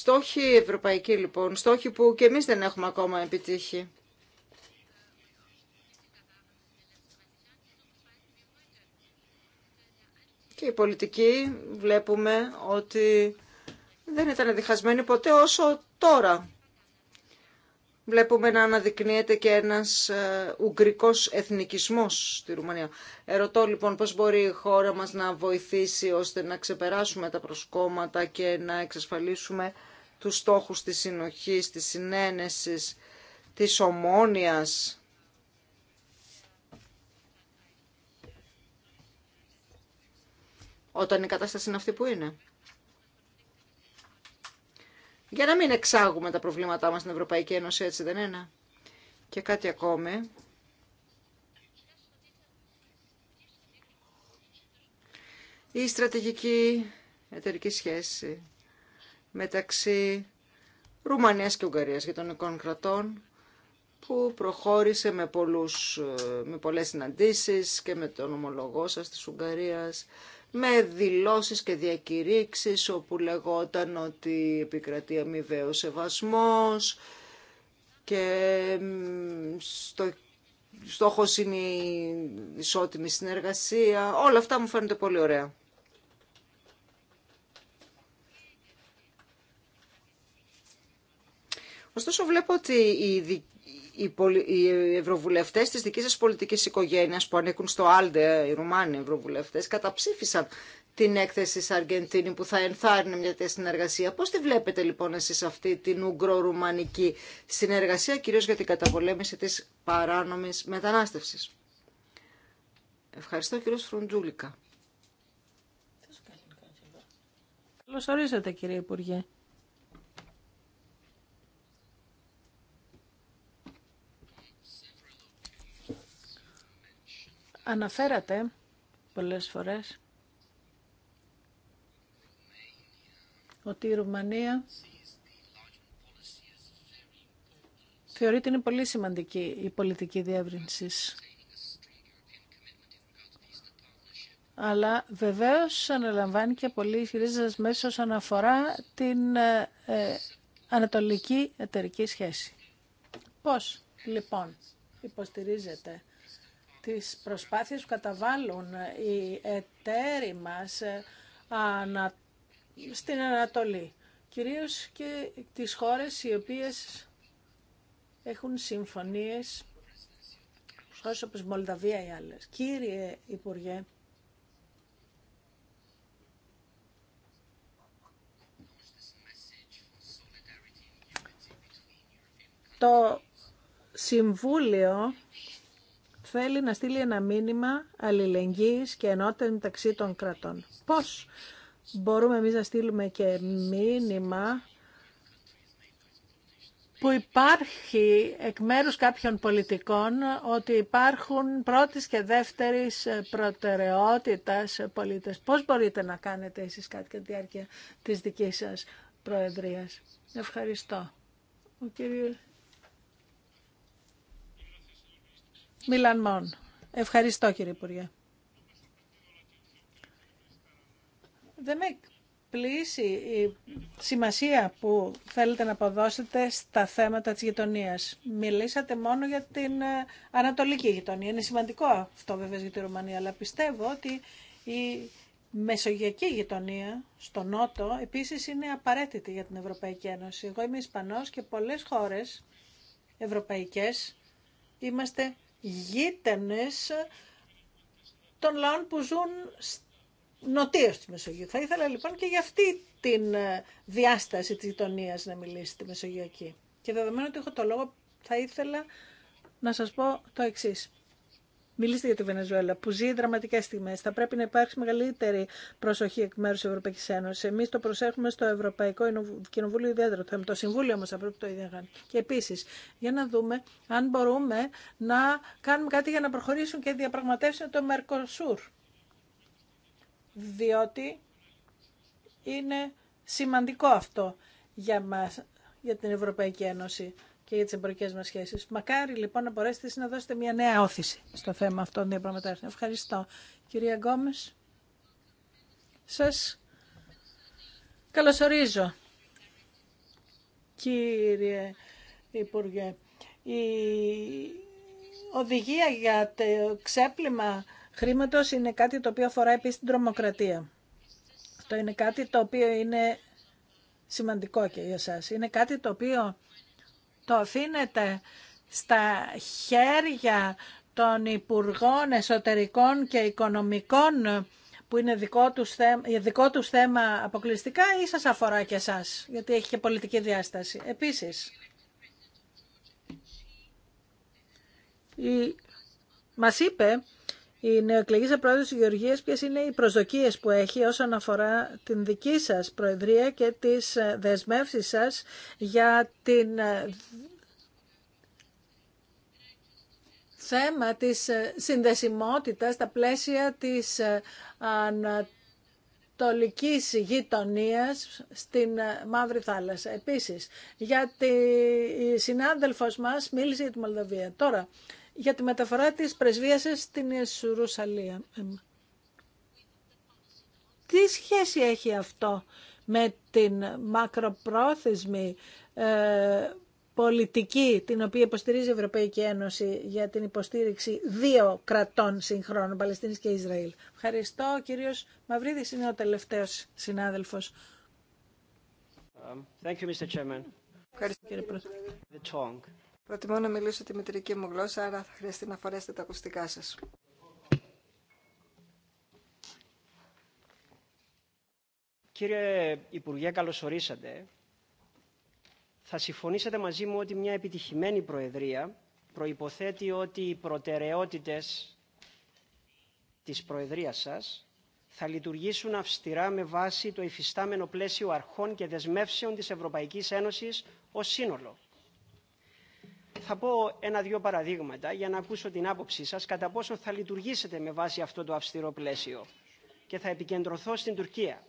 Στόχοι ευρωπαϊκοί λοιπόν, στόχοι που και εμείς δεν έχουμε ακόμα επιτύχει. Και οι πολιτικοί βλέπουμε ότι δεν ήταν διχασμένοι ποτέ όσο τώρα. Βλέπουμε να αναδεικνύεται και ένας ε, ουγγρικός εθνικισμός στη Ρουμανία. Ερωτώ λοιπόν πώς μπορεί η χώρα μας να βοηθήσει ώστε να ξεπεράσουμε τα προσκόμματα και να εξασφαλίσουμε τους στόχους της συνοχής, της συνένεσης, της ομόνιας. Όταν η κατάσταση είναι αυτή που είναι. Για να μην εξάγουμε τα προβλήματά μας στην Ευρωπαϊκή Ένωση, έτσι δεν είναι. Και κάτι ακόμη. Η στρατηγική εταιρική σχέση μεταξύ Ρουμανίας και Ουγγαρίας τον κρατών που προχώρησε με, πολλούς, ε, με πολλές συναντήσεις και με τον ομολογό σας της Ουγγαρίας με δηλώσεις και διακηρύξεις όπου λεγόταν ότι επικρατεί αμοιβαίος σεβασμός και στο στόχος είναι η ισότιμη συνεργασία. Όλα αυτά μου φαίνονται πολύ ωραία. Ωστόσο βλέπω ότι οι, οι, οι ευρωβουλευτές της δικής σας πολιτικής οικογένειας που ανήκουν στο Άλντε, οι Ρουμάνοι ευρωβουλευτές, καταψήφισαν την έκθεση Αργεντίνη που θα ενθάρρυνε μια τέτοια συνεργασία. Πώς τη βλέπετε λοιπόν εσείς αυτή την ουγγρο-ρουμανική συνεργασία, κυρίως για την καταπολέμηση της παράνομης μετανάστευσης. Ευχαριστώ κύριος Φροντζούλικα. Καλώς ορίσατε κύριε Υπουργέ. Αναφέρατε πολλές φορές ότι η Ρουμανία θεωρείται είναι πολύ σημαντική η πολιτική διεύρυνση. Αλλά βεβαίως αναλαμβάνει και πολύ ισχυρίζοντας μέσα όσον αφορά την ε, ε, ανατολική εταιρική σχέση. Πώς λοιπόν υποστηρίζεται τις προσπάθειες που καταβάλουν οι εταίροι μας ε, στην Ανατολή. Κυρίως και τις χώρες οι οποίες έχουν συμφωνίες, χώρες όπως Μολδαβία ή άλλες. Κύριε Υπουργέ, το Συμβούλιο θέλει να στείλει ένα μήνυμα αλληλεγγύης και ενότητα μεταξύ των κρατών. Πώς μπορούμε εμείς να στείλουμε και μήνυμα που υπάρχει εκ μέρους κάποιων πολιτικών ότι υπάρχουν πρώτης και δεύτερης προτεραιότητας πολίτες. Πώς μπορείτε να κάνετε εσείς κάτι κατά τη διάρκεια της δικής σας προεδρίας. Ευχαριστώ. Ο κύριος Μίλαν Μόν. Ευχαριστώ κύριε Υπουργέ. Δεν με πλήσει η σημασία που θέλετε να αποδώσετε στα θέματα της γειτονία. Μιλήσατε μόνο για την ε, ανατολική γειτονία. Είναι σημαντικό αυτό βέβαια για τη Ρουμανία, αλλά πιστεύω ότι η μεσογειακή γειτονία στο Νότο επίσης είναι απαραίτητη για την Ευρωπαϊκή Ένωση. Εγώ είμαι Ισπανός και πολλές χώρες ευρωπαϊκές είμαστε γείτενες των λαών που ζουν νοτίως τη Μεσογείου. Θα ήθελα λοιπόν και για αυτή την ε, διάσταση της γειτονία να μιλήσει τη Μεσογειακή. Και δεδομένου ότι έχω το λόγο θα ήθελα να σας πω το εξής. Μιλήστε για τη Βενεζουέλα, που ζει δραματικέ στιγμέ. Θα πρέπει να υπάρξει μεγαλύτερη προσοχή εκ μέρου τη Ευρωπαϊκή Ένωση. Εμεί το προσέχουμε στο Ευρωπαϊκό Κοινοβούλιο ιδιαίτερα. Το, το Συμβούλιο όμω θα πρέπει το ίδιο Και επίση, για να δούμε αν μπορούμε να κάνουμε κάτι για να προχωρήσουν και διαπραγματεύσουν το Μερκοσούρ. Διότι είναι σημαντικό αυτό για μας, για την Ευρωπαϊκή Ένωση και για τι εμπορικές μας σχέσεις. Μακάρι λοιπόν να μπορέσετε να δώσετε μια νέα όθηση στο θέμα αυτών των διαπραγματεύσεων. Ευχαριστώ. Κυρία Γκόμες, σας καλωσορίζω. Κύριε Υπουργέ, η οδηγία για το ξέπλυμα χρήματος είναι κάτι το οποίο αφορά επίσης την τρομοκρατία. Αυτό είναι κάτι το οποίο είναι σημαντικό και για σας. Είναι κάτι το οποίο το αφήνετε στα χέρια των Υπουργών Εσωτερικών και Οικονομικών που είναι δικό τους θέμα, θέμα αποκλειστικά ή σας αφορά και εσάς, γιατί έχει και πολιτική διάσταση. Επίσης, η... μας είπε η νεοεκλεγής πρόεδρος της Γεωργίας ποιες είναι οι προσδοκίες που έχει όσον αφορά την δική σας προεδρία και τις ε, δεσμεύσεις σας για την ε, θέμα της ε, συνδεσιμότητας στα πλαίσια της ανατολικής γειτονίας στην Μαύρη Θάλασσα. Επίσης, γιατί η συνάδελφος μας μίλησε για τη Μολδαβία. Τώρα, για τη μεταφορά της πρεσβείας στην Ιεσουρουσαλία. Τι σχέση έχει αυτό με την μακροπρόθεσμη ε, πολιτική την οποία υποστηρίζει η Ευρωπαϊκή Ένωση για την υποστήριξη δύο κρατών συγχρόνων, Παλαιστίνης και Ισραήλ. Ευχαριστώ. Ο κύριος Μαυρίδης είναι ο τελευταίος συνάδελφος. thank you, Mr. Ευχαριστώ, κύριε Πρόεδρε. Προτιμώ να μιλήσω τη μητρική μου γλώσσα, άρα θα χρειαστεί να φορέσετε τα ακουστικά σας. Κύριε Υπουργέ, καλωσορίσατε. Θα συμφωνήσετε μαζί μου ότι μια επιτυχημένη Προεδρία προϋποθέτει ότι οι προτεραιότητες της Προεδρίας σας θα λειτουργήσουν αυστηρά με βάση το υφιστάμενο πλαίσιο αρχών και δεσμεύσεων της Ευρωπαϊκής Ένωσης ως σύνολο θα πω ένα-δύο παραδείγματα για να ακούσω την άποψή σας κατά πόσο θα λειτουργήσετε με βάση αυτό το αυστηρό πλαίσιο και θα επικεντρωθώ στην Τουρκία.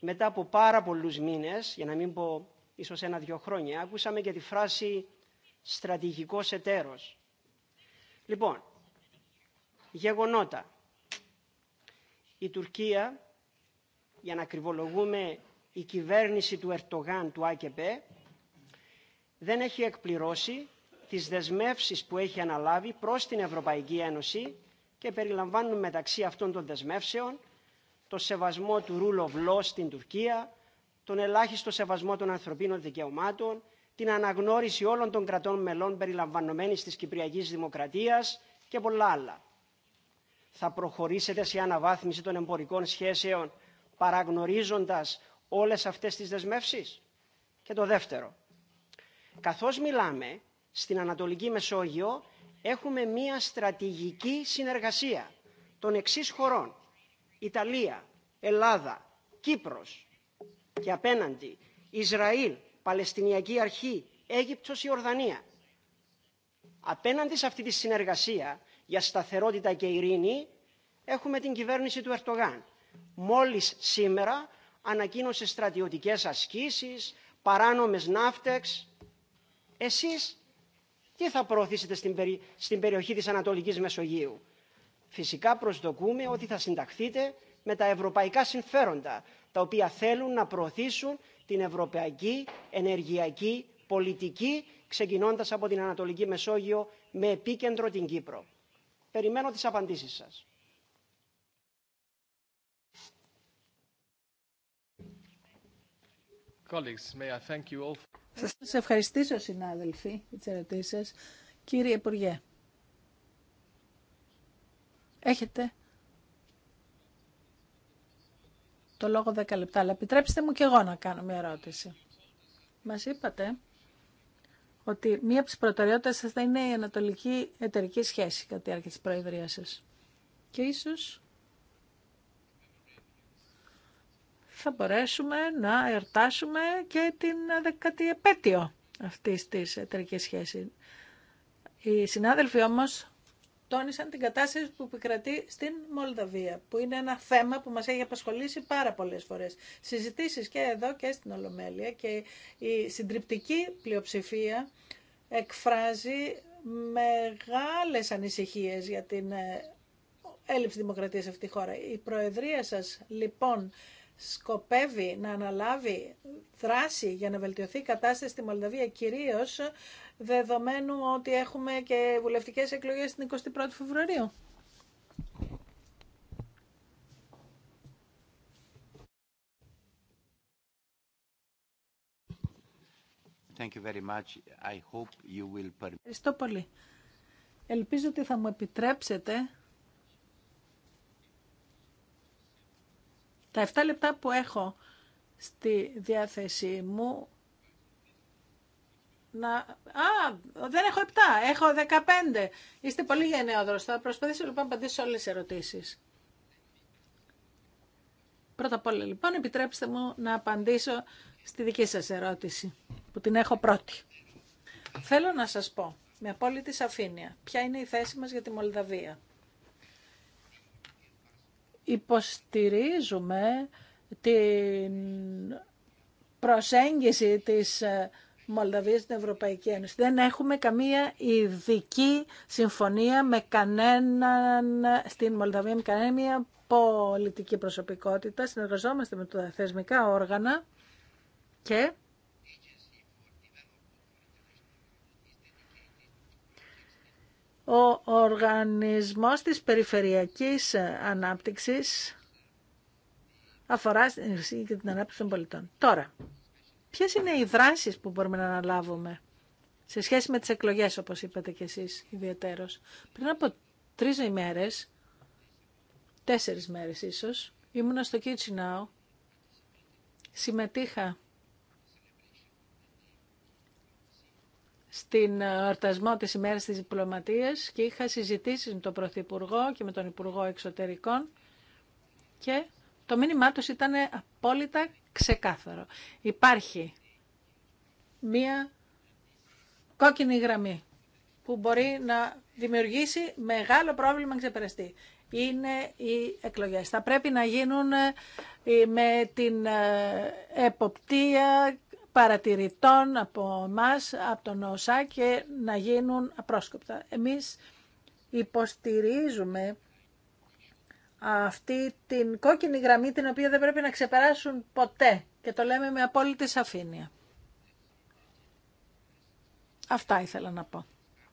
Μετά από πάρα πολλούς μήνες, για να μην πω ίσως ένα-δύο χρόνια, ακούσαμε και τη φράση στρατηγικός εταίρος. Λοιπόν, γεγονότα. Η Τουρκία, για να κρυβολογούμε, η κυβέρνηση του Ερτογάν του ΑΚΠ δεν έχει εκπληρώσει τις δεσμεύσεις που έχει αναλάβει προς την Ευρωπαϊκή Ένωση και περιλαμβάνουν μεταξύ αυτών των δεσμεύσεων το σεβασμό του rule of law στην Τουρκία, τον ελάχιστο σεβασμό των ανθρωπίνων δικαιωμάτων, την αναγνώριση όλων των κρατών μελών περιλαμβανομένης της Κυπριακής Δημοκρατίας και πολλά άλλα. Θα προχωρήσετε σε αναβάθμιση των εμπορικών σχέσεων παραγνωρίζοντας όλες αυτές τις δεσμεύσεις. Και το δεύτερο, Καθώς μιλάμε, στην Ανατολική Μεσόγειο έχουμε μία στρατηγική συνεργασία των εξής χωρών. Ιταλία, Ελλάδα, Κύπρος και απέναντι Ισραήλ, Παλαιστινιακή Αρχή, Αίγυπτος, Ιορδανία. Απέναντι σε αυτή τη συνεργασία για σταθερότητα και ειρήνη έχουμε την κυβέρνηση του Ερτογάν. Μόλις σήμερα ανακοίνωσε στρατιωτικές ασκήσεις, παράνομες ναύτεξ, εσείς τι θα προωθήσετε στην, περιοχή της Ανατολικής Μεσογείου. Φυσικά προσδοκούμε ότι θα συνταχθείτε με τα ευρωπαϊκά συμφέροντα, τα οποία θέλουν να προωθήσουν την ευρωπαϊκή ενεργειακή πολιτική, ξεκινώντας από την Ανατολική Μεσόγειο με επίκεντρο την Κύπρο. Περιμένω τις απαντήσεις σας. Colleagues, may I σας ευχαριστήσω συνάδελφοι για τι ερωτήσει. σας. Κύριε Υπουργέ, έχετε το λόγο 10 λεπτά, αλλά επιτρέψτε μου και εγώ να κάνω μια ερώτηση. Μας είπατε ότι μία από τι προτεραιότητε σα θα είναι η ανατολική εταιρική σχέση κατά τη διάρκεια τη προεδρία σα. Και ίσως θα μπορέσουμε να ερτάσουμε και την δεκατή επέτειο αυτής της εταιρικής σχέσης. Οι συνάδελφοι όμως τόνισαν την κατάσταση που επικρατεί στην Μολδαβία, που είναι ένα θέμα που μας έχει απασχολήσει πάρα πολλές φορές. Συζητήσεις και εδώ και στην Ολομέλεια και η συντριπτική πλειοψηφία εκφράζει μεγάλες ανησυχίες για την ε, έλλειψη δημοκρατίας σε αυτή τη χώρα. Η Προεδρία σας, λοιπόν, σκοπεύει να αναλάβει δράση για να βελτιωθεί η κατάσταση στη Μολδαβία, κυρίως δεδομένου ότι έχουμε και βουλευτικές εκλογές την 21η Φεβρουαρίου. Thank you very much. I hope you will... Ευχαριστώ πολύ. Ελπίζω ότι θα μου επιτρέψετε Τα 7 λεπτά που έχω στη διάθεσή μου να... Α, δεν έχω 7, έχω 15. Είστε πολύ γενναιόδρος. Θα προσπαθήσω λοιπόν να απαντήσω σε όλες τις ερωτήσεις. Πρώτα απ' όλα λοιπόν επιτρέψτε μου να απαντήσω στη δική σας ερώτηση που την έχω πρώτη. Θέλω να σας πω με απόλυτη σαφήνεια ποια είναι η θέση μας για τη Μολδαβία υποστηρίζουμε την προσέγγιση της ε, Μολδαβίας στην Ευρωπαϊκή Ένωση. Δεν έχουμε καμία ειδική συμφωνία με κανέναν, στην Μολδαβία με κανένα πολιτική προσωπικότητα. Συνεργαζόμαστε με τα θεσμικά όργανα και Ο οργανισμός της περιφερειακής ανάπτυξης αφορά και την ανάπτυξη των πολιτών. Τώρα, ποιες είναι οι δράσεις που μπορούμε να αναλάβουμε σε σχέση με τις εκλογές, όπως είπατε κι εσείς ιδιαίτερος. Πριν από τρεις ημέρες, τέσσερις μέρες ίσως, ήμουν στο Κίτσινάου, συμμετείχα στην ε, ορτασμό της ημέρας της διπλωματίας και είχα συζητήσεις με τον Πρωθυπουργό και με τον Υπουργό Εξωτερικών και το μήνυμά τους ήταν απόλυτα ξεκάθαρο. Υπάρχει μία κόκκινη γραμμή που μπορεί να δημιουργήσει μεγάλο πρόβλημα ξεπεραστεί. Είναι οι εκλογές. Θα πρέπει να γίνουν ε, με την ε, εποπτεία παρατηρητών από μας, από τον ΩΣΑ και να γίνουν απρόσκοπτα. Εμείς υποστηρίζουμε αυτή την κόκκινη γραμμή την οποία δεν πρέπει να ξεπεράσουν ποτέ και το λέμε με απόλυτη σαφήνεια. Αυτά ήθελα να πω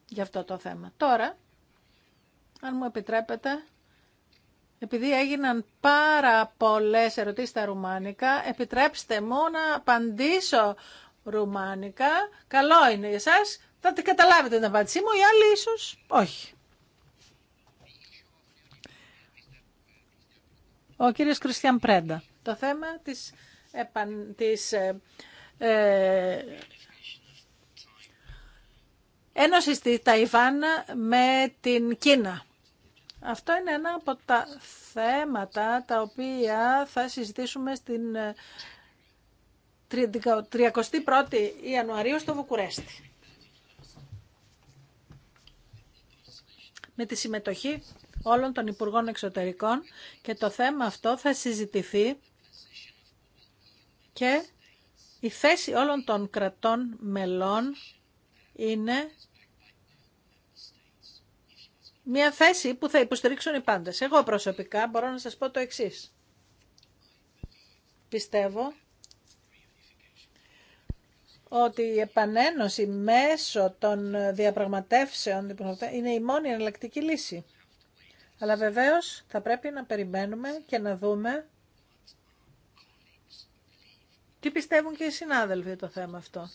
για αυτό το θέμα. Τώρα, αν μου επιτρέπετε, επειδή έγιναν πάρα πολλές ερωτήσεις στα ρουμάνικα, επιτρέψτε μου να απαντήσω ρουμάνικα. Καλό είναι για εσάς, θα την καταλάβετε την απάντησή μου, οι άλλοι ίσως όχι. Ο κύριος Κριστιαν Πρέντα. Το θέμα της, επαν, της ε, ε Ένωση τη Ταϊβάν με την Κίνα. Αυτό είναι ένα από τα θέματα τα οποία θα συζητήσουμε στην 31η ε, Ιανουαρίου στο Βουκουρέστι. Με τη συμμετοχή όλων των Υπουργών Εξωτερικών και το θέμα αυτό θα συζητηθεί και η θέση όλων των κρατών μελών είναι μια θέση που θα υποστηρίξουν οι πάντες. Εγώ προσωπικά μπορώ να σας πω το εξής. Πιστεύω ότι η επανένωση μέσω των διαπραγματεύσεων είναι η μόνη εναλλακτική λύση. Αλλά βεβαίως θα πρέπει να περιμένουμε και να δούμε τι πιστεύουν και οι συνάδελφοι το θέμα αυτό.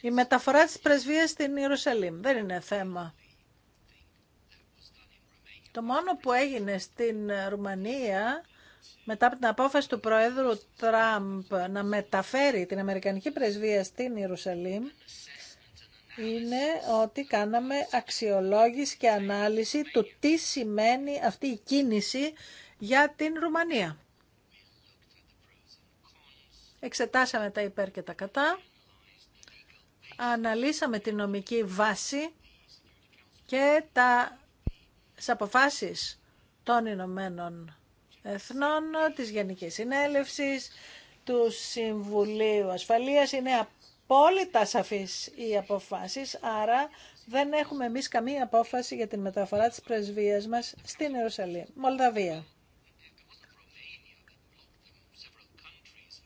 Η μεταφορά της πρεσβείας στην Ιερουσαλήμ δεν είναι θέμα το μόνο που έγινε στην Ρουμανία μετά από την απόφαση του Προέδρου Τραμπ να μεταφέρει την Αμερικανική Πρεσβεία στην Ιερουσαλήμ είναι ότι κάναμε αξιολόγηση και ανάλυση του τι σημαίνει αυτή η κίνηση για την Ρουμανία. Εξετάσαμε τα υπέρ και τα κατά, αναλύσαμε την νομική βάση και τα στις αποφάσεις των Ηνωμένων Εθνών, της Γενικής Συνέλευσης, του Συμβουλίου Ασφαλείας. Είναι απόλυτα σαφείς οι αποφάσεις, άρα δεν έχουμε εμείς καμία απόφαση για την μεταφορά της πρεσβείας μας στην Ιερουσαλήμ, Μολδαβία.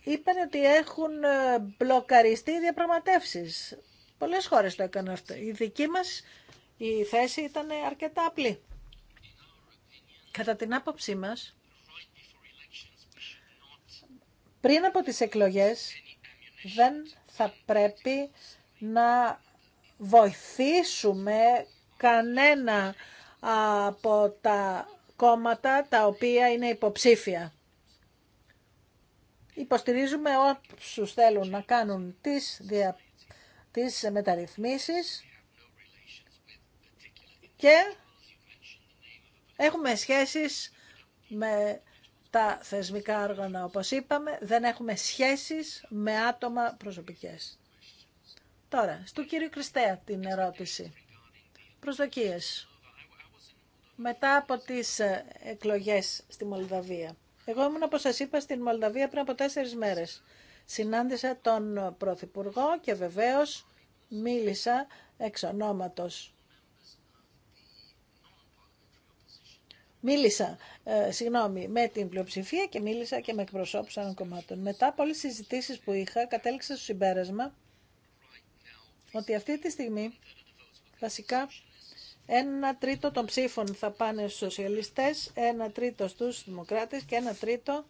Είπαν ότι έχουν ε, μπλοκαριστεί οι διαπραγματεύσεις. Πολλές χώρες το έκαναν αυτό. Η δική μας η θέση ήταν αρκετά απλή. Κατά την άποψή μας, πριν από τις εκλογές δεν θα πρέπει να βοηθήσουμε κανένα από τα κόμματα τα οποία είναι υποψήφια. Υποστηρίζουμε όσους θέλουν να κάνουν τις, δια... τις μεταρρυθμίσεις και Έχουμε σχέσεις με τα θεσμικά όργανα, όπως είπαμε, δεν έχουμε σχέσεις με άτομα προσωπικές. Τώρα, στο κύριο Κριστέα την ερώτηση. Προσδοκίες. Μετά από τις ε, εκλογές στη Μολδαβία. Εγώ ήμουν, όπως σας είπα, στην Μολδαβία πριν από τέσσερις μέρες. Συνάντησα τον Πρωθυπουργό και βεβαίως μίλησα εξ ονόματος Μίλησα, ε, συγγνώμη, με την πλειοψηφία και μίλησα και με εκπροσώπους άλλων κομμάτων. Μετά από όλες τις συζητήσεις που είχα, κατέληξα στο συμπέρασμα ότι αυτή τη στιγμή βασικά ένα τρίτο των ψήφων θα πάνε στους σοσιαλιστές, ένα τρίτο στους δημοκράτες και ένα τρίτο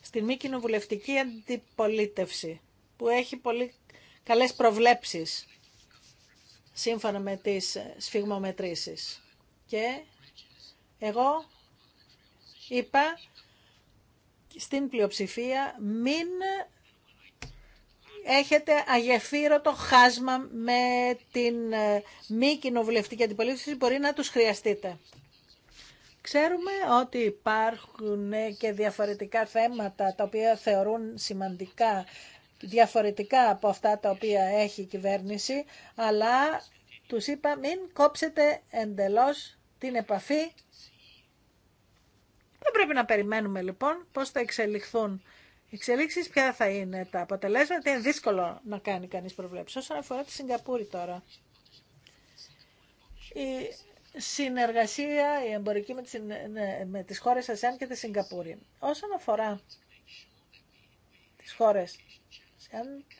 στην μη κοινοβουλευτική αντιπολίτευση που έχει πολύ καλές προβλέψεις σύμφωνα με τις σφιγμομετρήσεις. Και εγώ είπα στην πλειοψηφία μην έχετε αγεφύρωτο χάσμα με την ε, μη κοινοβουλευτική αντιπολίτευση, μπορεί να τους χρειαστείτε. Ξέρουμε ότι υπάρχουν και διαφορετικά θέματα τα οποία θεωρούν σημαντικά διαφορετικά από αυτά τα οποία έχει η κυβέρνηση, αλλά τους είπα μην κόψετε εντελώς την επαφή. Δεν πρέπει να περιμένουμε λοιπόν πώς θα εξελιχθούν οι εξελίξεις, ποια θα είναι τα αποτελέσματα. Είναι δύσκολο να κάνει κανείς προβλέψεις. Όσον αφορά τη Σιγκαπούρη τώρα, η συνεργασία, η εμπορική με τις, με τις χώρες ΑΣΕΑΝ και τη Σιγκαπούρη. Όσον αφορά τις χώρες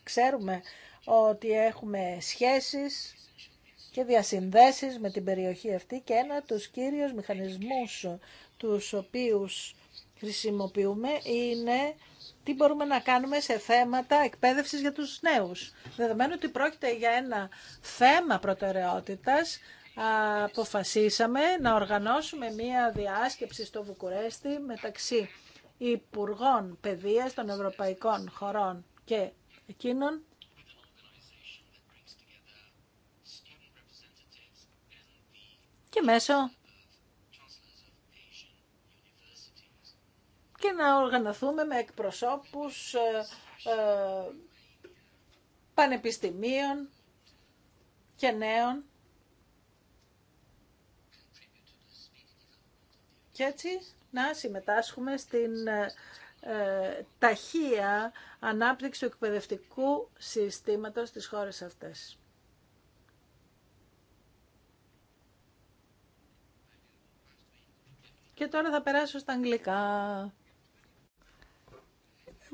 Ξέρουμε ότι έχουμε σχέσεις και διασυνδέσεις με την περιοχή αυτή και ένα τους κύριους μηχανισμούς τους οποίους χρησιμοποιούμε είναι τι μπορούμε να κάνουμε σε θέματα εκπαίδευσης για τους νέους. Δεδομένου ότι πρόκειται για ένα θέμα προτεραιότητας, αποφασίσαμε να οργανώσουμε μία διάσκεψη στο Βουκουρέστι μεταξύ Υπουργών Παιδείας των Ευρωπαϊκών Χωρών και εκείνων και μέσω και να οργανωθούμε με εκπροσώπους ε, ε, πανεπιστημίων και νέων και έτσι να συμμετάσχουμε στην ε, ε, ταχεία ανάπτυξη του εκπαιδευτικού συστήματος στις χώρες αυτές. Και τώρα θα περάσω στα αγγλικά.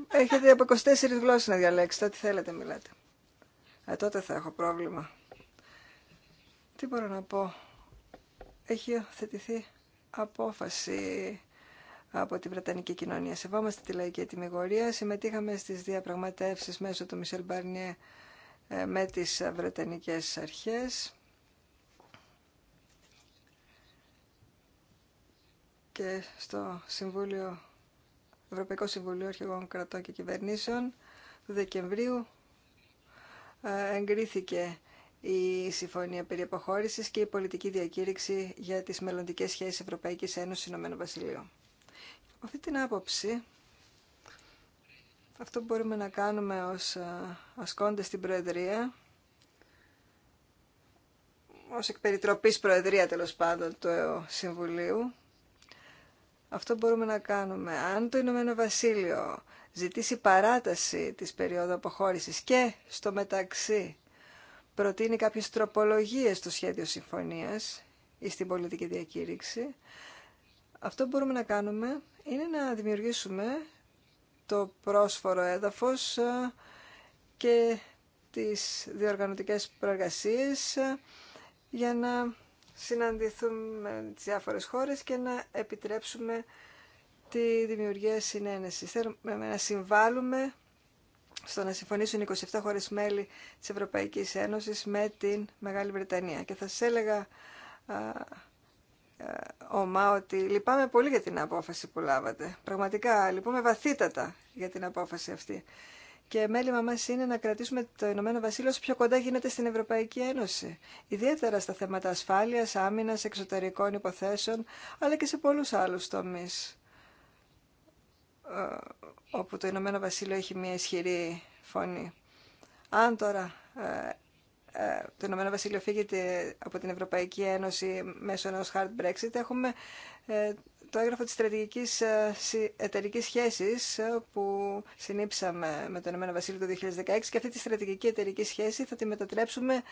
Έχετε από 24 γλώσσες να διαλέξετε. Τι θέλετε μιλάτε. Ε, τότε θα έχω πρόβλημα. Τι μπορώ να πω. Έχει θετηθεί απόφαση από τη Βρετανική κοινωνία. Σεβόμαστε τη λαϊκή ετοιμιγορία. Συμμετείχαμε στις διαπραγματεύσεις μέσω του Μισελ Μπαρνιέ ε, με τις Βρετανικές αρχές. Και στο Συμβούλιο, Ευρωπαϊκό Συμβουλίο Αρχηγών Κρατών και Κυβερνήσεων του Δεκεμβρίου ε, εγκρίθηκε η συμφωνία περί αποχώρησης και η πολιτική διακήρυξη για τις μελλοντικές σχέσεις Ευρωπαϊκής Ένωσης Ηνωμένου Βασιλείου αυτή την άποψη, αυτό μπορούμε να κάνουμε ως ε, ασκόντες στην Προεδρία, ως εκπεριτροπής Προεδρία τέλος πάντων του Συμβουλίου, αυτό μπορούμε να κάνουμε. Αν το Ηνωμένο Βασίλειο ζητήσει παράταση της περίοδου αποχώρησης και στο μεταξύ προτείνει κάποιες τροπολογίες στο σχέδιο συμφωνίας ή στην πολιτική διακήρυξη, αυτό μπορούμε να κάνουμε είναι να δημιουργήσουμε το πρόσφορο έδαφος ε, και τις διοργανωτικές προεργασίες ε, για να συναντηθούμε τις διάφορες χώρες και να επιτρέψουμε τη δημιουργία συνένεσης. Θέλουμε να συμβάλλουμε στο να συμφωνήσουν 27 χώρες μέλη της Ευρωπαϊκής Ένωσης με την Μεγάλη Βρετανία. Και θα σας έλεγα ε, ότι λυπάμαι πολύ για την απόφαση που λάβατε. Πραγματικά λυπούμε βαθύτατα για την απόφαση αυτή. Και μέλημα μα είναι να κρατήσουμε το Ηνωμένο Βασίλειο όσο πιο κοντά γίνεται στην Ευρωπαϊκή Ένωση. Ιδιαίτερα στα θέματα ασφάλεια, άμυνα, εξωτερικών υποθέσεων, αλλά και σε πολλού άλλου τομεί. Ε, όπου το Ηνωμένο Βασίλειο έχει μια ισχυρή φωνή. Αν τώρα ε, ε, το Ηνωμένο Βασίλειο φύγεται από την Ευρωπαϊκή Ένωση μέσω ενός hard Brexit, έχουμε ε, το έγγραφο της στρατηγικής ε, εταιρική σχέσης που συνήψαμε με το Ηνωμένο Βασίλειο το 2016 και αυτή τη στρατηγική εταιρική σχέση θα τη μετατρέψουμε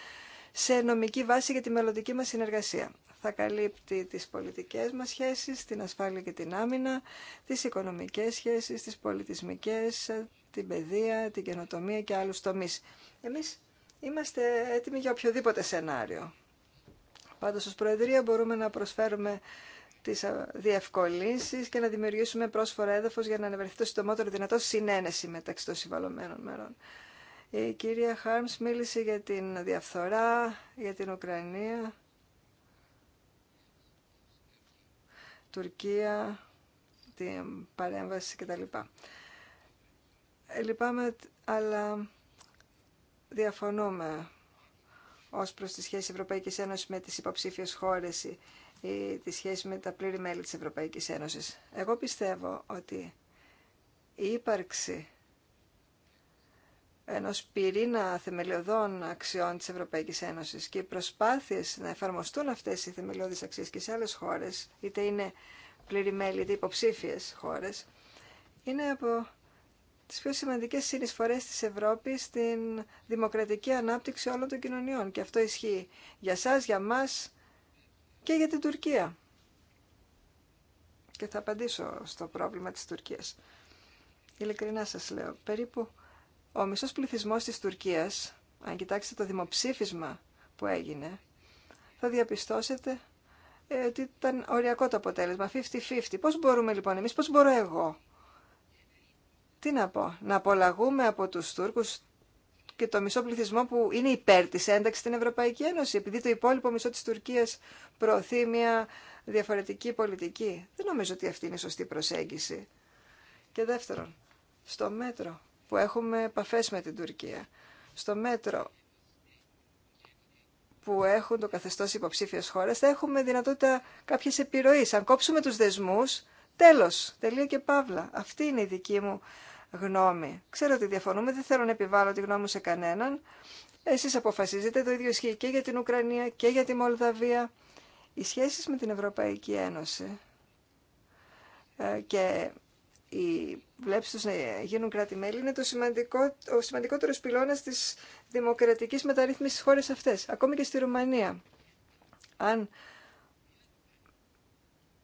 σε νομική βάση για τη μελλοντική μας συνεργασία. Θα καλύπτει τις πολιτικές μας σχέσεις, την ασφάλεια και την άμυνα, τις οικονομικές σχέσεις, τις πολιτισμικές, την παιδεία, την καινοτομία και άλλους τομείς. Εμείς Είμαστε έτοιμοι για οποιοδήποτε σενάριο. Πάντως, ως Προεδρία μπορούμε να προσφέρουμε τις διευκολύνσεις και να δημιουργήσουμε πρόσφορα έδαφος για να ανεβρεθεί το συντομότερο δυνατό συνένεση μεταξύ των συμβαλωμένων μέρων. Η κυρία Χάρμς μίλησε για την διαφθορά, για την Ουκρανία, Τουρκία, την παρέμβαση κτλ. Λυπάμαι, αλλά διαφωνούμε ως προς τη σχέση Ευρωπαϊκής Ένωσης με τις υποψήφιες χώρες ή τη σχέση με τα πλήρη μέλη της Ευρωπαϊκής Ένωσης. Εγώ πιστεύω ότι η ύπαρξη ενός πυρήνα θεμελιωδών αξιών της Ευρωπαϊκής Ένωσης και οι προσπάθειες να εφαρμοστούν αυτές οι θεμελιώδεις αξίες και σε άλλες χώρες, είτε είναι πλήρη μέλη είτε υποψήφιες χώρες, είναι από τις πιο σημαντικές συνεισφορές της Ευρώπης στην δημοκρατική ανάπτυξη όλων των κοινωνιών. Και αυτό ισχύει για σας, για μας και για την Τουρκία. Και θα απαντήσω στο πρόβλημα της Τουρκίας. Ειλικρινά σας λέω, περίπου ο μισός πληθυσμός της Τουρκίας, αν κοιτάξετε το δημοψήφισμα που έγινε, θα διαπιστώσετε ε, ότι ήταν οριακό το αποτέλεσμα, 50-50. Πώς μπορούμε λοιπόν εμείς, πώς μπορώ εγώ τι να πω, να απολαγούμε από τους Τούρκους και το μισό πληθυσμό που είναι υπέρ της ένταξης στην Ευρωπαϊκή Ένωση, επειδή το υπόλοιπο μισό της Τουρκίας προωθεί μια διαφορετική πολιτική. Δεν νομίζω ότι αυτή είναι η σωστή προσέγγιση. Και δεύτερον, στο μέτρο που έχουμε επαφέ με την Τουρκία, στο μέτρο που έχουν το καθεστώς υποψήφιες χώρες, θα έχουμε δυνατότητα κάποιες επιρροή. Αν κόψουμε τους δεσμούς, τέλος, τελεία και παύλα. Αυτή είναι η δική μου γνώμη. Ξέρω ότι διαφωνούμε, δεν θέλω να επιβάλλω τη γνώμη σε κανέναν. Εσείς αποφασίζετε, το ίδιο ισχύει και για την Ουκρανία και για τη Μολδαβία. Οι σχέσεις με την Ευρωπαϊκή Ένωση ε, και οι βλέψεις τους να γίνουν κράτη-μέλη είναι το σημαντικό, ο σημαντικότερος πυλώνας της δημοκρατικής μεταρρύθμισης στις χώρες αυτές, ακόμη και στη Ρουμανία. Αν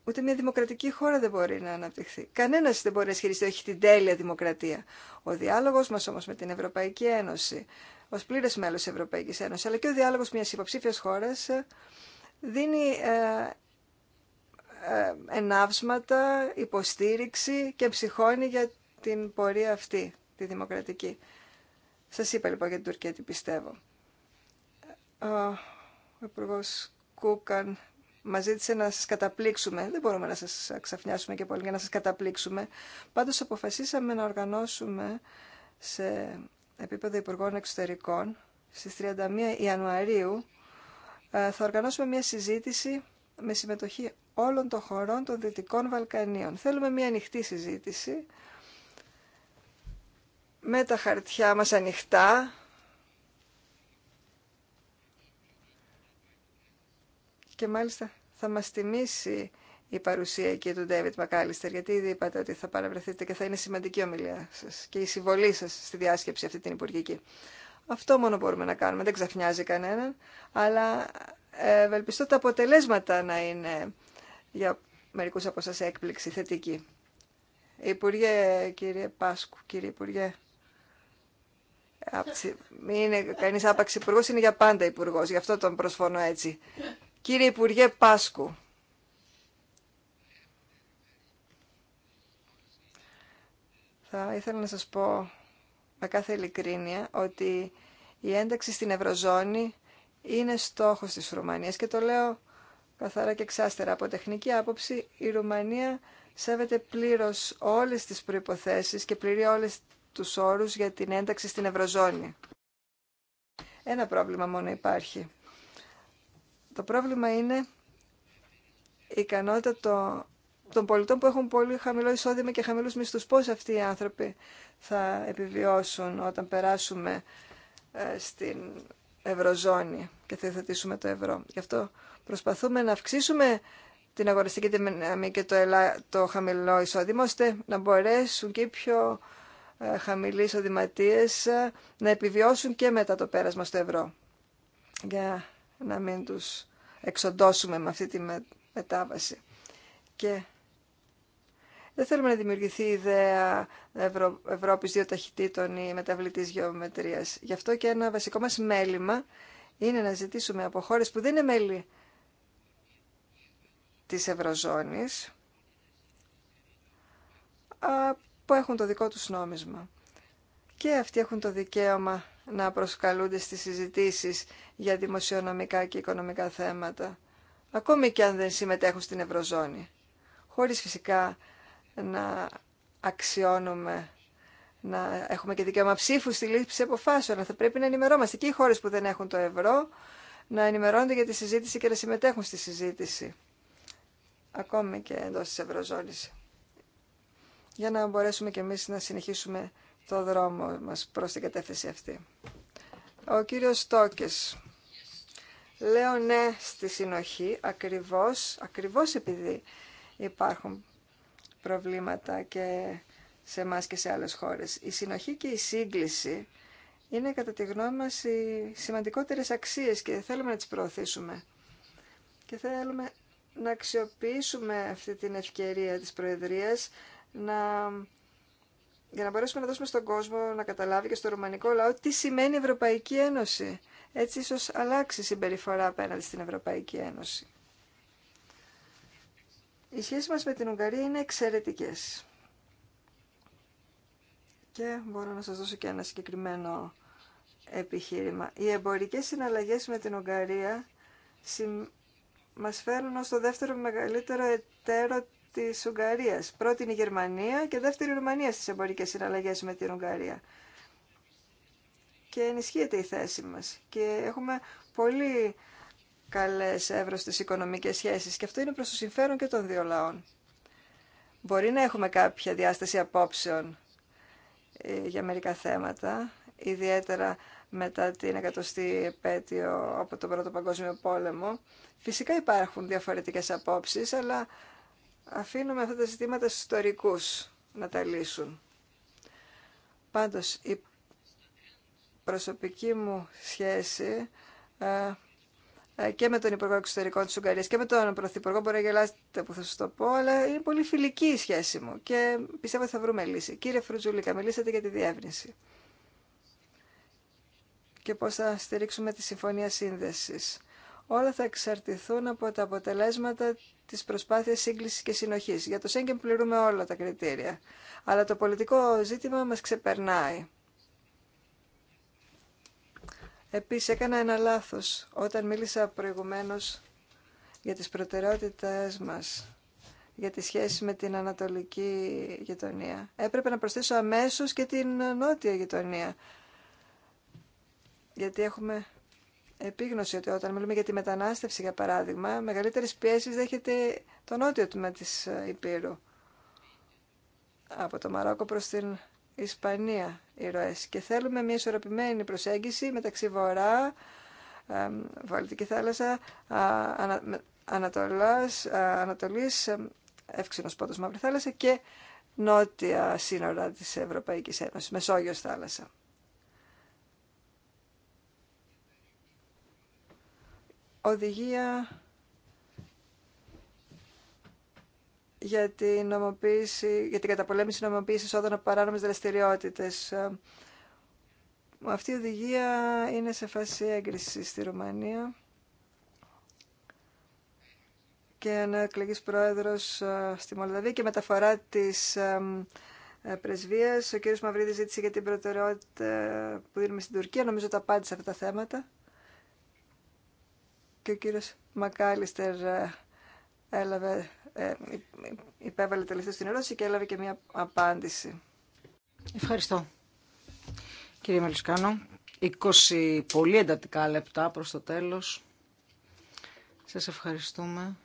Ούτε μια δημοκρατική χώρα δεν μπορεί να αναπτυχθεί. Κανένα δεν μπορεί να ισχυριστεί ότι έχει την τέλεια δημοκρατία. Ο διάλογο μα όμω με την Ευρωπαϊκή Ένωση, ω πλήρε μέλο τη Ευρωπαϊκή Ένωση, αλλά και ο διάλογο μια υποψήφια χώρα, ε, δίνει ε, ε ενάυσματα, υποστήριξη και ψυχώνει για την πορεία αυτή, τη δημοκρατική. Σας είπα λοιπόν για την Τουρκία τι πιστεύω. Ε, ο Υπουργό Κούκαν μας ζήτησε να σας καταπλήξουμε. Δεν μπορούμε να σας ξαφνιάσουμε και πολύ για να σας καταπλήξουμε. Πάντως αποφασίσαμε να οργανώσουμε σε επίπεδο Υπουργών Εξωτερικών στις 31 Ιανουαρίου ε, θα οργανώσουμε μια συζήτηση με συμμετοχή όλων των χωρών των Δυτικών Βαλκανίων. Θέλουμε μια ανοιχτή συζήτηση με τα χαρτιά μας ανοιχτά και μάλιστα θα μας τιμήσει η παρουσία εκεί του Ντέβιτ Μακάλιστερ, γιατί ήδη είπατε ότι θα παραβρεθείτε και θα είναι σημαντική η ομιλία σας και η συμβολή σας στη διάσκεψη αυτή την υπουργική. Αυτό μόνο μπορούμε να κάνουμε, δεν ξαφνιάζει κανέναν, αλλά ε, ευελπιστώ τα αποτελέσματα να είναι για μερικούς από σας έκπληξη θετική. Υπουργέ, κύριε Πάσκου, κύριε Υπουργέ, είναι κανείς άπαξ υπουργός, είναι για πάντα υπουργός, γι' αυτό τον προσφωνώ έτσι. Κύριε Υπουργέ Πάσκου, θα ήθελα να σας πω με κάθε ειλικρίνεια ότι η ένταξη στην Ευρωζώνη είναι στόχος της Ρουμανίας και το λέω καθαρά και εξάστερα. Από τεχνική άποψη η Ρουμανία σέβεται πλήρως όλες τις προϋποθέσεις και πληρεί όλες τους όρους για την ένταξη στην Ευρωζώνη. Ένα πρόβλημα μόνο υπάρχει. Το πρόβλημα είναι η ικανότητα των, πολιτών που έχουν πολύ χαμηλό εισόδημα και χαμηλούς μισθούς. Πώς αυτοί οι άνθρωποι θα επιβιώσουν όταν περάσουμε ε, στην Ευρωζώνη και θα το ευρώ. Γι' αυτό προσπαθούμε να αυξήσουμε την αγοραστική δύναμη και το, το χαμηλό εισόδημα, ώστε να μπορέσουν και οι πιο ε, χαμηλοί εισοδηματίε ε, να επιβιώσουν και μετά το πέρασμα στο ευρώ. Για να μην τους εξοντώσουμε με αυτή τη μετάβαση. Και δεν θέλουμε να δημιουργηθεί η ιδέα Ευρω... Ευρώπης δύο ταχυτήτων ή μεταβλητής γεωμετρίας. Γι' αυτό και ένα βασικό μας μέλημα είναι να ζητήσουμε από χώρες που δεν είναι μέλη της Ευρωζώνης, που έχουν το δικό τους νόμισμα. Και αυτοί έχουν το δικαίωμα να προσκαλούνται στις συζητήσεις για δημοσιονομικά και οικονομικά θέματα, ακόμη και αν δεν συμμετέχουν στην Ευρωζώνη, χωρίς φυσικά να αξιώνουμε να έχουμε και δικαίωμα ψήφου στη λήψη αποφάσεων. Θα πρέπει να ενημερώμαστε και οι χώρε που δεν έχουν το ευρώ να ενημερώνονται για τη συζήτηση και να συμμετέχουν στη συζήτηση. Ακόμη και εντό τη Ευρωζώνη. Για να μπορέσουμε κι εμεί να συνεχίσουμε το δρόμο μας προς την κατεύθυνση αυτή. Ο κύριος Στόκες. Λέω ναι στη συνοχή ακριβώς, ακριβώς επειδή υπάρχουν προβλήματα και σε μας και σε άλλες χώρες. Η συνοχή και η σύγκληση είναι κατά τη γνώμη μας οι σημαντικότερες αξίες και θέλουμε να τις προωθήσουμε. Και θέλουμε να αξιοποιήσουμε αυτή την ευκαιρία της Προεδρίας να για να μπορέσουμε να δώσουμε στον κόσμο να καταλάβει και στο ρουμανικό λαό τι σημαίνει Ευρωπαϊκή Ένωση. Έτσι ίσως αλλάξει η συμπεριφορά απέναντι στην Ευρωπαϊκή Ένωση. Οι σχέσεις μας με την Ουγγαρία είναι εξαιρετικές. Και μπορώ να σας δώσω και ένα συγκεκριμένο επιχείρημα. Οι εμπορικές συναλλαγές με την Ουγγαρία μας φέρνουν ως το δεύτερο μεγαλύτερο εταίρο τη Ουγγαρία. Πρώτη είναι η Γερμανία και δεύτερη η Ρουμανία στις εμπορικές συναλλαγές με την Ουγγαρία. Και ενισχύεται η θέση μας. Και έχουμε πολύ καλές εύρωστε οικονομικές σχέσεις. Και αυτό είναι προς το συμφέρον και των δύο λαών. Μπορεί να έχουμε κάποια διάσταση απόψεων ε, για μερικά θέματα, ιδιαίτερα μετά την εκατοστή επέτειο από τον Πρώτο Παγκόσμιο Πόλεμο. Φυσικά υπάρχουν διαφορετικές απόψεις, αλλά αφήνουμε αυτά τα ζητήματα στους ιστορικούς να τα λύσουν. Πάντως, η προσωπική μου σχέση ε, ε, και με τον Υπουργό Εξωτερικών της Ουγγαρίας και με τον Πρωθυπουργό, μπορεί να γελάσετε που θα σας το πω, αλλά είναι πολύ φιλική η σχέση μου και πιστεύω ότι θα βρούμε λύση. Κύριε Φρουτζουλίκα, μιλήσατε για τη διεύρυνση και πώς θα στηρίξουμε τη Συμφωνία Σύνδεσης όλα θα εξαρτηθούν από τα αποτελέσματα της προσπάθειας σύγκληση και συνοχή. Για το Σέγγεν πληρούμε όλα τα κριτήρια, αλλά το πολιτικό ζήτημα μας ξεπερνάει. Επίσης έκανα ένα λάθος όταν μίλησα προηγουμένως για τις προτεραιότητες μας για τη σχέση με την ανατολική γειτονία. Έπρεπε να προσθέσω αμέσως και την νότια γειτονία. Γιατί έχουμε επίγνωση ότι όταν μιλούμε για τη μετανάστευση, για παράδειγμα, μεγαλύτερες πιέσεις δέχεται το νότιο τμήμα της ε, Υπήρου. Από το Μαρόκο προς την Ισπανία οι ροές. Και θέλουμε μια ισορροπημένη προσέγγιση μεταξύ Βορρά, Βαλτική θάλασσα, ανα, Ανατολάς, Ανατολής, εύξηνος πότος Μαύρη θάλασσα και νότια σύνορα της Ευρωπαϊκής Ένωσης, Μεσόγειος θάλασσα. οδηγία για την, νομοποίηση, για την καταπολέμηση νομοποίηση όδων από παράνομες δραστηριότητες. Ε, αυτή η οδηγία είναι σε φάση έγκριση στη Ρουμανία και ένα εκλεγή πρόεδρος ε, στη Μολδαβία και μεταφορά της ε, πρεσβείας. Ο κύριος Μαυρίδης ζήτησε για την προτεραιότητα που δίνουμε στην Τουρκία. Νομίζω τα απάντησε αυτά τα θέματα και ο κύριος Μακάλιστερ ε, έλαβε, ε, υπέβαλε τελευταία στην ερώτηση και έλαβε και μία απάντηση. Ευχαριστώ. Κύριε Μελισκάνο. 20 πολύ εντατικά λεπτά προς το τέλος. Σας ευχαριστούμε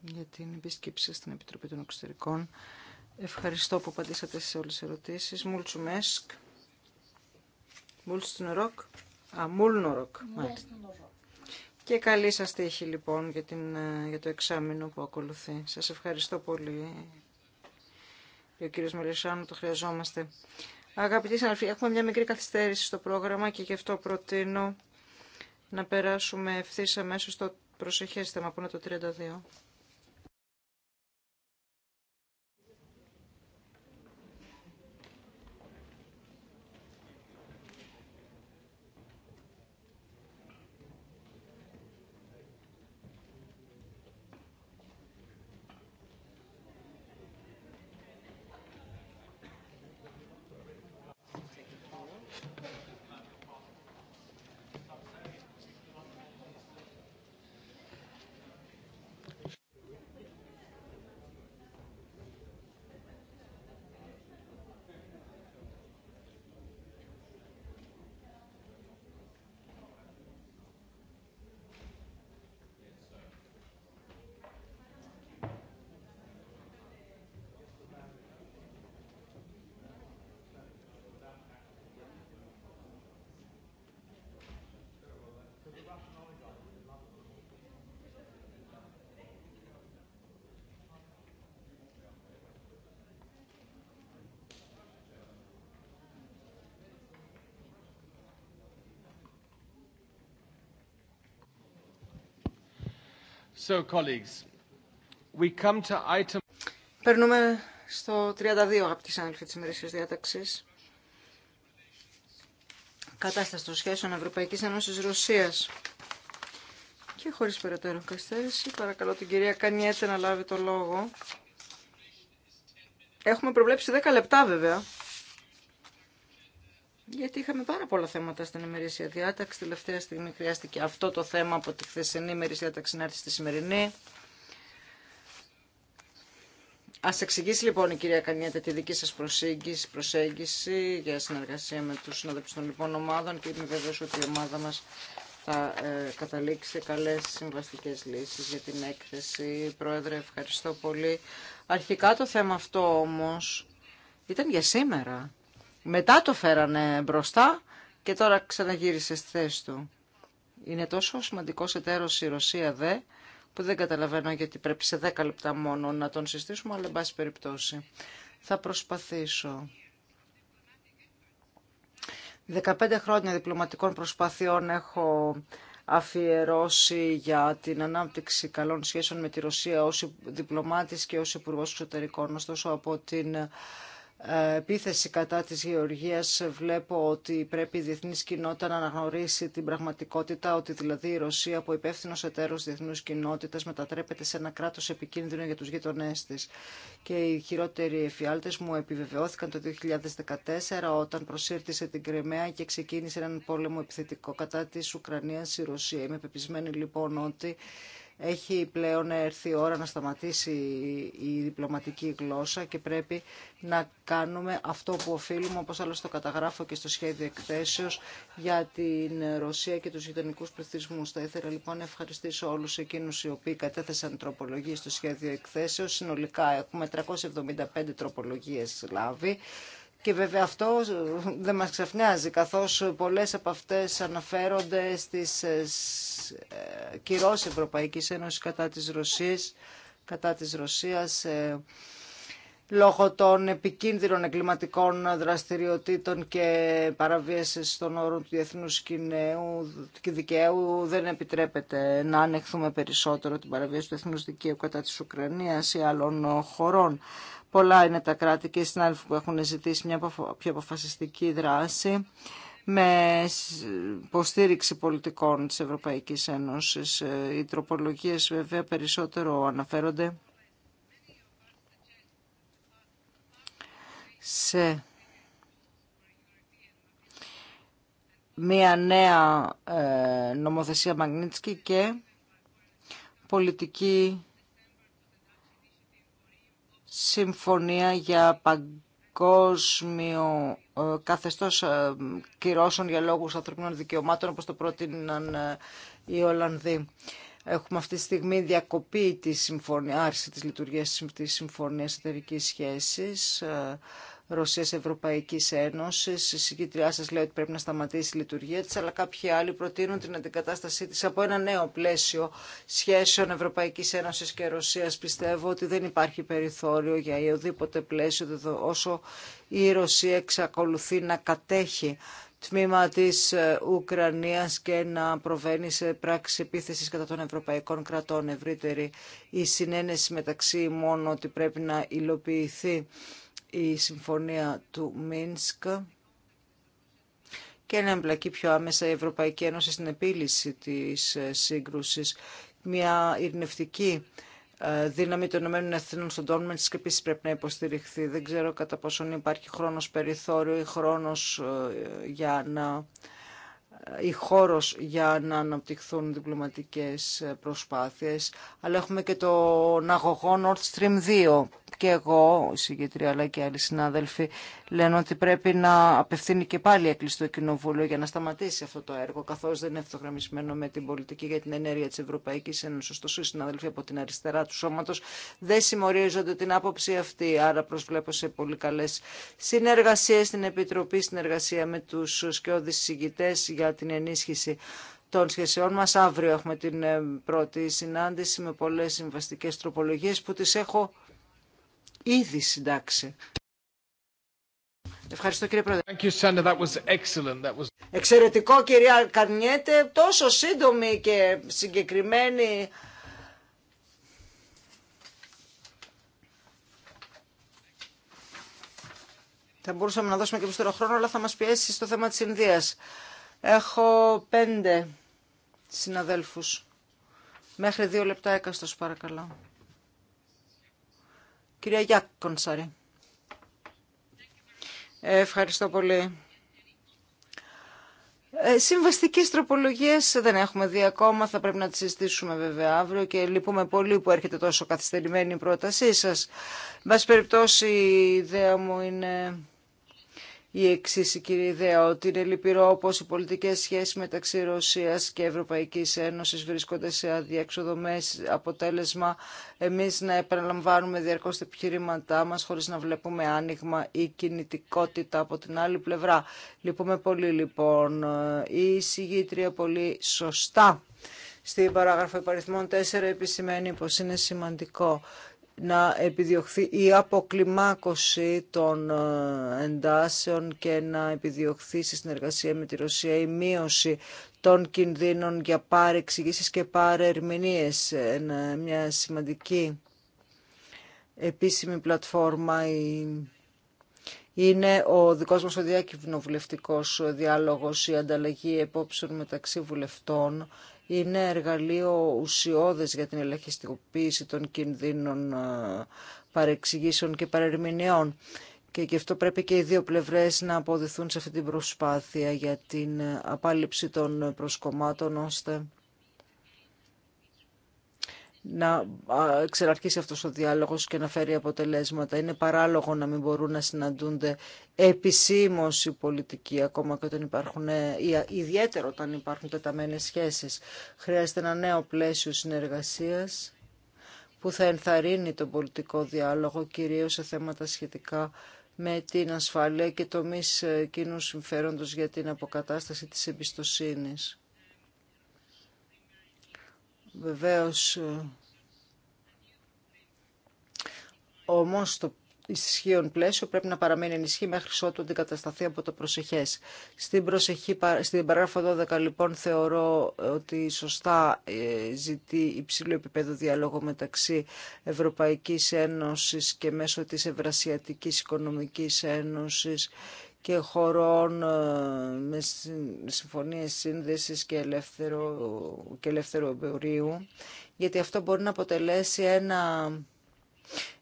για την επισκέψη στην Επιτροπή των Εξωτερικών. Ευχαριστώ που απαντήσατε σε όλες τις ερωτήσεις. Μουλτσουμέσκ. Μουλτσουνορόκ. Α, Μουλνορόκ. Και καλή σας τύχη λοιπόν για, την, ε, για το εξάμεινο που ακολουθεί. Σας ευχαριστώ πολύ. Και ο κύριος Μελισσάνου, το χρειαζόμαστε. Αγαπητοί συναδελφοί, έχουμε μια μικρή καθυστέρηση στο πρόγραμμα και γι' αυτό προτείνω να περάσουμε ευθύ αμέσω στο προσεχές θέμα που είναι το 32. So, colleagues, we come to item... Περνούμε στο 32, αγαπητοί συνάδελφοι της ημερήσιας διάταξης. Κατάσταση των σχέσεων Ευρωπαϊκής Ένωσης Ρωσίας. Και χωρίς περαιτέρω καθυστέρηση, παρακαλώ την κυρία Κανιέτε να λάβει το λόγο. Έχουμε προβλέψει 10 λεπτά βέβαια γιατί είχαμε πάρα πολλά θέματα στην ημερήσια διάταξη. Τελευταία στιγμή χρειάστηκε αυτό το θέμα από τη χθεσινή ημερήσια διάταξη να έρθει στη σημερινή. Α εξηγήσει λοιπόν η κυρία Κανιέτα τη δική σα προσέγγιση, προσέγγιση για συνεργασία με του συνάδελφου των λοιπόν ομάδων και είμαι βέβαιο ότι η ομάδα μα θα ε, καταλήξει σε καλές συμβαστικές λύσεις για την έκθεση. Πρόεδρε, ευχαριστώ πολύ. Αρχικά το θέμα αυτό όμω ήταν για σήμερα. Μετά το φέρανε μπροστά και τώρα ξαναγύρισε στη θέση του. Είναι τόσο σημαντικός εταίρος η Ρωσία δε, που δεν καταλαβαίνω γιατί πρέπει σε 10 λεπτά μόνο να τον συστήσουμε, αλλά εν πάση περιπτώσει. Θα προσπαθήσω. 15 χρόνια διπλωματικών προσπαθειών έχω αφιερώσει για την ανάπτυξη καλών σχέσεων με τη Ρωσία ως διπλωμάτης και ως υπουργό εξωτερικών. Ωστόσο από την ε, επίθεση κατά της Γεωργίας βλέπω ότι πρέπει η διεθνής κοινότητα να αναγνωρίσει την πραγματικότητα ότι δηλαδή η Ρωσία από υπεύθυνο εταίρος διεθνούς κοινότητας μετατρέπεται σε ένα κράτος επικίνδυνο για τους γειτονές της. Και οι χειρότεροι εφιάλτες μου επιβεβαιώθηκαν το 2014 όταν προσήρτησε την Κρεμαία και ξεκίνησε έναν πόλεμο επιθετικό κατά της Ουκρανίας η Ρωσία. Είμαι πεπισμένη λοιπόν ότι έχει πλέον έρθει η ώρα να σταματήσει η διπλωματική γλώσσα και πρέπει να κάνουμε αυτό που οφείλουμε, όπως άλλωστε το καταγράφω και στο σχέδιο εκθέσεως για την Ρωσία και τους γειτονικούς πληθυσμούς. Θα ήθελα λοιπόν να ευχαριστήσω όλους εκείνους οι οποίοι κατέθεσαν τροπολογίες στο σχέδιο εκθέσεως. Συνολικά έχουμε 375 τροπολογίες λάβει. Και βέβαια αυτό δεν μας ξαφνιάζει, καθώς πολλές από αυτές αναφέρονται στις ε, κυρώσεις Ευρωπαϊκής Ένωσης κατά της Ρωσίας, κατά της Ρωσίας ε, λόγω των επικίνδυνων εγκληματικών δραστηριοτήτων και παραβίασης των όρων του διεθνούς κοινέου και δικαίου δεν επιτρέπεται να ανεχθούμε περισσότερο την παραβίαση του διεθνούς δικαίου κατά της Ουκρανίας ή άλλων χωρών. Πολλά είναι τα κράτη και οι συνάδελφοι που έχουν ζητήσει μια πιο αποφασιστική δράση με υποστήριξη πολιτικών της Ευρωπαϊκής Ένωσης. Ε, οι τροπολογίες βέβαια περισσότερο αναφέρονται σε μια νέα ε, νομοθεσία Μαγνίτσκι και πολιτική συμφωνία για παγκόσμιο ε, καθεστώς ε, κυρώσεων για λόγους ανθρωπίνων δικαιωμάτων όπως το πρότειναν ε, οι Ολλανδοί. Έχουμε αυτή τη στιγμή διακοπή της συμφωνίας, άρση της λειτουργίας της συμφωνίας εταιρικής σχέσης. Ρωσίας-Ευρωπαϊκής Ένωσης. Η συγκεκριά σας λέει ότι πρέπει να σταματήσει η λειτουργία της, αλλά κάποιοι άλλοι προτείνουν την αντικατάστασή της από ένα νέο πλαίσιο σχέσεων Ευρωπαϊκής Ένωσης και Ρωσίας. Πιστεύω ότι δεν υπάρχει περιθώριο για οδήποτε πλαίσιο όσο η Ρωσία εξακολουθεί να κατέχει τμήμα της ε, Ουκρανίας και να προβαίνει σε πράξη επίθεση κατά των ευρωπαϊκών κρατών ευρύτερη. Η συνένεση μεταξύ μόνο ότι πρέπει να υλοποιηθεί η συμφωνία του Μίνσκ και να εμπλακεί πιο άμεσα η Ευρωπαϊκή Ένωση στην επίλυση της ε, σύγκρουσης. Μια ειρνευτική ε, δύναμη των Ηνωμένων Εθνών στον τόνο και επίση πρέπει να υποστηριχθεί. Δεν ξέρω κατά πόσον υπάρχει χρόνος περιθώριο ή χρόνος ε, για να ή χώρος για να αναπτυχθούν διπλωματικές προσπάθειες. Αλλά έχουμε και τον αγωγό Nord Stream 2 και εγώ, η συγκεκριά αλλά και άλλοι συνάδελφοι, λένε ότι πρέπει να απευθύνει και πάλι έκλειστο το Κοινοβούλιο για να σταματήσει αυτό το έργο, καθώ δεν είναι ευθογραμμισμένο με την πολιτική για την ενέργεια τη Ευρωπαϊκή Ένωση. Ωστόσο, οι συνάδελφοι από την αριστερά του σώματο δεν συμμορίζονται την άποψη αυτή. Άρα, προσβλέπω σε πολύ καλέ συνεργασίε στην Επιτροπή, συνεργασία με του σκιώδει συγκητέ για την ενίσχυση των σχεσεών μας. Αύριο έχουμε την ε, πρώτη συνάντηση με πολλές συμβαστικές τροπολογίες που τις έχω ήδη συντάξει. Ευχαριστώ κύριε Πρόεδρε. Thank you, Sandra. That was excellent. That was... Εξαιρετικό κυρία Καρνιέτε, τόσο σύντομη και συγκεκριμένη. Θα μπορούσαμε να δώσουμε και πίστερο χρόνο, αλλά θα μας πιέσει στο θέμα της Ινδίας. Έχω πέντε συναδέλφους. Μέχρι δύο λεπτά έκαστος παρακαλώ. Κυρία Γιάκονσαρη. Ευχαριστώ πολύ. Ε, Συμβαστικέ τροπολογίε δεν έχουμε δει ακόμα. Θα πρέπει να τι συζητήσουμε βέβαια αύριο και λυπούμε πολύ που έρχεται τόσο καθυστερημένη η πρότασή σα. Μπα περιπτώσει, η ιδέα μου είναι η εξή η κύρια ιδέα, ότι είναι λυπηρό πω οι πολιτικέ σχέσει μεταξύ Ρωσία και Ευρωπαϊκή Ένωση βρίσκονται σε αδιέξοδο με αποτέλεσμα εμεί να επαναλαμβάνουμε διαρκώ τα επιχειρήματά μα χωρί να βλέπουμε άνοιγμα ή κινητικότητα από την άλλη πλευρά. Λυπούμε πολύ λοιπόν. Η συγγήτρια πολύ η εισηγητρια πολυ σωστα στην παράγραφο υπαριθμών 4 επισημαίνει πω είναι σημαντικό να επιδιωχθεί η αποκλιμάκωση των ε, εντάσεων και να επιδιωχθεί στη συνεργασία με τη Ρωσία η μείωση των κινδύνων για παρεξηγήσεις και παρερμηνίες. Μια σημαντική επίσημη πλατφόρμα είναι ο δικός μας ο διάκυβνο διάλογος, η ανταλλαγή επόψεων μεταξύ βουλευτών είναι εργαλείο ουσιώδες για την ελαχιστικοποίηση των κινδύνων ε, παρεξηγήσεων και παρερμηνεών Και γι' αυτό πρέπει και οι δύο πλευρές να αποδεθούν σε αυτή την προσπάθεια για την ε, απάλληψη των ε, προσκομμάτων, ώστε να ξεραρχίσει αυτός ο διάλογος και να φέρει αποτελέσματα. Είναι παράλογο να μην μπορούν να συναντούνται επισήμως οι πολιτικοί, ακόμα και όταν υπάρχουν, ε, ιδιαίτερα όταν υπάρχουν τεταμένες σχέσεις. Χρειάζεται ένα νέο πλαίσιο συνεργασίας που θα ενθαρρύνει τον πολιτικό διάλογο, κυρίως σε θέματα σχετικά με την ασφάλεια και τομείς ε, κοινού συμφέροντος για την αποκατάσταση της εμπιστοσύνης. Βεβαίως, όμως το ισχύον πλαίσιο πρέπει να παραμένει ενισχύ μέχρι ότου αντικατασταθεί από το προσεχές. Στην, προσεχή, στην παράγραφο 12 λοιπόν θεωρώ ότι σωστά ε, ζητεί υψηλό επίπεδο διάλογο μεταξύ Ευρωπαϊκής Ένωσης και μέσω της Ευρασιατικής Οικονομικής Ένωσης και χωρών ε, με συμφωνίες σύνδεσης και ελεύθερο και ελεύθερο γιατί αυτό μπορεί να αποτελέσει ένα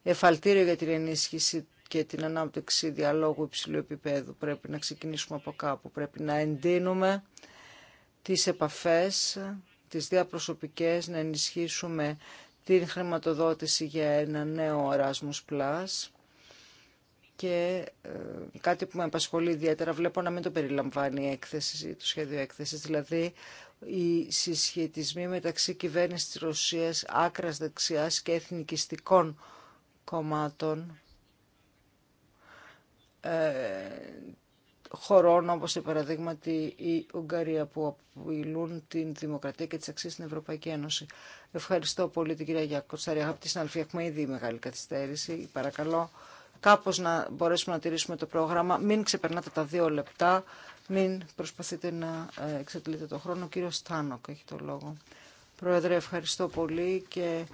εφαλτήριο για την ενίσχυση και την ανάπτυξη διαλόγου υψηλού επίπεδου. Πρέπει να ξεκινήσουμε από κάπου, πρέπει να εντείνουμε τις επαφές, τις διαπροσωπικές, να ενισχύσουμε την χρηματοδότηση για ένα νέο Erasmus και ε, κάτι που με απασχολεί ιδιαίτερα βλέπω να μην το περιλαμβάνει η έκθεση, το σχέδιο έκθεσης, δηλαδή οι συσχετισμοί μεταξύ κυβέρνηση της Ρωσίας, άκρας δεξιάς και εθνικιστικών κομμάτων ε, χωρών όπως για παραδείγμα η Ουγγαρία που απειλούν την δημοκρατία και τις αξίες στην Ευρωπαϊκή Ένωση. Ευχαριστώ πολύ την κυρία Γιακοτσάρη. Αγαπητή συναλφή, έχουμε ήδη μεγάλη καθυστέρηση. Παρακαλώ κάπως να μπορέσουμε να τηρήσουμε το πρόγραμμα. Μην ξεπερνάτε τα δύο λεπτά, μην προσπαθείτε να ε, εξαντλείτε το χρόνο. Ο κύριος Τάνοκ έχει το λόγο. Πρόεδρε, ευχαριστώ πολύ και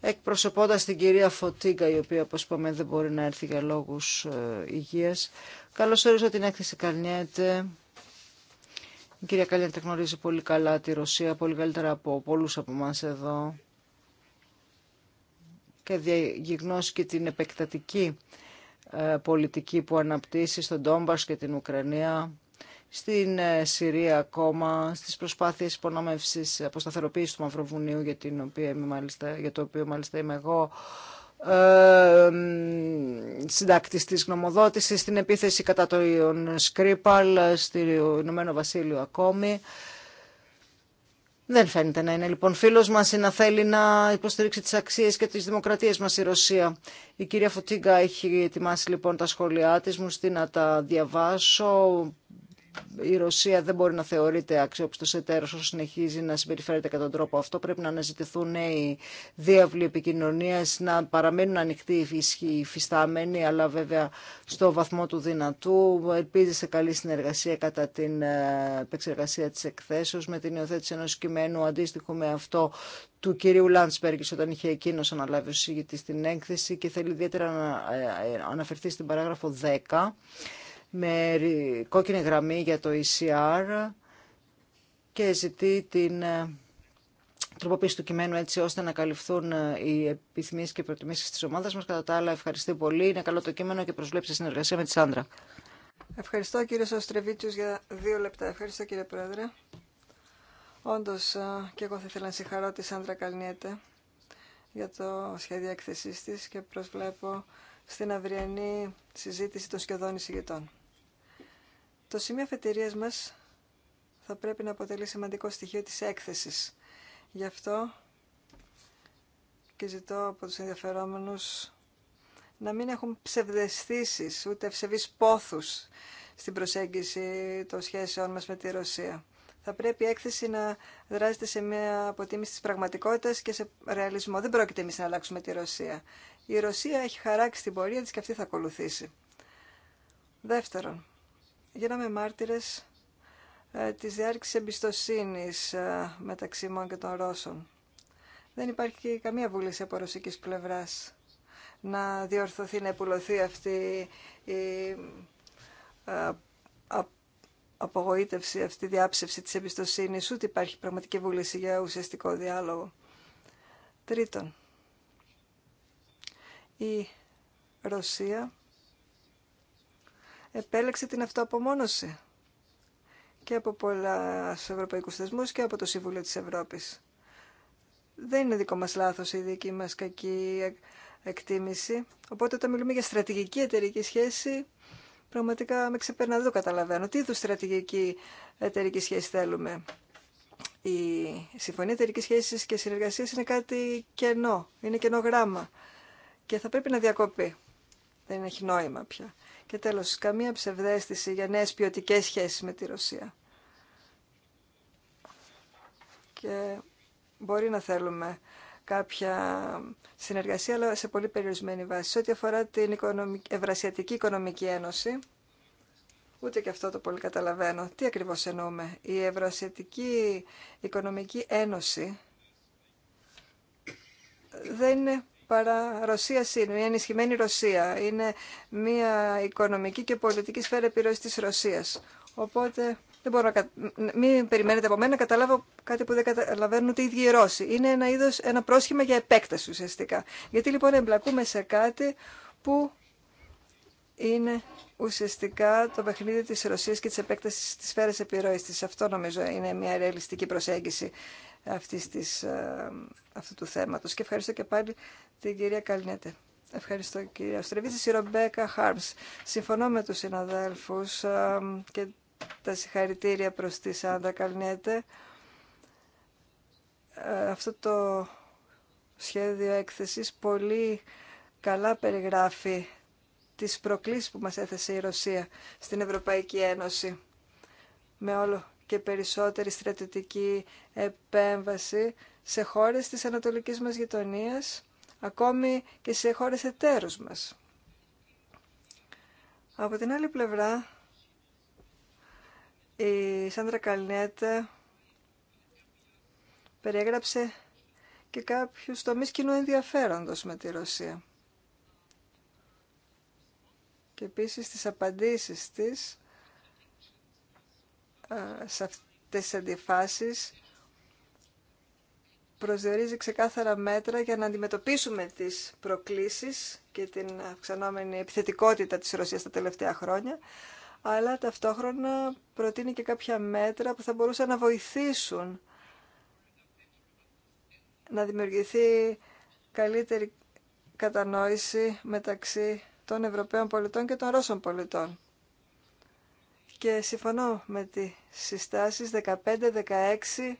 εκπροσωπώντας την κυρία Φωτίγκα, η οποία, όπως είπαμε, δεν μπορεί να έρθει για λόγους ε, υγείας. Καλώς ορίζω την έκθεση Καρνιέτε. Η κυρία Καλιέτε γνωρίζει πολύ καλά τη Ρωσία, πολύ καλύτερα από πολλούς από εμά εδώ και διαγυγνώσει και την επεκτατική ε, πολιτική που αναπτύσσει στον Τόμπας και την Ουκρανία, στην ε, Συρία ακόμα, στις προσπάθειες υπονόμευσης αποσταθεροποίησης του Μαυροβουνίου, για, την οποία μάλιστα, για το οποίο μάλιστα είμαι εγώ, ε, συντάκτης της γνωμοδότησης, στην επίθεση κατά Ιων Σκρίπαλ, ε, στο Ηνωμένο Βασίλειο ακόμη. Δεν φαίνεται να είναι λοιπόν φίλος μας ή να θέλει να υποστηρίξει τις αξίες και τις δημοκρατίες μας η Ρωσία. Η κυρία Φωτίγκα έχει ετοιμάσει λοιπόν τα σχόλιά τη μου στείλει να τα διαβάσω η Ρωσία δεν μπορεί να θεωρείται αξιόπιστος εταίρος όσο συνεχίζει να συμπεριφέρεται κατά τον τρόπο αυτό. Πρέπει να αναζητηθούν νέοι διάβλοι επικοινωνία να παραμένουν ανοιχτοί οι φυστάμενοι, αλλά βέβαια στο βαθμό του δυνατού. Ελπίζει σε καλή συνεργασία κατά την ε, επεξεργασία της εκθέσεως με την υιοθέτηση ενό κειμένου αντίστοιχου με αυτό του κυρίου Λάντσπεργκης όταν είχε εκείνο αναλάβει ο συζητητής την έκθεση και θέλει ιδιαίτερα να ε, αναφερθεί στην παράγραφο 10 με κόκκινη γραμμή για το ECR και ζητεί την ε, τροποποίηση του κειμένου έτσι ώστε να καλυφθούν ε, οι επιθυμίες και προτιμήσεις της ομάδας μας. Κατά τα άλλα, ευχαριστώ πολύ. Είναι καλό το κείμενο και προσβλέψει συνεργασία με τη Σάντρα. Ευχαριστώ κύριε Σωστρεβίτσιος για δύο λεπτά. Ευχαριστώ κύριε Πρόεδρε. Όντω ε, και εγώ θα ήθελα να συγχαρώ τη Σάντρα Καλνιέτε για το σχέδιο έκθεσής της και προσβλέπω στην αυριανή συζήτηση των σχεδόν εισηγητών. Το σημείο αφετηρίας μας θα πρέπει να αποτελεί σημαντικό στοιχείο της έκθεσης. Γι' αυτό και ζητώ από τους ενδιαφερόμενους να μην έχουν ψευδεστήσεις ούτε ευσεβείς πόθους στην προσέγγιση των σχέσεών μας με τη Ρωσία. Θα πρέπει η έκθεση να δράζεται σε μια αποτίμηση της πραγματικότητας και σε ρεαλισμό. Δεν πρόκειται εμείς να αλλάξουμε τη Ρωσία. Η Ρωσία έχει χαράξει την πορεία της και αυτή θα ακολουθήσει. Δεύτερον, γίναμε μάρτυρες ε, της διάρκειας εμπιστοσύνης ε, μεταξύ μου και των Ρώσων. Δεν υπάρχει καμία βούληση από ρωσικής πλευράς να διορθωθεί, να επουλωθεί αυτή η ε, απογοήτευση, αυτή η διάψευση της εμπιστοσύνης, ούτε υπάρχει πραγματική βούληση για ουσιαστικό διάλογο. Τρίτον, η Ρωσία επέλεξε την αυτοαπομόνωση και από πολλά ευρωπαϊκού θεσμού και από το Συμβούλιο της Ευρώπης. Δεν είναι δικό μας λάθος η δική μας κακή εκτίμηση. Οπότε όταν μιλούμε για στρατηγική εταιρική σχέση, πραγματικά με ξεπερνά, δεν καταλαβαίνω. Τι είδου στρατηγική εταιρική σχέση θέλουμε. Η συμφωνία εταιρική σχέση και συνεργασία είναι κάτι κενό, είναι κενό γράμμα και θα πρέπει να διακοπεί δεν έχει νόημα πια. Και τέλος, καμία ψευδέστηση για νέες ποιοτικέ σχέσεις με τη Ρωσία. Και μπορεί να θέλουμε κάποια συνεργασία, αλλά σε πολύ περιορισμένη βάση. Σε ό,τι αφορά την Ευρασιατική Οικονομική Ένωση, ούτε και αυτό το πολύ καταλαβαίνω. Τι ακριβώς εννοούμε. Η Ευρασιατική Οικονομική Ένωση δεν είναι παρά Ρωσία είναι, μια ενισχυμένη Ρωσία. Είναι μια οικονομική και πολιτική σφαίρα επιρροής της Ρωσίας. Οπότε δεν μπορώ να... μην περιμένετε από μένα να καταλάβω κάτι που δεν καταλαβαίνουν ούτε οι ίδιοι οι Ρώσοι. Είναι ένα ένα πρόσχημα για επέκταση ουσιαστικά. Γιατί λοιπόν εμπλακούμε σε κάτι που είναι ουσιαστικά το παιχνίδι της Ρωσίας και της επέκτασης της σφαίρας επιρροής της. Αυτό νομίζω είναι μια ρεαλιστική προσέγγιση αυτής της, ε, αυτού του θέματος. Και ευχαριστώ και πάλι την κυρία Καλνέτε. Ευχαριστώ κυρία Στρεβίση Η Ρομπέκα Χάρμς. Συμφωνώ με τους συναδέλφους ε, και τα συγχαρητήρια προς τη Σάντα Καλνέτε. Ε, αυτό το σχέδιο έκθεσης πολύ καλά περιγράφει τις προκλήσεις που μας έθεσε η Ρωσία στην Ευρωπαϊκή Ένωση με όλο και περισσότερη στρατιωτική επέμβαση σε χώρες της ανατολικής μας γειτονίας, ακόμη και σε χώρες εταίρους μας. Από την άλλη πλευρά, η Σάντρα Καλνέτα περιέγραψε και κάποιους τομείς κοινού ενδιαφέροντος με τη Ρωσία. Και επίσης τις απαντήσεις της σε αυτές τις αντιφάσεις προσδιορίζει ξεκάθαρα μέτρα για να αντιμετωπίσουμε τις προκλήσεις και την αυξανόμενη επιθετικότητα της Ρωσίας τα τελευταία χρόνια, αλλά ταυτόχρονα προτείνει και κάποια μέτρα που θα μπορούσαν να βοηθήσουν να δημιουργηθεί καλύτερη κατανόηση μεταξύ των Ευρωπαίων πολιτών και των Ρώσων πολιτών και συμφωνώ με τις συστάσεις 15, 16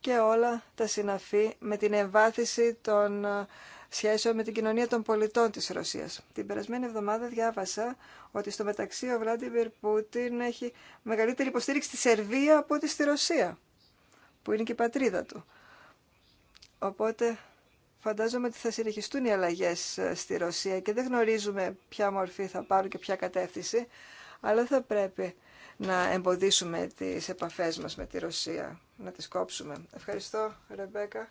και όλα τα συναφή με την εμβάθυνση των ε, σχέσεων με την κοινωνία των πολιτών της Ρωσίας. Την περασμένη εβδομάδα διάβασα ότι στο μεταξύ ο Βλάντιμπερ Πούτιν έχει μεγαλύτερη υποστήριξη στη Σερβία από ότι στη Ρωσία, που είναι και η πατρίδα του. Οπότε φαντάζομαι ότι θα συνεχιστούν οι αλλαγές ε, στη Ρωσία και δεν γνωρίζουμε ποια μορφή θα πάρουν και ποια κατεύθυνση, αλλά θα πρέπει να εμποδίσουμε τις επαφές μας με τη Ρωσία, να τις κόψουμε. Ευχαριστώ, Ρεμπέκα,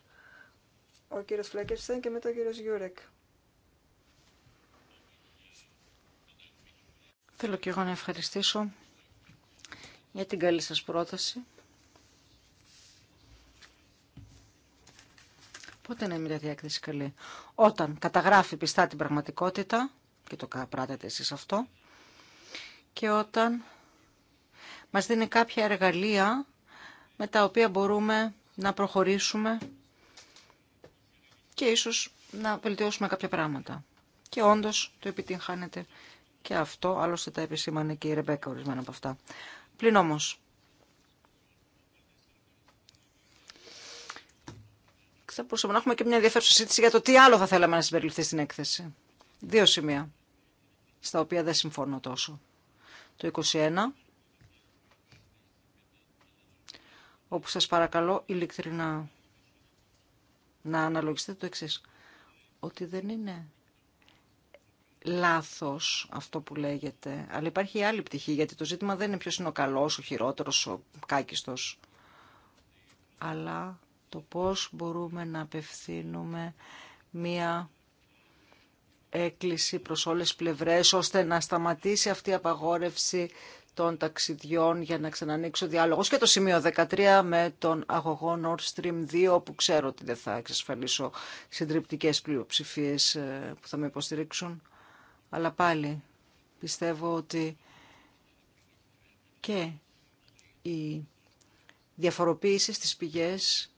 ο κύριος Φλέκερστεν και μετά ο κύριος Γιούρεκ. Θέλω και εγώ να ευχαριστήσω για την καλή σας πρόταση. Πότε είναι μια διάκριση καλή. Όταν καταγράφει πιστά την πραγματικότητα, και το πράτετε εσείς αυτό, και όταν μας δίνει κάποια εργαλεία με τα οποία μπορούμε να προχωρήσουμε και ίσως να βελτιώσουμε κάποια πράγματα. Και όντως το επιτυγχάνεται και αυτό, άλλωστε τα επισήμανε και η Ρεμπέκα ορισμένα από αυτά. Πλην όμως, θα μπορούσαμε να έχουμε και μια ενδιαφέρουσα συζήτηση για το τι άλλο θα θέλαμε να συμπεριληφθεί στην έκθεση. Δύο σημεία στα οποία δεν συμφωνώ τόσο το 21, όπου σας παρακαλώ ειλικρινά να αναλογιστείτε το εξής, ότι δεν είναι λάθος αυτό που λέγεται, αλλά υπάρχει άλλη πτυχή, γιατί το ζήτημα δεν είναι ποιος είναι ο καλός, ο χειρότερος, ο κάκιστος, αλλά το πώς μπορούμε να απευθύνουμε μία έκκληση προς όλες τις πλευρές ώστε να σταματήσει αυτή η απαγόρευση των ταξιδιών για να ξανανοίξει ο διάλογος και το σημείο 13 με τον αγωγό Nord Stream 2 που ξέρω ότι δεν θα εξασφαλίσω συντριπτικές πλειοψηφίε ε, που θα με υποστηρίξουν αλλά πάλι πιστεύω ότι και η διαφοροποίηση στις πηγές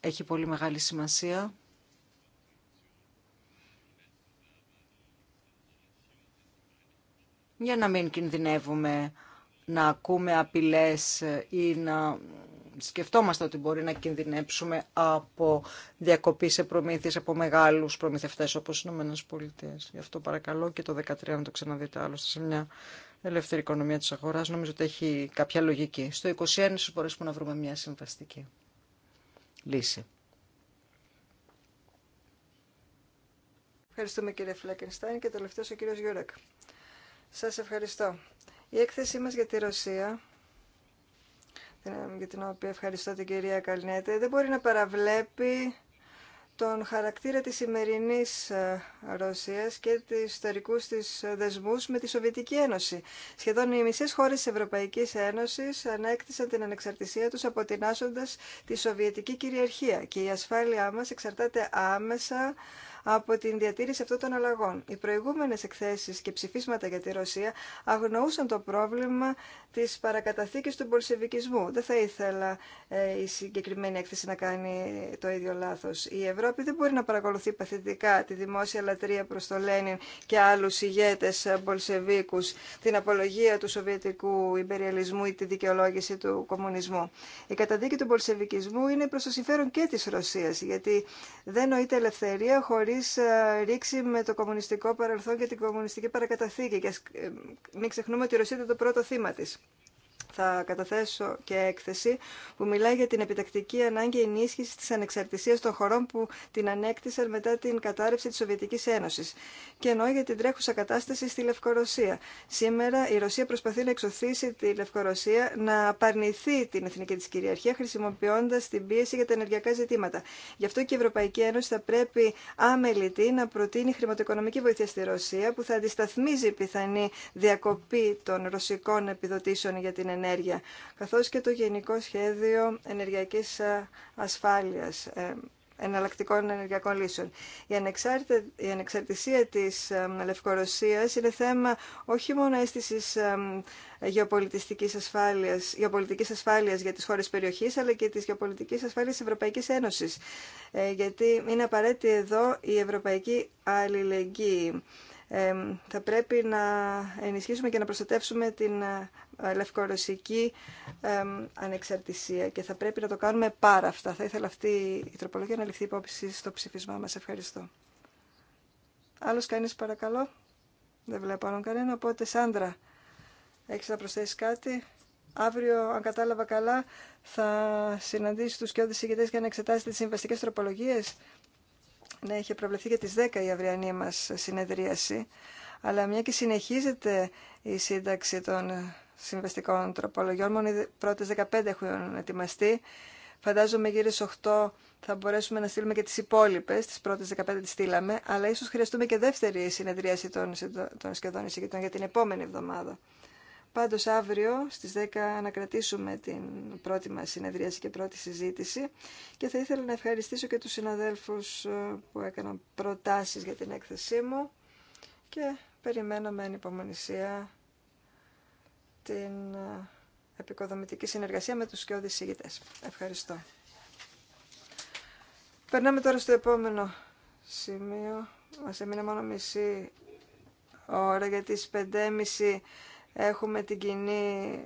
έχει πολύ μεγάλη σημασία για να μην κινδυνεύουμε να ακούμε απειλές ή να σκεφτόμαστε ότι μπορεί να κινδυνέψουμε από διακοπή σε προμήθειες από μεγάλους προμηθευτές όπως οι Ηνωμένες Πολιτείες. Γι' αυτό παρακαλώ και το 2013 να το ξαναδείτε άλλωστε σε μια ελεύθερη οικονομία της αγοράς. Νομίζω ότι έχει κάποια λογική. Στο 21 σου μπορέσουμε να βρούμε μια συμβαστική λύση. Ευχαριστούμε κύριε Φλέκενστάιν και τελευταίος ο κύριος Γιώρακ. Σας ευχαριστώ. Η έκθεσή μας για τη Ρωσία, για την οποία ευχαριστώ την κυρία Καλνέτε, δεν μπορεί να παραβλέπει τον χαρακτήρα της σημερινής ε, Ρωσίας και του ιστορικούς της ε, δεσμούς με τη Σοβιετική Ένωση. Σχεδόν οι μισές χώρες της Ευρωπαϊκής Ένωσης ανέκτησαν την ανεξαρτησία τους αποτινάσοντας τη Σοβιετική κυριαρχία και η ασφάλειά μας εξαρτάται άμεσα από την διατήρηση αυτών των αλλαγών. Οι προηγούμενε εκθέσει και ψηφίσματα για τη Ρωσία αγνοούσαν το πρόβλημα τη παρακαταθήκη του πολσεβικισμού. Δεν θα ήθελα ε, η συγκεκριμένη έκθεση να κάνει το ίδιο λάθο. Η Ευρώπη δεν μπορεί να παρακολουθεί παθητικά τη δημόσια λατρεία προ το Λένιν και άλλου ηγέτε πολσεβίκου, την απολογία του σοβιετικού υπεριαλισμού ή τη δικαιολόγηση του κομμουνισμού. Η καταδίκη του μπολσεβικισμού είναι προ το συμφέρον και τη Ρωσία, γιατί δεν νοείται ελευθερία χωρί χωρίς ε, ρήξη με το κομμουνιστικό παρελθόν και την κομμουνιστική παρακαταθήκη. Και ε, μην ξεχνούμε ότι η Ρωσία ήταν το πρώτο θύμα της θα καταθέσω και έκθεση που μιλάει για την επιτακτική ανάγκη ενίσχυση τη ανεξαρτησία των χωρών που την ανέκτησαν μετά την κατάρρευση τη Σοβιετική Ένωση. Και εννοώ για την τρέχουσα κατάσταση στη Λευκορωσία. Σήμερα η Ρωσία προσπαθεί να εξωθήσει τη Λευκορωσία να απαρνηθεί την εθνική τη κυριαρχία χρησιμοποιώντα την πίεση για τα ενεργειακά ζητήματα. Γι' αυτό και η Ευρωπαϊκή Ένωση θα πρέπει αμελητή να προτείνει χρηματοοικονομική βοήθεια στη Ρωσία που θα αντισταθμίζει πιθανή διακοπή των ρωσικών επιδοτήσεων για την ενέργεια ενέργεια, καθώς και το Γενικό Σχέδιο Ενεργειακής ε, Ασφάλειας, ε, εναλλακτικών ενεργειακών λύσεων. Η, η ανεξαρτησία της ε, Λευκορωσίας είναι θέμα όχι μόνο αίσθησης γεωπολιτικής ασφάλειας, γεωπολιτικής ασφάλειας για τις χώρες περιοχής, αλλά και της γεωπολιτικής ασφάλειας της Ευρωπαϊκής Ένωσης. γιατί είναι απαραίτητη εδώ η ευρωπαϊκή αλληλεγγύη θα πρέπει να ενισχύσουμε και να προστατεύσουμε την ε, λευκορωσική ανεξαρτησία και θα πρέπει να το κάνουμε πάρα αυτά. Θα ήθελα αυτή η τροπολογία να ληφθεί υπόψη στο ψηφισμά μας. Ευχαριστώ. Άλλος κανείς παρακαλώ. Δεν βλέπω άλλον κανένα. Οπότε Σάντρα, έχεις να προσθέσεις κάτι. Αύριο, αν κατάλαβα καλά, θα συναντήσει τους και ηγετές για να εξετάσετε τις συμβαστικές τροπολογίες. Ναι, είχε προβλεφθεί για τις 10 η αυριανή μας συνεδρίαση, αλλά μια και συνεχίζεται η σύνταξη των συμβαστικών τροπολογιών, μόνο οι πρώτες 15 έχουν ετοιμαστεί, Φαντάζομαι γύρω στις 8 θα μπορέσουμε να στείλουμε και τις υπόλοιπες, τις πρώτες 15 τις στείλαμε, αλλά ίσως χρειαστούμε και δεύτερη συνεδρίαση των, των σχεδόν εισηγητών για την επόμενη εβδομάδα. Πάντως αύριο στις 10 ανακρατήσουμε την πρώτη μας συνεδρίαση και πρώτη συζήτηση και θα ήθελα να ευχαριστήσω και τους συναδέλφους ε, που έκαναν προτάσεις για την έκθεσή μου και περιμένω με ανυπομονησία την ε, επικοδομητική συνεργασία με τους και ηγητές. Ευχαριστώ. Περνάμε τώρα στο επόμενο σημείο. Μας έμεινε μόνο μισή ώρα για τις 5.30 έχουμε την κοινή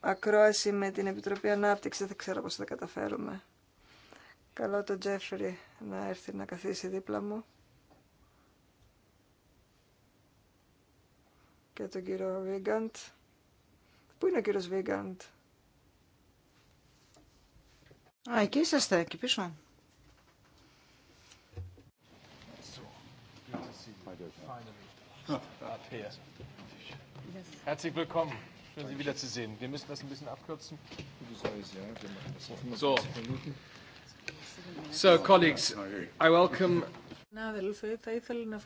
ακρόαση με την Επιτροπή Ανάπτυξη. Δεν ξέρω πώς θα καταφέρουμε. Καλό τον Τζέφρι να έρθει να καθίσει δίπλα μου. Και τον κύριο Βίγκαντ. Πού είναι ο κύριος Βίγκαντ? Α, εκεί είσαστε, εκεί πίσω. Herzlich willkommen. Schön, Sie wiederzusehen. Wir müssen das ein bisschen abkürzen. So. So, colleagues, I welcome... Να, αδελφέ, θα ήθελα να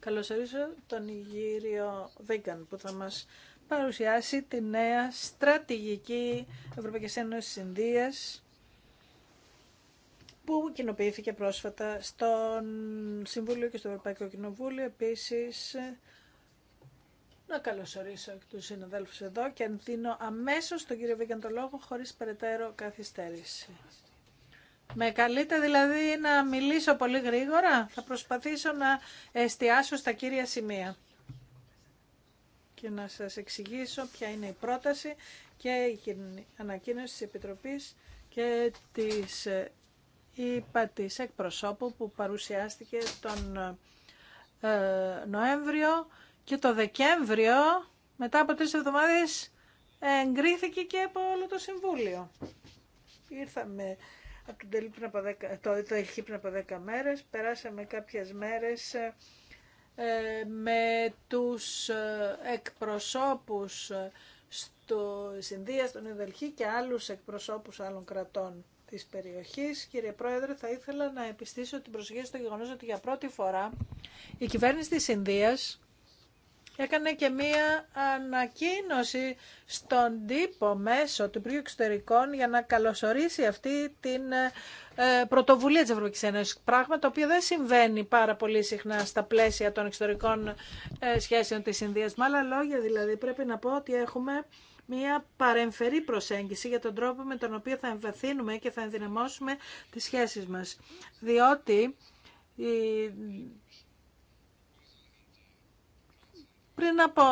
καλωσορίσω τον Ιγύριο Βίγκαν που θα μας παρουσιάσει τη νέα στρατηγική Ευρωπαϊκής Ένωσης Ινδίας που κοινοποιήθηκε πρόσφατα στον Συμβούλιο και στο Ευρωπαϊκό Κοινοβούλιο. Επίσης, να καλωσορίσω του συναδέλφου εδώ και δίνω αμέσως τον κύριο Βίγκαν λόγο χωρίς περαιτέρω καθυστέρηση. Με καλείτε δηλαδή να μιλήσω πολύ γρήγορα. Θα προσπαθήσω να εστιάσω στα κύρια σημεία και να σας εξηγήσω ποια είναι η πρόταση και η ανακοίνωση της Επιτροπής και της ε, είπα της εκπροσώπου που παρουσιάστηκε τον ε, Νοέμβριο και το Δεκέμβριο, μετά από τρεις εβδομάδες, εγκρίθηκε και από όλο το Συμβούλιο. Ήρθαμε από πριν από το, το πριν από 10 μέρες, περάσαμε κάποιες μέρες ε, με τους ε, εκπροσώπους ε, στο Συνδία, στον Ιδελχή και άλλους εκπροσώπους άλλων κρατών της περιοχής. Κύριε Πρόεδρε, θα ήθελα να επιστήσω την προσοχή στο γεγονός ότι για πρώτη φορά η κυβέρνηση της Ινδίας έκανε και μία ανακοίνωση στον τύπο μέσω του Υπουργείου Εξωτερικών για να καλωσορίσει αυτή την ε, πρωτοβουλία της Ευρωπαϊκής Ένωσης. Πράγμα το οποίο δεν συμβαίνει πάρα πολύ συχνά στα πλαίσια των εξωτερικών ε, σχέσεων της Ινδίας. Με άλλα λόγια δηλαδή πρέπει να πω ότι έχουμε μια παρεμφερή προσέγγιση για τον τρόπο με τον οποίο θα εμβαθύνουμε και θα ενδυναμώσουμε τις σχέσεις μας. Διότι Πριν από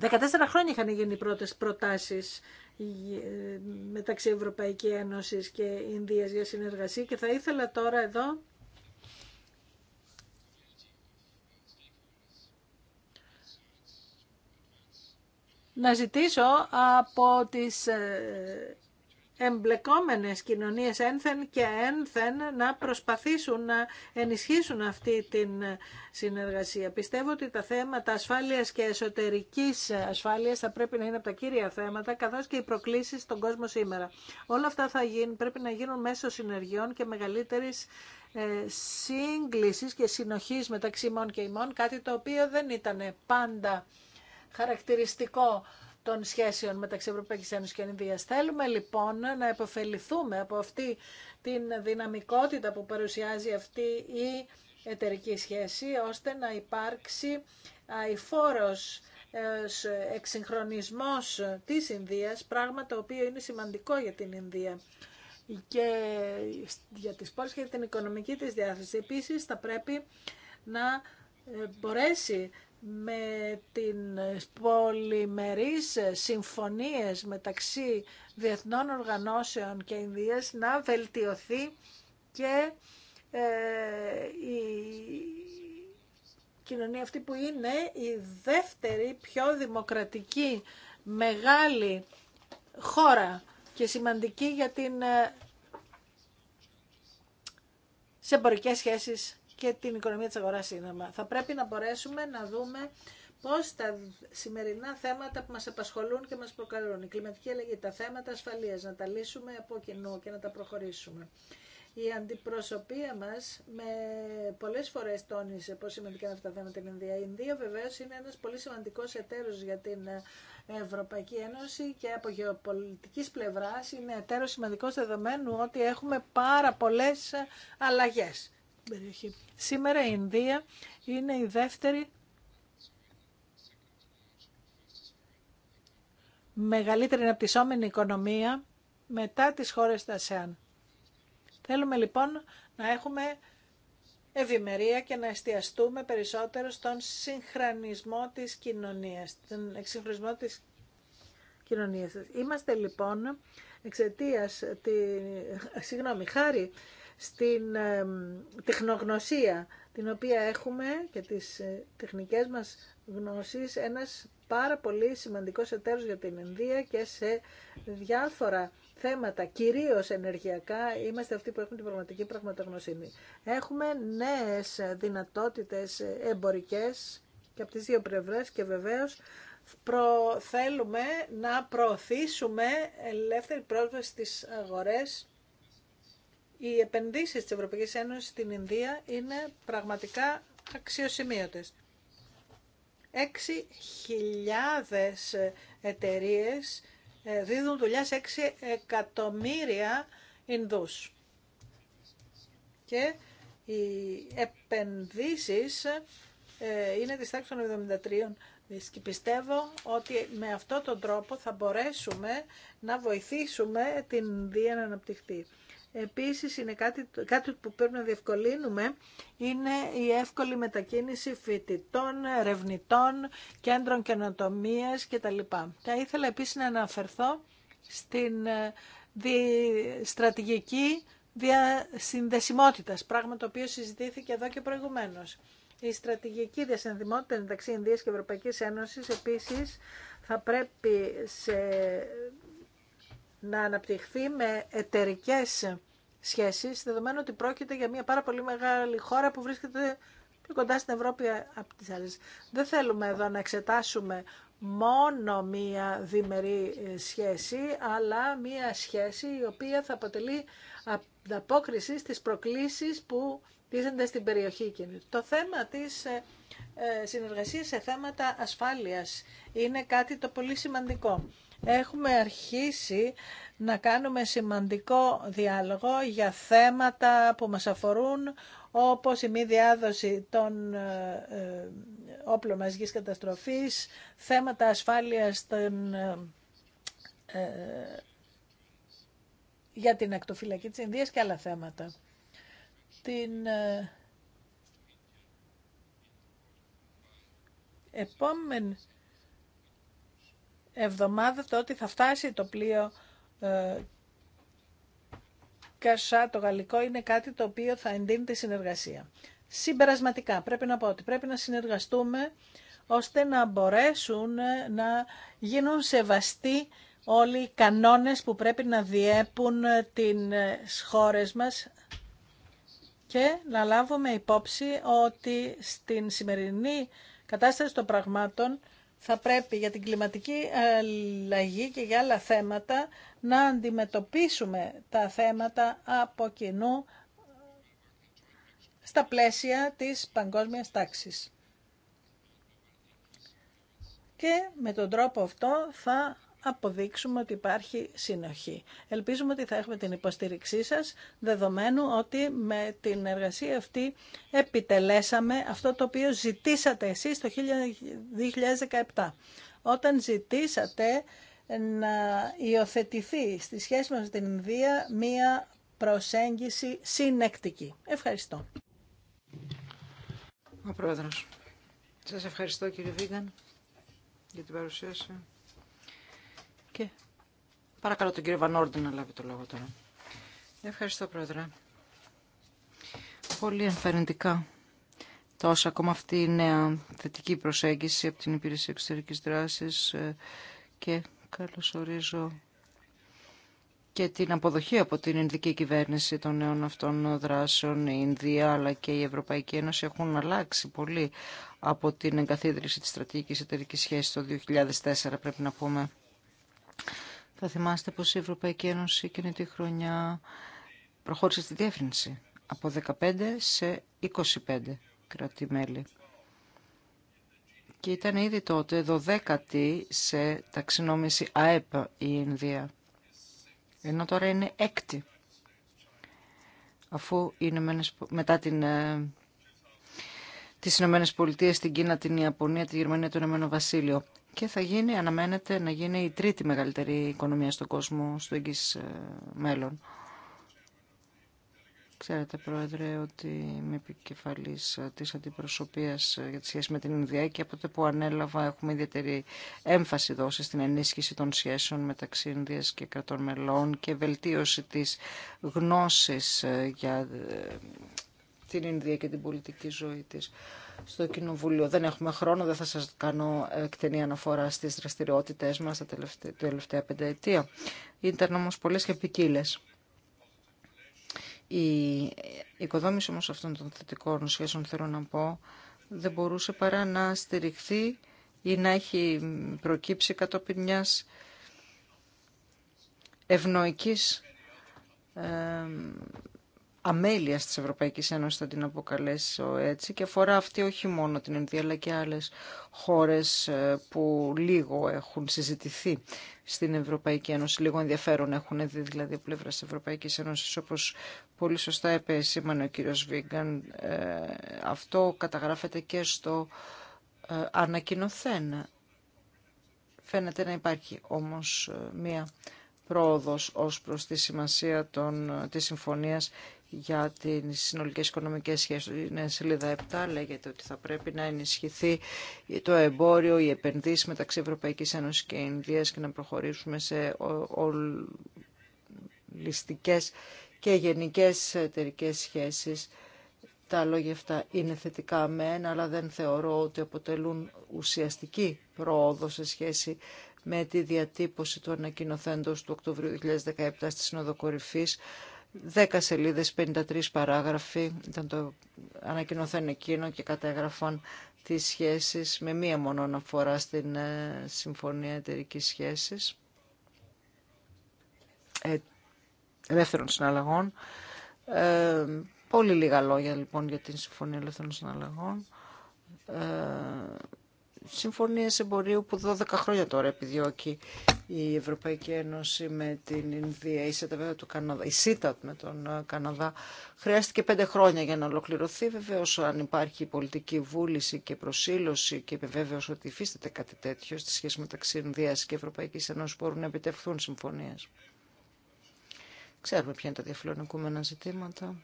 14 χρόνια είχαν γίνει οι πρώτες προτάσεις μεταξύ Ευρωπαϊκή Ένωσης και Ινδίας για συνεργασία και θα ήθελα τώρα εδώ να ζητήσω από τις ε, εμπλεκόμενες κοινωνίες ένθεν και ένθεν να προσπαθήσουν να ενισχύσουν αυτή την συνεργασία. Πιστεύω ότι τα θέματα ασφάλειας και εσωτερικής ασφάλειας θα πρέπει να είναι από τα κύρια θέματα, καθώς και οι προκλήσεις στον κόσμο σήμερα. Όλα αυτά θα γίνουν, πρέπει να γίνουν μέσω συνεργειών και μεγαλύτερης ε, σύγκλησης και συνοχής μεταξύ ημών και ημών, κάτι το οποίο δεν ήταν πάντα χαρακτηριστικό των σχέσεων μεταξύ Ευρωπαϊκής Ένωση και Ινδία. Θέλουμε λοιπόν να επωφεληθούμε από αυτή την δυναμικότητα που παρουσιάζει αυτή η εταιρική σχέση, ώστε να υπάρξει αηφόρος ε, εξυγχρονισμός της Ινδίας, πράγμα το οποίο είναι σημαντικό για την Ινδία και για τις πόλεις και για την οικονομική της διάθεση. Επίσης θα πρέπει να ε, μπορέσει με την πολυμερείς συμφωνίες μεταξύ διεθνών οργανώσεων και Ινδίας να βελτιωθεί και ε, η κοινωνία αυτή που είναι η δεύτερη πιο δημοκρατική μεγάλη χώρα και σημαντική για την ε, σε εμπορικές σχέσεις και την οικονομία της αγοράς σύνομα. Θα πρέπει να μπορέσουμε να δούμε πώς τα σημερινά θέματα που μας απασχολούν και μας προκαλούν, η κλιματική αλλαγή, τα θέματα ασφαλείας, να τα λύσουμε από κοινού και να τα προχωρήσουμε. Η αντιπροσωπεία μας με πολλές φορές τόνισε πώς σημαντικά είναι αυτά τα θέματα στην Ινδία. Η Ινδία βεβαίως είναι ένας πολύ σημαντικός εταίρος για την Ευρωπαϊκή Ένωση και από γεωπολιτικής πλευράς είναι εταίρος σημαντικός δεδομένου ότι έχουμε πάρα πολλές αλλαγές. Σήμερα η Ινδία είναι η δεύτερη μεγαλύτερη αναπτυσσόμενη οικονομία μετά τις χώρες της ΑΣΕΑΝ. Θέλουμε λοιπόν να έχουμε ευημερία και να εστιαστούμε περισσότερο στον συγχρονισμό της κοινωνίας, τον εξυγχρονισμό της κοινωνίας. Είμαστε λοιπόν εξαιτίας, τη... συγγνώμη, χάρη στην τεχνογνωσία την οποία έχουμε και τις ε, τεχνικές μας γνώσεις ένας πάρα πολύ σημαντικός εταίρος για την Ινδία και σε διάφορα θέματα, κυρίως ενεργειακά, είμαστε αυτοί που έχουν την πραγματική πραγματογνωσύνη. Έχουμε νέες δυνατότητες εμπορικές και από τις δύο πλευρές και βεβαίως προ... θέλουμε να προωθήσουμε ελεύθερη πρόσβαση στις αγορές οι επενδύσεις της Ευρωπαϊκή Ένωση στην Ινδία είναι πραγματικά αξιοσημείωτες. 6.000 εταιρείες ε, δίδουν δουλειά σε 6 εκατομμύρια Ινδούς. Και οι επενδύσεις ε, είναι της τάξης των 73 και πιστεύω ότι με αυτόν τον τρόπο θα μπορέσουμε να βοηθήσουμε την Ινδία να αναπτυχθεί. Επίσης είναι κάτι, κάτι που πρέπει να διευκολύνουμε είναι η εύκολη μετακίνηση φοιτητών, ερευνητών, κέντρων καινοτομία κτλ. Θα ήθελα επίσης να αναφερθώ στην ε, στρατηγική διασυνδεσιμότητας, πράγμα το οποίο συζητήθηκε εδώ και προηγουμένως. Η στρατηγική διασυνδεσιμότητα μεταξύ Ινδίας και Ευρωπαϊκής Ένωσης επίσης θα πρέπει σε να αναπτυχθεί με εταιρικέ σχέσεις, δεδομένου ότι πρόκειται για μια πάρα πολύ μεγάλη χώρα που βρίσκεται πιο κοντά στην Ευρώπη από τις άλλες. Δεν θέλουμε εδώ να εξετάσουμε μόνο μία διμερή ε, σχέση, αλλά μία σχέση η οποία θα αποτελεί απόκριση στις προκλήσεις που τίθενται στην περιοχή εκείνη. Το θέμα της ε, ε, συνεργασίας σε θέματα ασφάλειας είναι κάτι το πολύ σημαντικό έχουμε αρχίσει να κάνουμε σημαντικό διάλογο για θέματα που μας αφορούν όπως η μη διάδοση των ε, ε, όπλων μαζικής καταστροφής, θέματα ασφάλειας των, ε, για την ακτοφυλακή της Ινδίας και άλλα θέματα. Την επόμενη εβδομάδα το ότι θα φτάσει το πλοίο ε, Κασά, το γαλλικό, είναι κάτι το οποίο θα εντείνει τη συνεργασία. Συμπερασματικά πρέπει να πω ότι πρέπει να συνεργαστούμε ώστε να μπορέσουν ε, να γίνουν σεβαστοί όλοι οι κανόνες που πρέπει να διέπουν ε, τις ε, χώρες μας και να λάβουμε υπόψη ότι στην σημερινή κατάσταση των πραγμάτων θα πρέπει για την κλιματική αλλαγή και για άλλα θέματα να αντιμετωπίσουμε τα θέματα από κοινού στα πλαίσια της παγκόσμιας τάξης. Και με τον τρόπο αυτό θα αποδείξουμε ότι υπάρχει συνοχή. Ελπίζουμε ότι θα έχουμε την υποστήριξή σας, δεδομένου ότι με την εργασία αυτή επιτελέσαμε αυτό το οποίο ζητήσατε εσείς το 2017. Όταν ζητήσατε να υιοθετηθεί στη σχέση μας με την Ινδία μία προσέγγιση συνεκτική. Ευχαριστώ. Ο Πρόεδρος. Σας ευχαριστώ κύριε Βίγκαν για την παρουσίαση. Και παρακαλώ τον κύριο Βανόρντι να λάβει το λόγο τώρα. Ευχαριστώ, Πρόεδρε. Πολύ ενθαρρυντικά τόσο ακόμα αυτή η νέα θετική προσέγγιση από την Υπηρεσία Εξωτερικής Δράσης ε, και καλωσορίζω και την αποδοχή από την Ινδική κυβέρνηση των νέων αυτών δράσεων. Η Ινδία αλλά και η Ευρωπαϊκή Ένωση έχουν αλλάξει πολύ από την εγκαθίδρυση της στρατηγικής εταιρικής σχέσης το 2004 πρέπει να πούμε. Θα θυμάστε πως η Ευρωπαϊκή Ένωση εκείνη τη χρονιά προχώρησε στη διεύρυνση από 15 σε 25 κράτη-μέλη. Και ήταν ήδη τότε 12η σε ταξινόμηση ΑΕΠ η Ινδία. Ενώ τώρα είναι έκτη. Αφού είναι μετά την ε, τις Ηνωμένε Πολιτείε, την Κίνα, την Ιαπωνία, τη Γερμανία, το Ηνωμένο Βασίλειο. Και θα γίνει, αναμένεται, να γίνει η τρίτη μεγαλύτερη οικονομία στον κόσμο στο εγγύς ε, μέλλον. Ξέρετε, Πρόεδρε, ότι είμαι επικεφαλή ε, τη αντιπροσωπεία ε, για τη σχέση με την Ινδία και από τότε που ανέλαβα έχουμε ιδιαίτερη έμφαση δώσει στην ενίσχυση των σχέσεων μεταξύ Ινδία και κρατών μελών και βελτίωση τη γνώση για την Ινδία και την πολιτική ζωή της στο Κοινοβούλιο. Δεν έχουμε χρόνο, δεν θα σας κάνω ε, εκτενή αναφορά στις δραστηριότητες μας τα τελευταία, τελευταία πενταετία. Ήταν όμως πολλές και ποικίλε. Η οικοδόμηση όμως αυτών των θετικών σχέσεων θέλω να πω δεν μπορούσε παρά να στηριχθεί ή να έχει προκύψει κατόπιν μιας ευνοϊκής ε, Αμέλεια τη ευρωπαϊκή Ένωση θα την αποκαλέσω έτσι και αφορά αυτή όχι μόνο την Ινδία αλλά και άλλε χώρε ε, που λίγο έχουν συζητηθεί στην Ευρωπαϊκή Ένωση, λίγο ενδιαφέρον έχουν δει δηλαδή πλευρά τη Ευρωπαϊκή Ένωση. όπως πολύ σωστά επεσήμανε ο κύριος Βίγκαν ε, αυτό καταγράφεται και στο ε, ανακοινωθέν. φαίνεται να υπάρχει όμως μία πρόοδος ως προς τη σημασία των, της συμφωνίας για τις συνολικές οικονομικές σχέσεις. Είναι σελίδα 7 λέγεται ότι θα πρέπει να ενισχυθεί το εμπόριο, η επενδύσεις μεταξύ Ευρωπαϊκής Ένωσης και Ινδίας και να προχωρήσουμε σε ολιστικές και γενικές εταιρικέ σχέσεις. Τα λόγια αυτά είναι θετικά με μεν, αλλά δεν θεωρώ ότι αποτελούν ουσιαστική πρόοδο σε σχέση με τη διατύπωση του ανακοινοθέντος του Οκτωβρίου 2017 στη Συνοδοκορυφής 10 σελίδες, 53 παράγραφοι ήταν το ανακοινωθέν εκείνο και κατέγραφαν τις σχέσεις με μία μόνο αναφορά στην ε, Συμφωνία εταιρική Σχέσης ε, Ελεύθερων Συναλλαγών. Ε, πολύ λίγα λόγια λοιπόν για την Συμφωνία Ελεύθερων Συναλλαγών. Ε, συμφωνίες εμπορίου που 12 χρόνια τώρα επιδιώκει η Ευρωπαϊκή Ένωση με την Ινδία, η ΣΥΤΑΤ του Καναδά, η ΣΥΤΑ με τον ε, Καναδά. Χρειάστηκε πέντε χρόνια για να ολοκληρωθεί. βεβαίω αν υπάρχει πολιτική βούληση και προσήλωση και βεβαίως ότι υφίσταται κάτι τέτοιο στη σχέση μεταξύ Ινδία και Ευρωπαϊκή Ένωση μπορούν να επιτευχθούν συμφωνίε. Ξέρουμε ποια είναι τα διαφιλονικούμενα ζητήματα.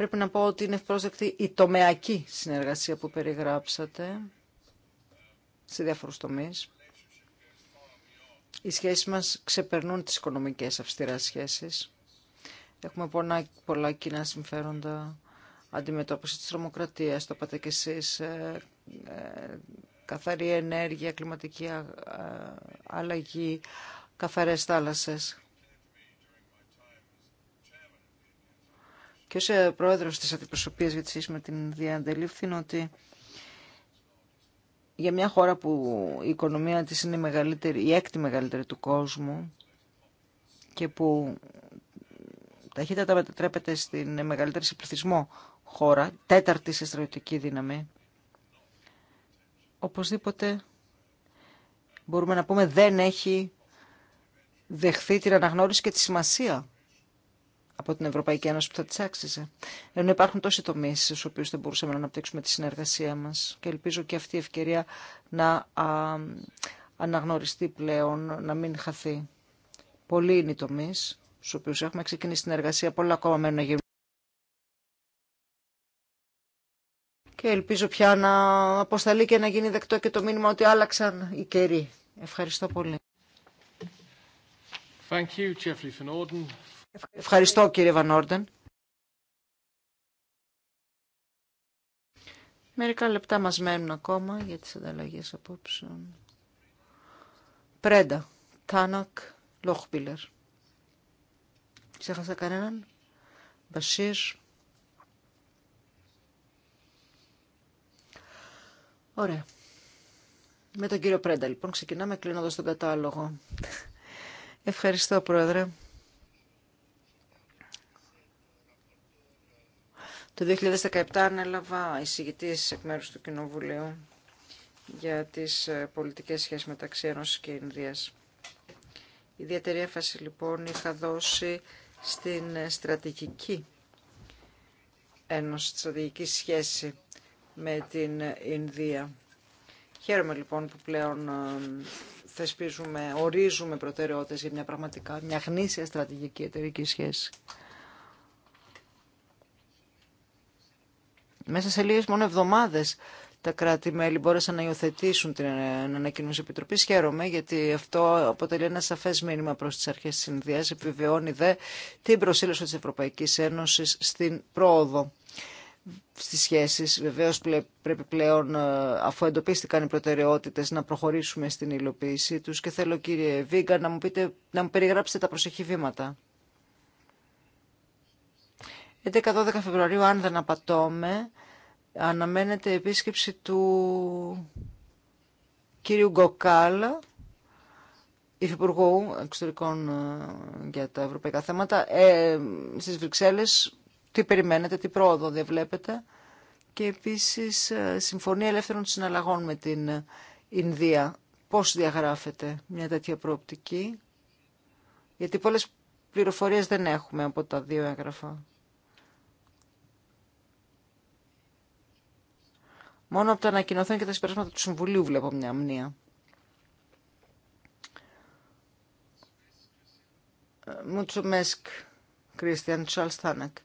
Πρέπει να πω ότι είναι ευπρόσδεκτη η τομεακή συνεργασία που περιγράψατε σε διάφορους τομείς. Οι σχέσεις μας ξεπερνούν τις οικονομικές αυστηρά σχέσεις. Έχουμε πολλά, κοινά συμφέροντα, αντιμετώπιση της τρομοκρατίας, το είπατε και εσείς, ε, ε, καθαρή ενέργεια, κλιματική αλλαγή, καθαρές θάλασσες. και ως ε, πρόεδρος της αντιπροσωπείας για τη σχέση με την ότι για μια χώρα που η οικονομία της είναι η, μεγαλύτερη, η έκτη μεγαλύτερη του κόσμου και που ταχύτατα μετατρέπεται στην μεγαλύτερη σε χώρα, τέταρτη σε στρατιωτική δύναμη, οπωσδήποτε μπορούμε να πούμε δεν έχει δεχθεί την αναγνώριση και τη σημασία από την Ευρωπαϊκή Ένωση που θα τι άξιζε. Ενώ υπάρχουν τόσοι τομείς στου οποίου δεν μπορούσαμε να αναπτύξουμε τη συνεργασία μας και ελπίζω και αυτή η ευκαιρία να αναγνωριστεί πλέον, να μην χαθεί. Πολλοί είναι οι τομείς στου οποίου έχουμε ξεκινήσει συνεργασία, πολλά ακόμα μένουν να γίνουν. Και ελπίζω πια να αποσταλεί και να γίνει δεκτό και το μήνυμα ότι άλλαξαν οι καιροί. Ευχαριστώ πολύ. Thank you, Jeffrey Ευχαριστώ κύριε Βανόρντεν. Μερικά λεπτά μας μένουν ακόμα για τις ανταλλαγές απόψεων. Πρέντα, Τάνακ, Λόχπιλερ. Ξέχασα κανέναν. Μπασίρ. Ωραία. Με τον κύριο Πρέντα λοιπόν ξεκινάμε κλείνοντας τον κατάλογο. Ευχαριστώ πρόεδρε. Το 2017 ανέλαβα εισηγητής εκ μέρου του Κοινοβουλίου για τις ε, πολιτικές σχέσεις μεταξύ Ένωση και Ινδία. Ιδιαίτερη έφαση λοιπόν είχα δώσει στην ε, στρατηγική ένωση, στρατηγική σχέση με την ε, Ινδία. Χαίρομαι λοιπόν που πλέον θεσπίζουμε, ορίζουμε προτεραιότητες για μια πραγματικά, μια γνήσια στρατηγική εταιρική σχέση Μέσα σε λίγες μόνο εβδομάδες τα κράτη-μέλη μπόρεσαν να υιοθετήσουν την ανακοίνωση επιτροπή. Χαίρομαι γιατί αυτό αποτελεί ένα σαφέ μήνυμα προ τι αρχέ τη Ινδία. Επιβεβαιώνει δε την προσήλωση τη Ευρωπαϊκή Ένωση στην πρόοδο στι σχέσει. Βεβαίω πρέπει πλέον, ε, αφού εντοπίστηκαν οι προτεραιότητε, να προχωρήσουμε στην υλοποίησή του. Και θέλω, κύριε Βίγκα, να μου, να μου περιγράψετε τα προσεχή βήματα. 11-12 Φεβρουαρίου, αν δεν απατώμε, αναμένεται η επίσκεψη του κύριου Γκοκάλα, Υφυπουργού Εξωτερικών ε, για τα Ευρωπαϊκά Θέματα, ε, στις Βρυξέλλες, τι περιμένετε, τι πρόοδο διαβλέπετε και επίσης ε, Συμφωνία Ελεύθερων Συναλλαγών με την Ινδία. Πώς διαγράφεται μια τέτοια προοπτική, γιατί πολλές πληροφορίες δεν έχουμε από τα δύο έγγραφα. Μόνο από τα ανακοινωθέν και τα συμπεράσματα του Συμβουλίου βλέπω μια αμνία. Ε, Μουτσομέσκ, Κρίστιαν Τσάλ Στάνακ.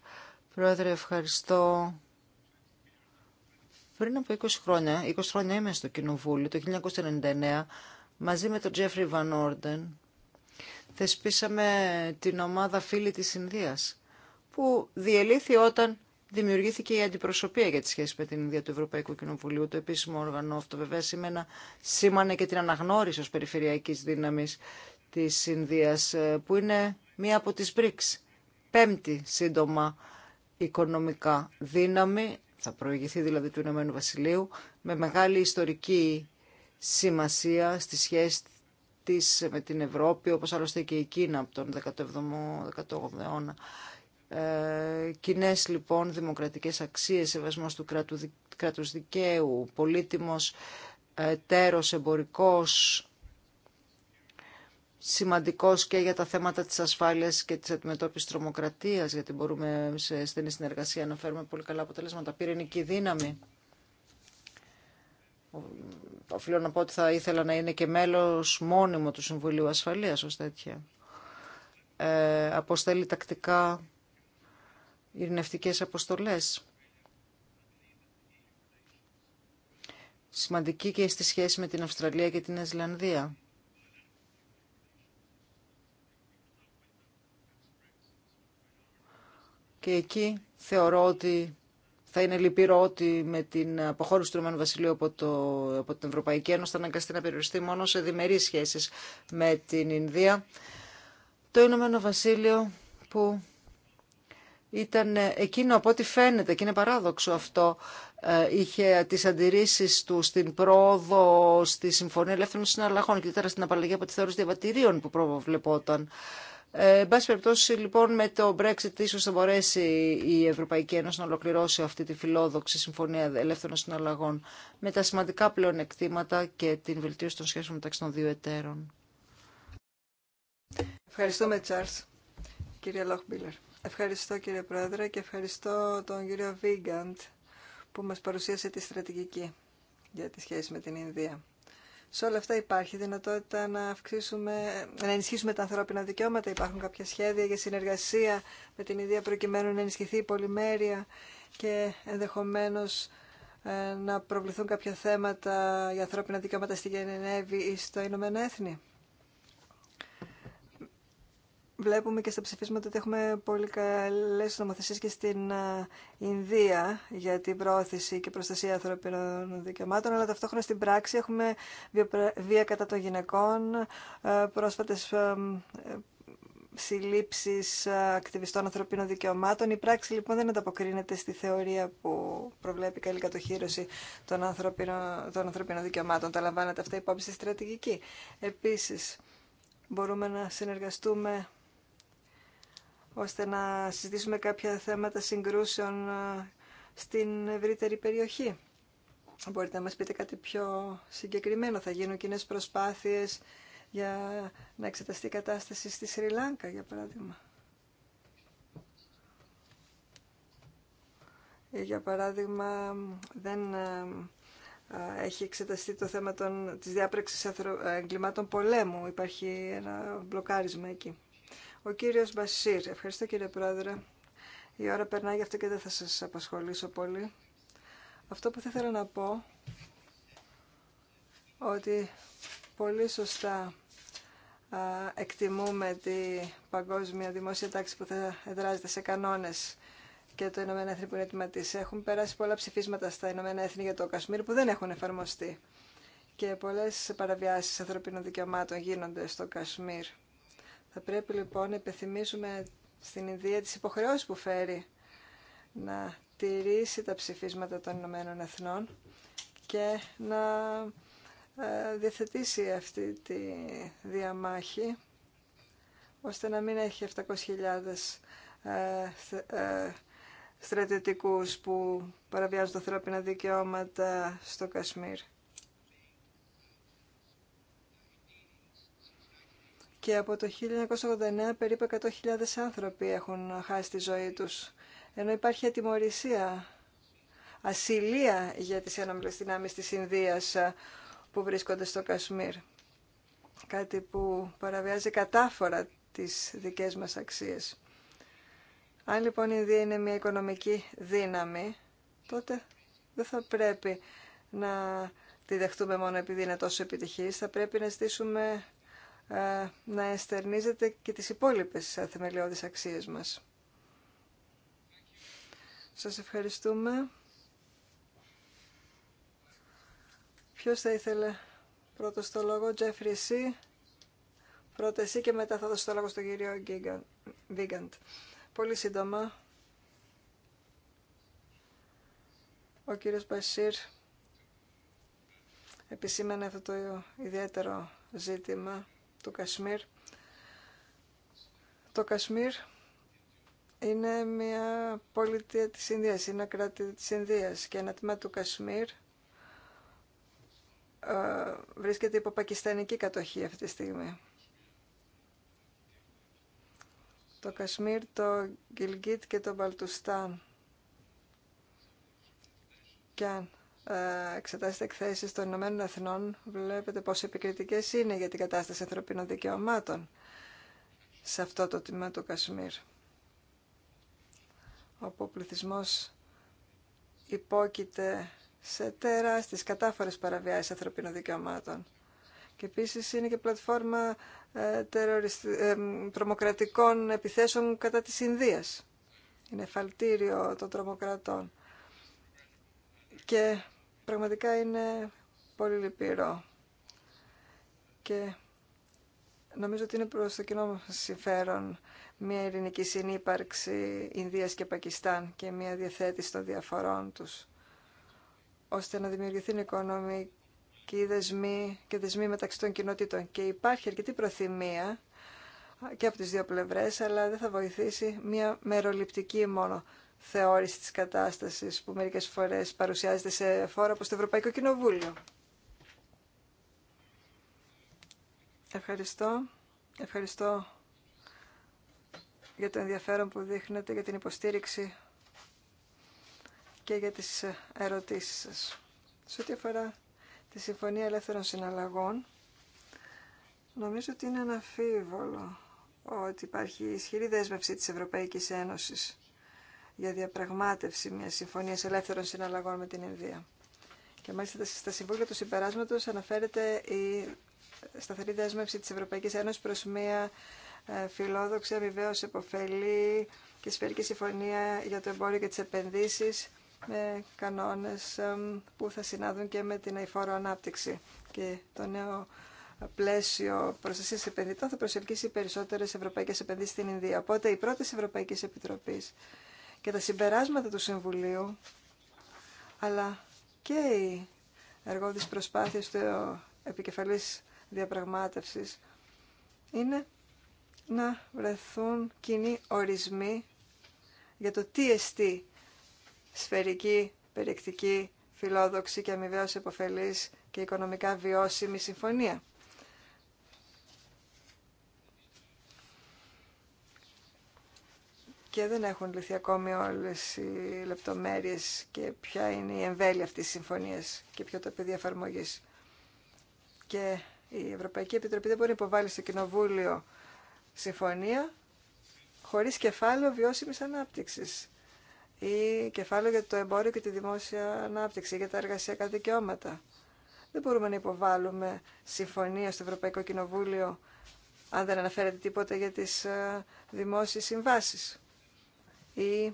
Πρόεδρε, ευχαριστώ. Πριν από 20 χρόνια, 20 χρόνια είμαι στο Κοινοβούλιο, το 1999, μαζί με τον Τζέφρι Βαν Όρντεν, θεσπίσαμε την ομάδα Φίλη της Ινδίας, που διελήθη όταν δημιουργήθηκε η αντιπροσωπεία για τη σχέση με την Ινδία του Ευρωπαϊκού Κοινοβουλίου, το επίσημο όργανο αυτό βέβαια σήμαινα, σήμανε και την αναγνώριση ως περιφερειακής δύναμης της Ινδίας, ε, που είναι μία από τις BRICS, πέμπτη σύντομα οικονομικά δύναμη, θα προηγηθεί δηλαδή του Ηνωμένου Βασιλείου, με μεγάλη ιστορική σημασία στη σχέση της με την Ευρώπη, όπως άλλωστε και η Κίνα από τον 17ο, 18ο αιώνα. Ε, Κοινέ λοιπόν δημοκρατικές αξίες, σεβασμός του κράτου, κράτους δικαίου, πολύτιμος ε, τέρος εμπορικός, σημαντικός και για τα θέματα της ασφάλειας και της αντιμετώπισης τρομοκρατίας, γιατί μπορούμε σε στενή συνεργασία να φέρουμε πολύ καλά αποτελέσματα. Πυρηνική δύναμη. Οφείλω να πω ότι θα ήθελα να είναι και μέλος μόνιμο του Συμβουλίου Ασφαλείας ως τέτοια. Ε, αποστέλει τακτικά ειρηνευτικές αποστολές. Σημαντική και στη σχέση με την Αυστραλία και την Ισλανδία. Και εκεί θεωρώ ότι θα είναι λυπηρό ότι με την αποχώρηση του Ρωμανού Βασιλείου από, το, από την Ευρωπαϊκή Ένωση θα αναγκαστεί να περιοριστεί μόνο σε διμερείς σχέσεις με την Ινδία. Το Ηνωμένο Βασίλειο που ήταν ε, εκείνο από ό,τι φαίνεται και είναι παράδοξο αυτό ε, είχε τις αντιρρήσεις του στην πρόοδο στη Συμφωνία Ελεύθερων Συναλλαγών και τώρα στην απαλλαγή από τη θεώρηση διαβατηρίων που προβλεπόταν. Ε, εν πάση λοιπόν, με το Brexit ίσως θα μπορέσει η Ευρωπαϊκή Ένωση να ολοκληρώσει αυτή τη φιλόδοξη Συμφωνία Ελεύθερων Συναλλαγών με τα σημαντικά πλέον εκτήματα και την βελτίωση των σχέσεων μεταξύ των δύο εταίρων. Ευχαριστούμε, Τσάρς. Κυρία Λόχμπίλερ. Ευχαριστώ κύριε Πρόεδρε και ευχαριστώ τον κύριο Βίγκαντ που μας παρουσίασε τη στρατηγική για τη σχέση με την Ινδία. Σε όλα αυτά υπάρχει δυνατότητα να, αυξήσουμε, να ενισχύσουμε τα ανθρώπινα δικαιώματα, υπάρχουν κάποια σχέδια για συνεργασία με την Ινδία προκειμένου να ενισχυθεί η πολυμέρεια και ενδεχομένως ε, να προβληθούν κάποια θέματα για ανθρώπινα δικαιώματα στη Γενενέβη ή στο Ηνωμένο Έθνη βλέπουμε και στα ψηφίσματα ότι έχουμε πολύ καλές νομοθεσίες και στην ε, Ινδία για την πρόθεση και προστασία ανθρωπίνων δικαιωμάτων, αλλά ταυτόχρονα στην πράξη έχουμε βία κατά των γυναικών, ε, πρόσφατες ε, συλλήψεις ακτιβιστών ανθρωπίνων δικαιωμάτων. Η πράξη λοιπόν δεν ανταποκρίνεται στη θεωρία που προβλέπει καλή κατοχήρωση των ανθρωπίνων, των ανθρωπίνων δικαιωμάτων. Τα λαμβάνεται αυτά υπόψη στη στρατηγική. Επίσης, μπορούμε να συνεργαστούμε ώστε να συζητήσουμε κάποια θέματα συγκρούσεων ε, στην ευρύτερη περιοχή. Μπορείτε να μας πείτε κάτι πιο συγκεκριμένο. Θα γίνουν κοινέ προσπάθειες για να εξεταστεί η κατάσταση στη Σρι για παράδειγμα. Ε, για παράδειγμα, δεν ε, έχει εξεταστεί το θέμα των, της διάπρεξης εγκλημάτων πολέμου. Υπάρχει ένα μπλοκάρισμα εκεί. Ο κύριος Μπασίρ. Ευχαριστώ κύριε Πρόεδρε. Η ώρα περνάει γι' αυτό και δεν θα σας απασχολήσω πολύ. Αυτό που θα ήθελα να πω ότι πολύ σωστά εκτιμούμε τη παγκόσμια δημόσια τάξη που θα εδράζεται σε κανόνες και το Ηνωμένα Έθνη που είναι ετοιματίσει. Έχουν περάσει πολλά ψηφίσματα στα Ηνωμένα Έθνη για το Κασμίρ που δεν έχουν εφαρμοστεί και πολλές παραβιάσεις ανθρωπίνων δικαιωμάτων γίνονται στο Κασμίρ. Θα πρέπει λοιπόν να υπενθυμίσουμε στην Ινδία τις υποχρεώσεις που φέρει να τηρήσει τα ψηφίσματα των Ηνωμένων Εθνών και να ε, διαθετήσει αυτή τη διαμάχη ώστε να μην έχει 700.000 ε, ε, στρατιωτικούς που παραβιάζουν τα ανθρώπινα δικαιώματα στο Κασμίρ. και από το 1989 περίπου 100.000 άνθρωποι έχουν χάσει τη ζωή τους. Ενώ υπάρχει ατιμορρησία, ασυλία για τις ένομιλες δυνάμεις της Ινδίας ε, που βρίσκονται στο Κασμίρ. Κάτι που παραβιάζει κατάφορα τις δικές μας αξίες. Αν λοιπόν η Ινδία είναι μια οικονομική δύναμη, τότε δεν θα πρέπει να τη δεχτούμε μόνο επειδή είναι τόσο επιτυχής. Θα πρέπει να ζητήσουμε ε, να εστερνίζεται και τις υπόλοιπες ε, θεμελιώδεις αξίες μας. Σας ευχαριστούμε. Ποιος θα ήθελε πρώτο το λόγο, Τζέφρι εσύ, πρώτα εσύ και μετά θα δώσω το λόγο στον κύριο Βίγκαντ. Πολύ σύντομα. Ο κύριος Μπασίρ επισήμανε αυτό το ιδιαίτερο ζήτημα του Κασμίρ. Το Κασμίρ είναι μια πολιτεία της Ινδίας, είναι ένα κράτη της Ινδίας και ένα τμήμα του Κασμίρ ε, βρίσκεται υπό πακιστανική κατοχή αυτή τη στιγμή. Το Κασμίρ, το Γκυλγκίτ και το Μπαλτουστάν. Και ε, εξετάσετε εκθέσεις των Ηνωμένων Εθνών, βλέπετε πόσο επικριτικές είναι για την κατάσταση ανθρωπίνων δικαιωμάτων σε αυτό το τμήμα του Κασμίρ, όπου ο πληθυσμό υπόκειται σε τεράστιες κατάφορες παραβιάσεις ανθρωπίνων δικαιωμάτων. Και επίσης είναι και πλατφόρμα ε, ε τρομοκρατικών επιθέσεων κατά της Ινδίας. Είναι φαλτήριο των τρομοκρατών. Και Πραγματικά είναι πολύ λυπηρό και νομίζω ότι είναι προς το κοινό μας συμφέρον μια ειρηνική συνύπαρξη Ινδίας και Πακιστάν και μια διαθέτηση των διαφορών τους ώστε να δημιουργηθούν οικονομική δεσμοί και δεσμοί μεταξύ των κοινοτήτων. Και υπάρχει αρκετή προθυμία και από τις δύο πλευρές, αλλά δεν θα βοηθήσει μια μεροληπτική μόνο θεώρηση της κατάστασης που μερικές φορές παρουσιάζεται σε φόρα όπως το Ευρωπαϊκό Κοινοβούλιο. Ευχαριστώ. Ευχαριστώ για το ενδιαφέρον που δείχνετε, για την υποστήριξη και για τις ερωτήσεις σας. Σε ό,τι αφορά τη Συμφωνία Ελεύθερων Συναλλαγών, νομίζω ότι είναι αναφίβολο ότι υπάρχει ισχυρή δέσμευση της Ευρωπαϊκής Ένωσης για διαπραγμάτευση μια συμφωνία ελεύθερων συναλλαγών με την Ινδία. Και μάλιστα στα συμβούλια του συμπεράσματο αναφέρεται η σταθερή δέσμευση τη Ευρωπαϊκή Ένωση προ μια ε, φιλόδοξη, αμοιβαίω επωφελή και σφαιρική συμφωνία για το εμπόριο και τι επενδύσει με κανόνε που θα συνάδουν και με την αηφόρο ανάπτυξη. Και το νέο πλαίσιο προστασία επενδυτών θα προσελκύσει περισσότερε ευρωπαϊκέ επενδύσει στην Ινδία. Οπότε η πρώτη Ευρωπαϊκή Επιτροπή και τα συμπεράσματα του Συμβουλίου, αλλά και οι εργόντες προσπάθειες του επικεφαλής διαπραγμάτευσης είναι να βρεθούν κοινοί ορισμοί για το τι εστί σφαιρική, περιεκτική, φιλόδοξη και αμοιβαίως επωφελής και οικονομικά βιώσιμη συμφωνία. και δεν έχουν λυθεί ακόμη όλες οι λεπτομέρειες και ποια είναι η εμβέλεια αυτής της συμφωνίας και ποιο το πεδίο εφαρμογή. Και η Ευρωπαϊκή Επιτροπή δεν μπορεί να υποβάλει στο Κοινοβούλιο συμφωνία χωρίς κεφάλαιο βιώσιμης ανάπτυξης ή κεφάλαιο για το εμπόριο και τη δημόσια ανάπτυξη, για τα εργασιακά δικαιώματα. Δεν μπορούμε να υποβάλουμε συμφωνία στο Ευρωπαϊκό Κοινοβούλιο αν δεν αναφέρεται τίποτα για τις ε, δημόσιες συμβάσεις ή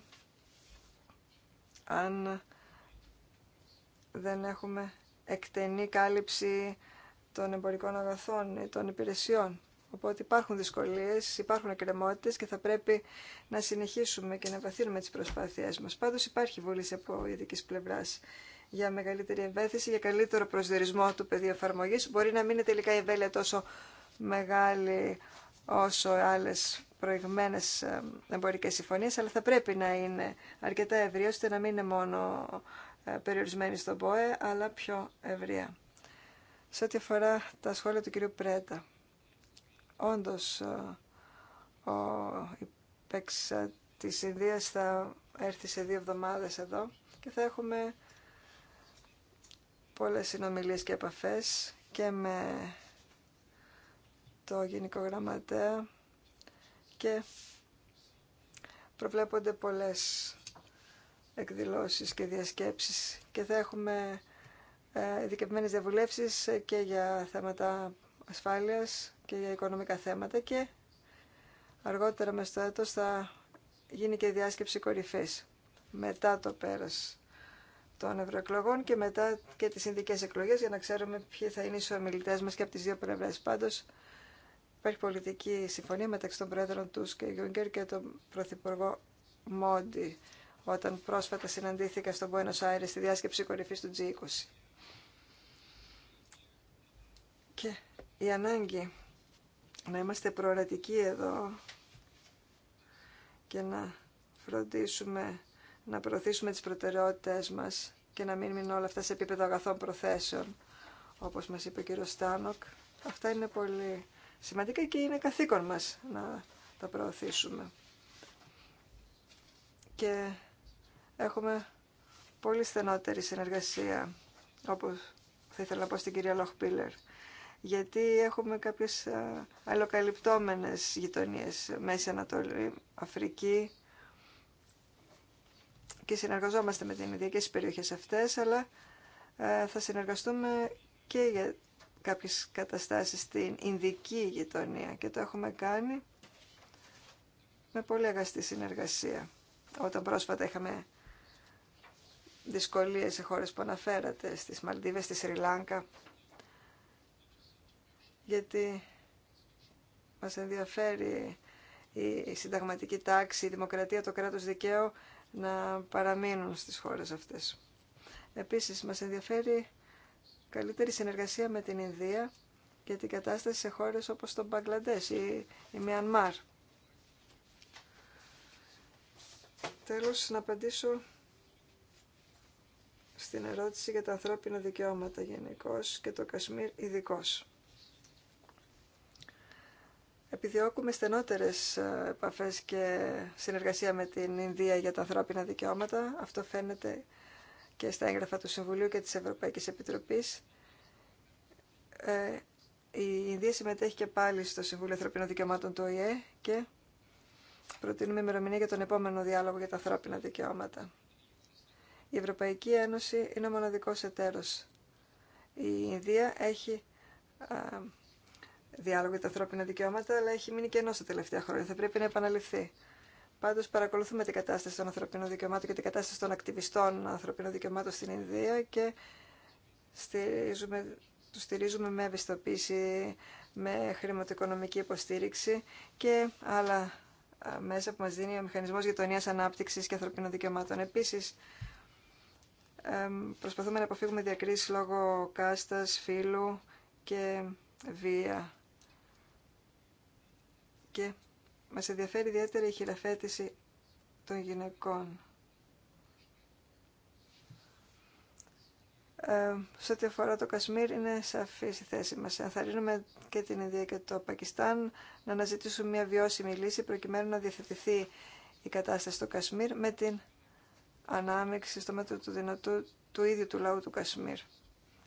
αν δεν έχουμε εκτενή κάλυψη των εμπορικών αγαθών ή των υπηρεσιών. Οπότε υπάρχουν δυσκολίες, υπάρχουν εκκρεμότητες και θα πρέπει να συνεχίσουμε και να βαθύνουμε τις προσπάθειές μας. Πάντως υπάρχει βούληση από ειδική πλευράς για μεγαλύτερη ευέθυνση, για καλύτερο προσδιορισμό του πεδίου εφαρμογή. Μπορεί να μην είναι τελικά η ευέλεια τόσο μεγάλη όσο άλλες προηγμένες ε, εμπορικές συμφωνίες, αλλά θα πρέπει να είναι αρκετά ευρύ, ώστε να μην είναι μόνο ε, περιορισμένη στον ΠΟΕ, αλλά πιο ευρεία. Σε ό,τι αφορά τα σχόλια του κυρίου Πρέτα, όντως ε, ο υπέξ της Ινδίας θα έρθει σε δύο εβδομάδες εδώ και θα έχουμε πολλές συνομιλίες και επαφές και με το Γενικό Γραμματέα και προβλέπονται πολλές εκδηλώσεις και διασκέψεις και θα έχουμε ε, ειδικευμένε διαβουλεύσεις και για θέματα ασφάλειας και για οικονομικά θέματα και αργότερα μες στο έτος θα γίνει και διάσκεψη κορυφής μετά το πέρας των ευρωεκλογών και μετά και τις συνδικές εκλογές για να ξέρουμε ποιοι θα είναι οι ισοαμιλητές μας και από τις δύο πλευρές. Πάντως, Υπάρχει πολιτική συμφωνία μεταξύ των πρόεδρων του και Γιούγκερ και τον πρωθυπουργό Μόντι όταν πρόσφατα συναντήθηκα στον Πόενο Άιρες στη διάσκεψη κορυφής του G20. Και η ανάγκη να είμαστε προορατικοί εδώ και να φροντίσουμε να προωθήσουμε τις προτεραιότητες μας και να μην μείνουν όλα αυτά σε επίπεδο αγαθών προθέσεων, όπως μας είπε ο κύριος Στάνοκ. Αυτά είναι πολύ σημαντικά και είναι καθήκον μας να τα προωθήσουμε. Και έχουμε πολύ στενότερη συνεργασία, όπως θα ήθελα να πω στην κυρία Λοχπίλερ, γιατί έχουμε κάποιες ε, αλλοκαλυπτόμενες γειτονίες, Μέση Ανατολή, Αφρική, και συνεργαζόμαστε με την ίδια και στις περιοχές αυτές, αλλά ε, θα συνεργαστούμε και για κάποιες καταστάσεις στην Ινδική γειτονία και το έχουμε κάνει με πολύ αγαστή συνεργασία. Όταν πρόσφατα είχαμε δυσκολίες σε χώρες που αναφέρατε, στις Μαλδίβες, στη Σρι Λάγκα, γιατί μας ενδιαφέρει η συνταγματική τάξη, η δημοκρατία, το κράτος δικαίου να παραμείνουν στις χώρες αυτές. Επίσης, μας ενδιαφέρει καλύτερη συνεργασία με την Ινδία και την κατάσταση σε χώρες όπως το Μπαγκλαντές ή η Μιανμάρ. Τέλος, να απαντήσω στην ερώτηση για τα ανθρώπινα δικαιώματα γενικώ και το Κασμίρ ειδικώ. Επιδιώκουμε στενότερες ε, επαφές και συνεργασία με την Ινδία για τα ανθρώπινα δικαιώματα. Αυτό φαίνεται και στα έγγραφα του Συμβουλίου και της Ευρωπαϊκής Επιτροπής, ε, η Ινδία συμμετέχει και πάλι στο Συμβούλιο Ανθρωπίνων Δικαιωμάτων του ΟΗΕ και προτείνουμε ημερομηνία για τον επόμενο διάλογο για τα ανθρώπινα δικαιώματα. Η Ευρωπαϊκή Ένωση είναι ο μοναδικός εταίρος. Η Ινδία έχει α, διάλογο για τα ανθρώπινα δικαιώματα, αλλά έχει μείνει και τα τελευταία χρόνια. Θα πρέπει να επαναληφθεί. Πάντως παρακολουθούμε την κατάσταση των ανθρωπίνων δικαιωμάτων και την κατάσταση των ακτιβιστών ανθρωπίνων δικαιωμάτων στην Ινδία και στηρίζουμε, τους στηρίζουμε με ευαισθητοποίηση, με χρηματοοικονομική υποστήριξη και άλλα μέσα που μας δίνει ο Μηχανισμός Γειτονίας Ανάπτυξης και Ανθρωπίνων Δικαιωμάτων. Επίσης, προσπαθούμε να αποφύγουμε διακρίσεις λόγω κάστας, φύλου και βία. Και μας ενδιαφέρει ιδιαίτερα η χειραφέτηση των γυναικών. Ε, σε ό,τι αφορά το Κασμίρ είναι σαφή η θέση μας. Ανθαρρύνουμε και την Ινδία και το Πακιστάν να αναζητήσουν μια βιώσιμη λύση προκειμένου να διευθετηθεί η κατάσταση στο Κασμίρ με την ανάμειξη στο μέτρο του δυνατού του ίδιου του λαού του Κασμίρ.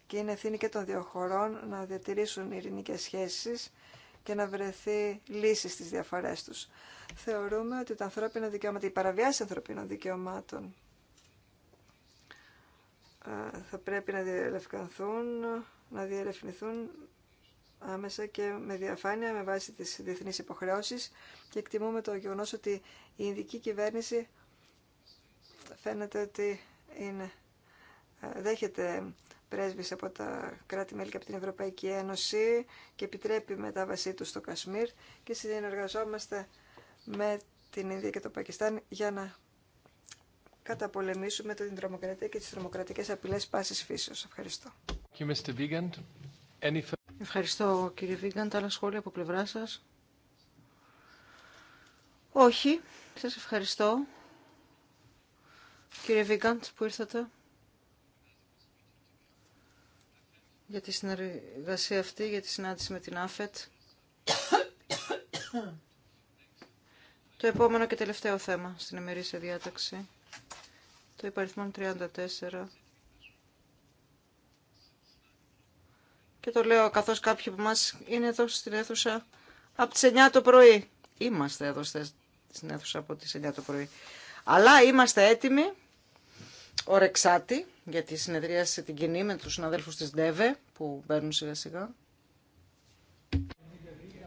Και είναι ευθύνη και των δύο χωρών να διατηρήσουν ειρηνικέ σχέσει και να βρεθεί λύση στις διαφορές τους. Θεωρούμε ότι τα ανθρώπινα δικαιώματα, η παραβιάση ανθρωπίνων δικαιωμάτων ε, θα πρέπει να διελευκανθούν, να διερευνηθούν άμεσα και με διαφάνεια με βάση τις διεθνείς υποχρεώσεις και εκτιμούμε το γεγονός ότι η Ινδική κυβέρνηση φαίνεται ότι είναι, ε, δέχεται πρέσβης από τα κράτη-μέλη και από την Ευρωπαϊκή Ένωση και επιτρέπει μετάβασή του στο Κασμίρ και συνεργαζόμαστε με την Ινδία και το Πακιστάν για να καταπολεμήσουμε την τρομοκρατία και τις τρομοκρατικές απειλές πάσης φύσεως. Ευχαριστώ. Ευχαριστώ κύριε Βίγκαντ. Άλλα σχόλια από πλευρά σας. Όχι. Σας ευχαριστώ. Κύριε Βίγκαντ που ήρθατε. για τη συνεργασία αυτή, για τη συνάντηση με την ΑΦΕΤ. Το επόμενο και τελευταίο θέμα στην ημερήσια διάταξη, το υπαριθμό 34. Και το λέω καθώς κάποιοι από μας είναι εδώ στην αίθουσα από τις 9 το πρωί. Είμαστε εδώ στην αίθουσα από τις 9 το πρωί. Αλλά είμαστε έτοιμοι, ορεξάτη, για τη συνεδρίαση την κοινή με τους συναδέλφους της ΔΕΒΕ που μπαίνουν σιγά σιγά.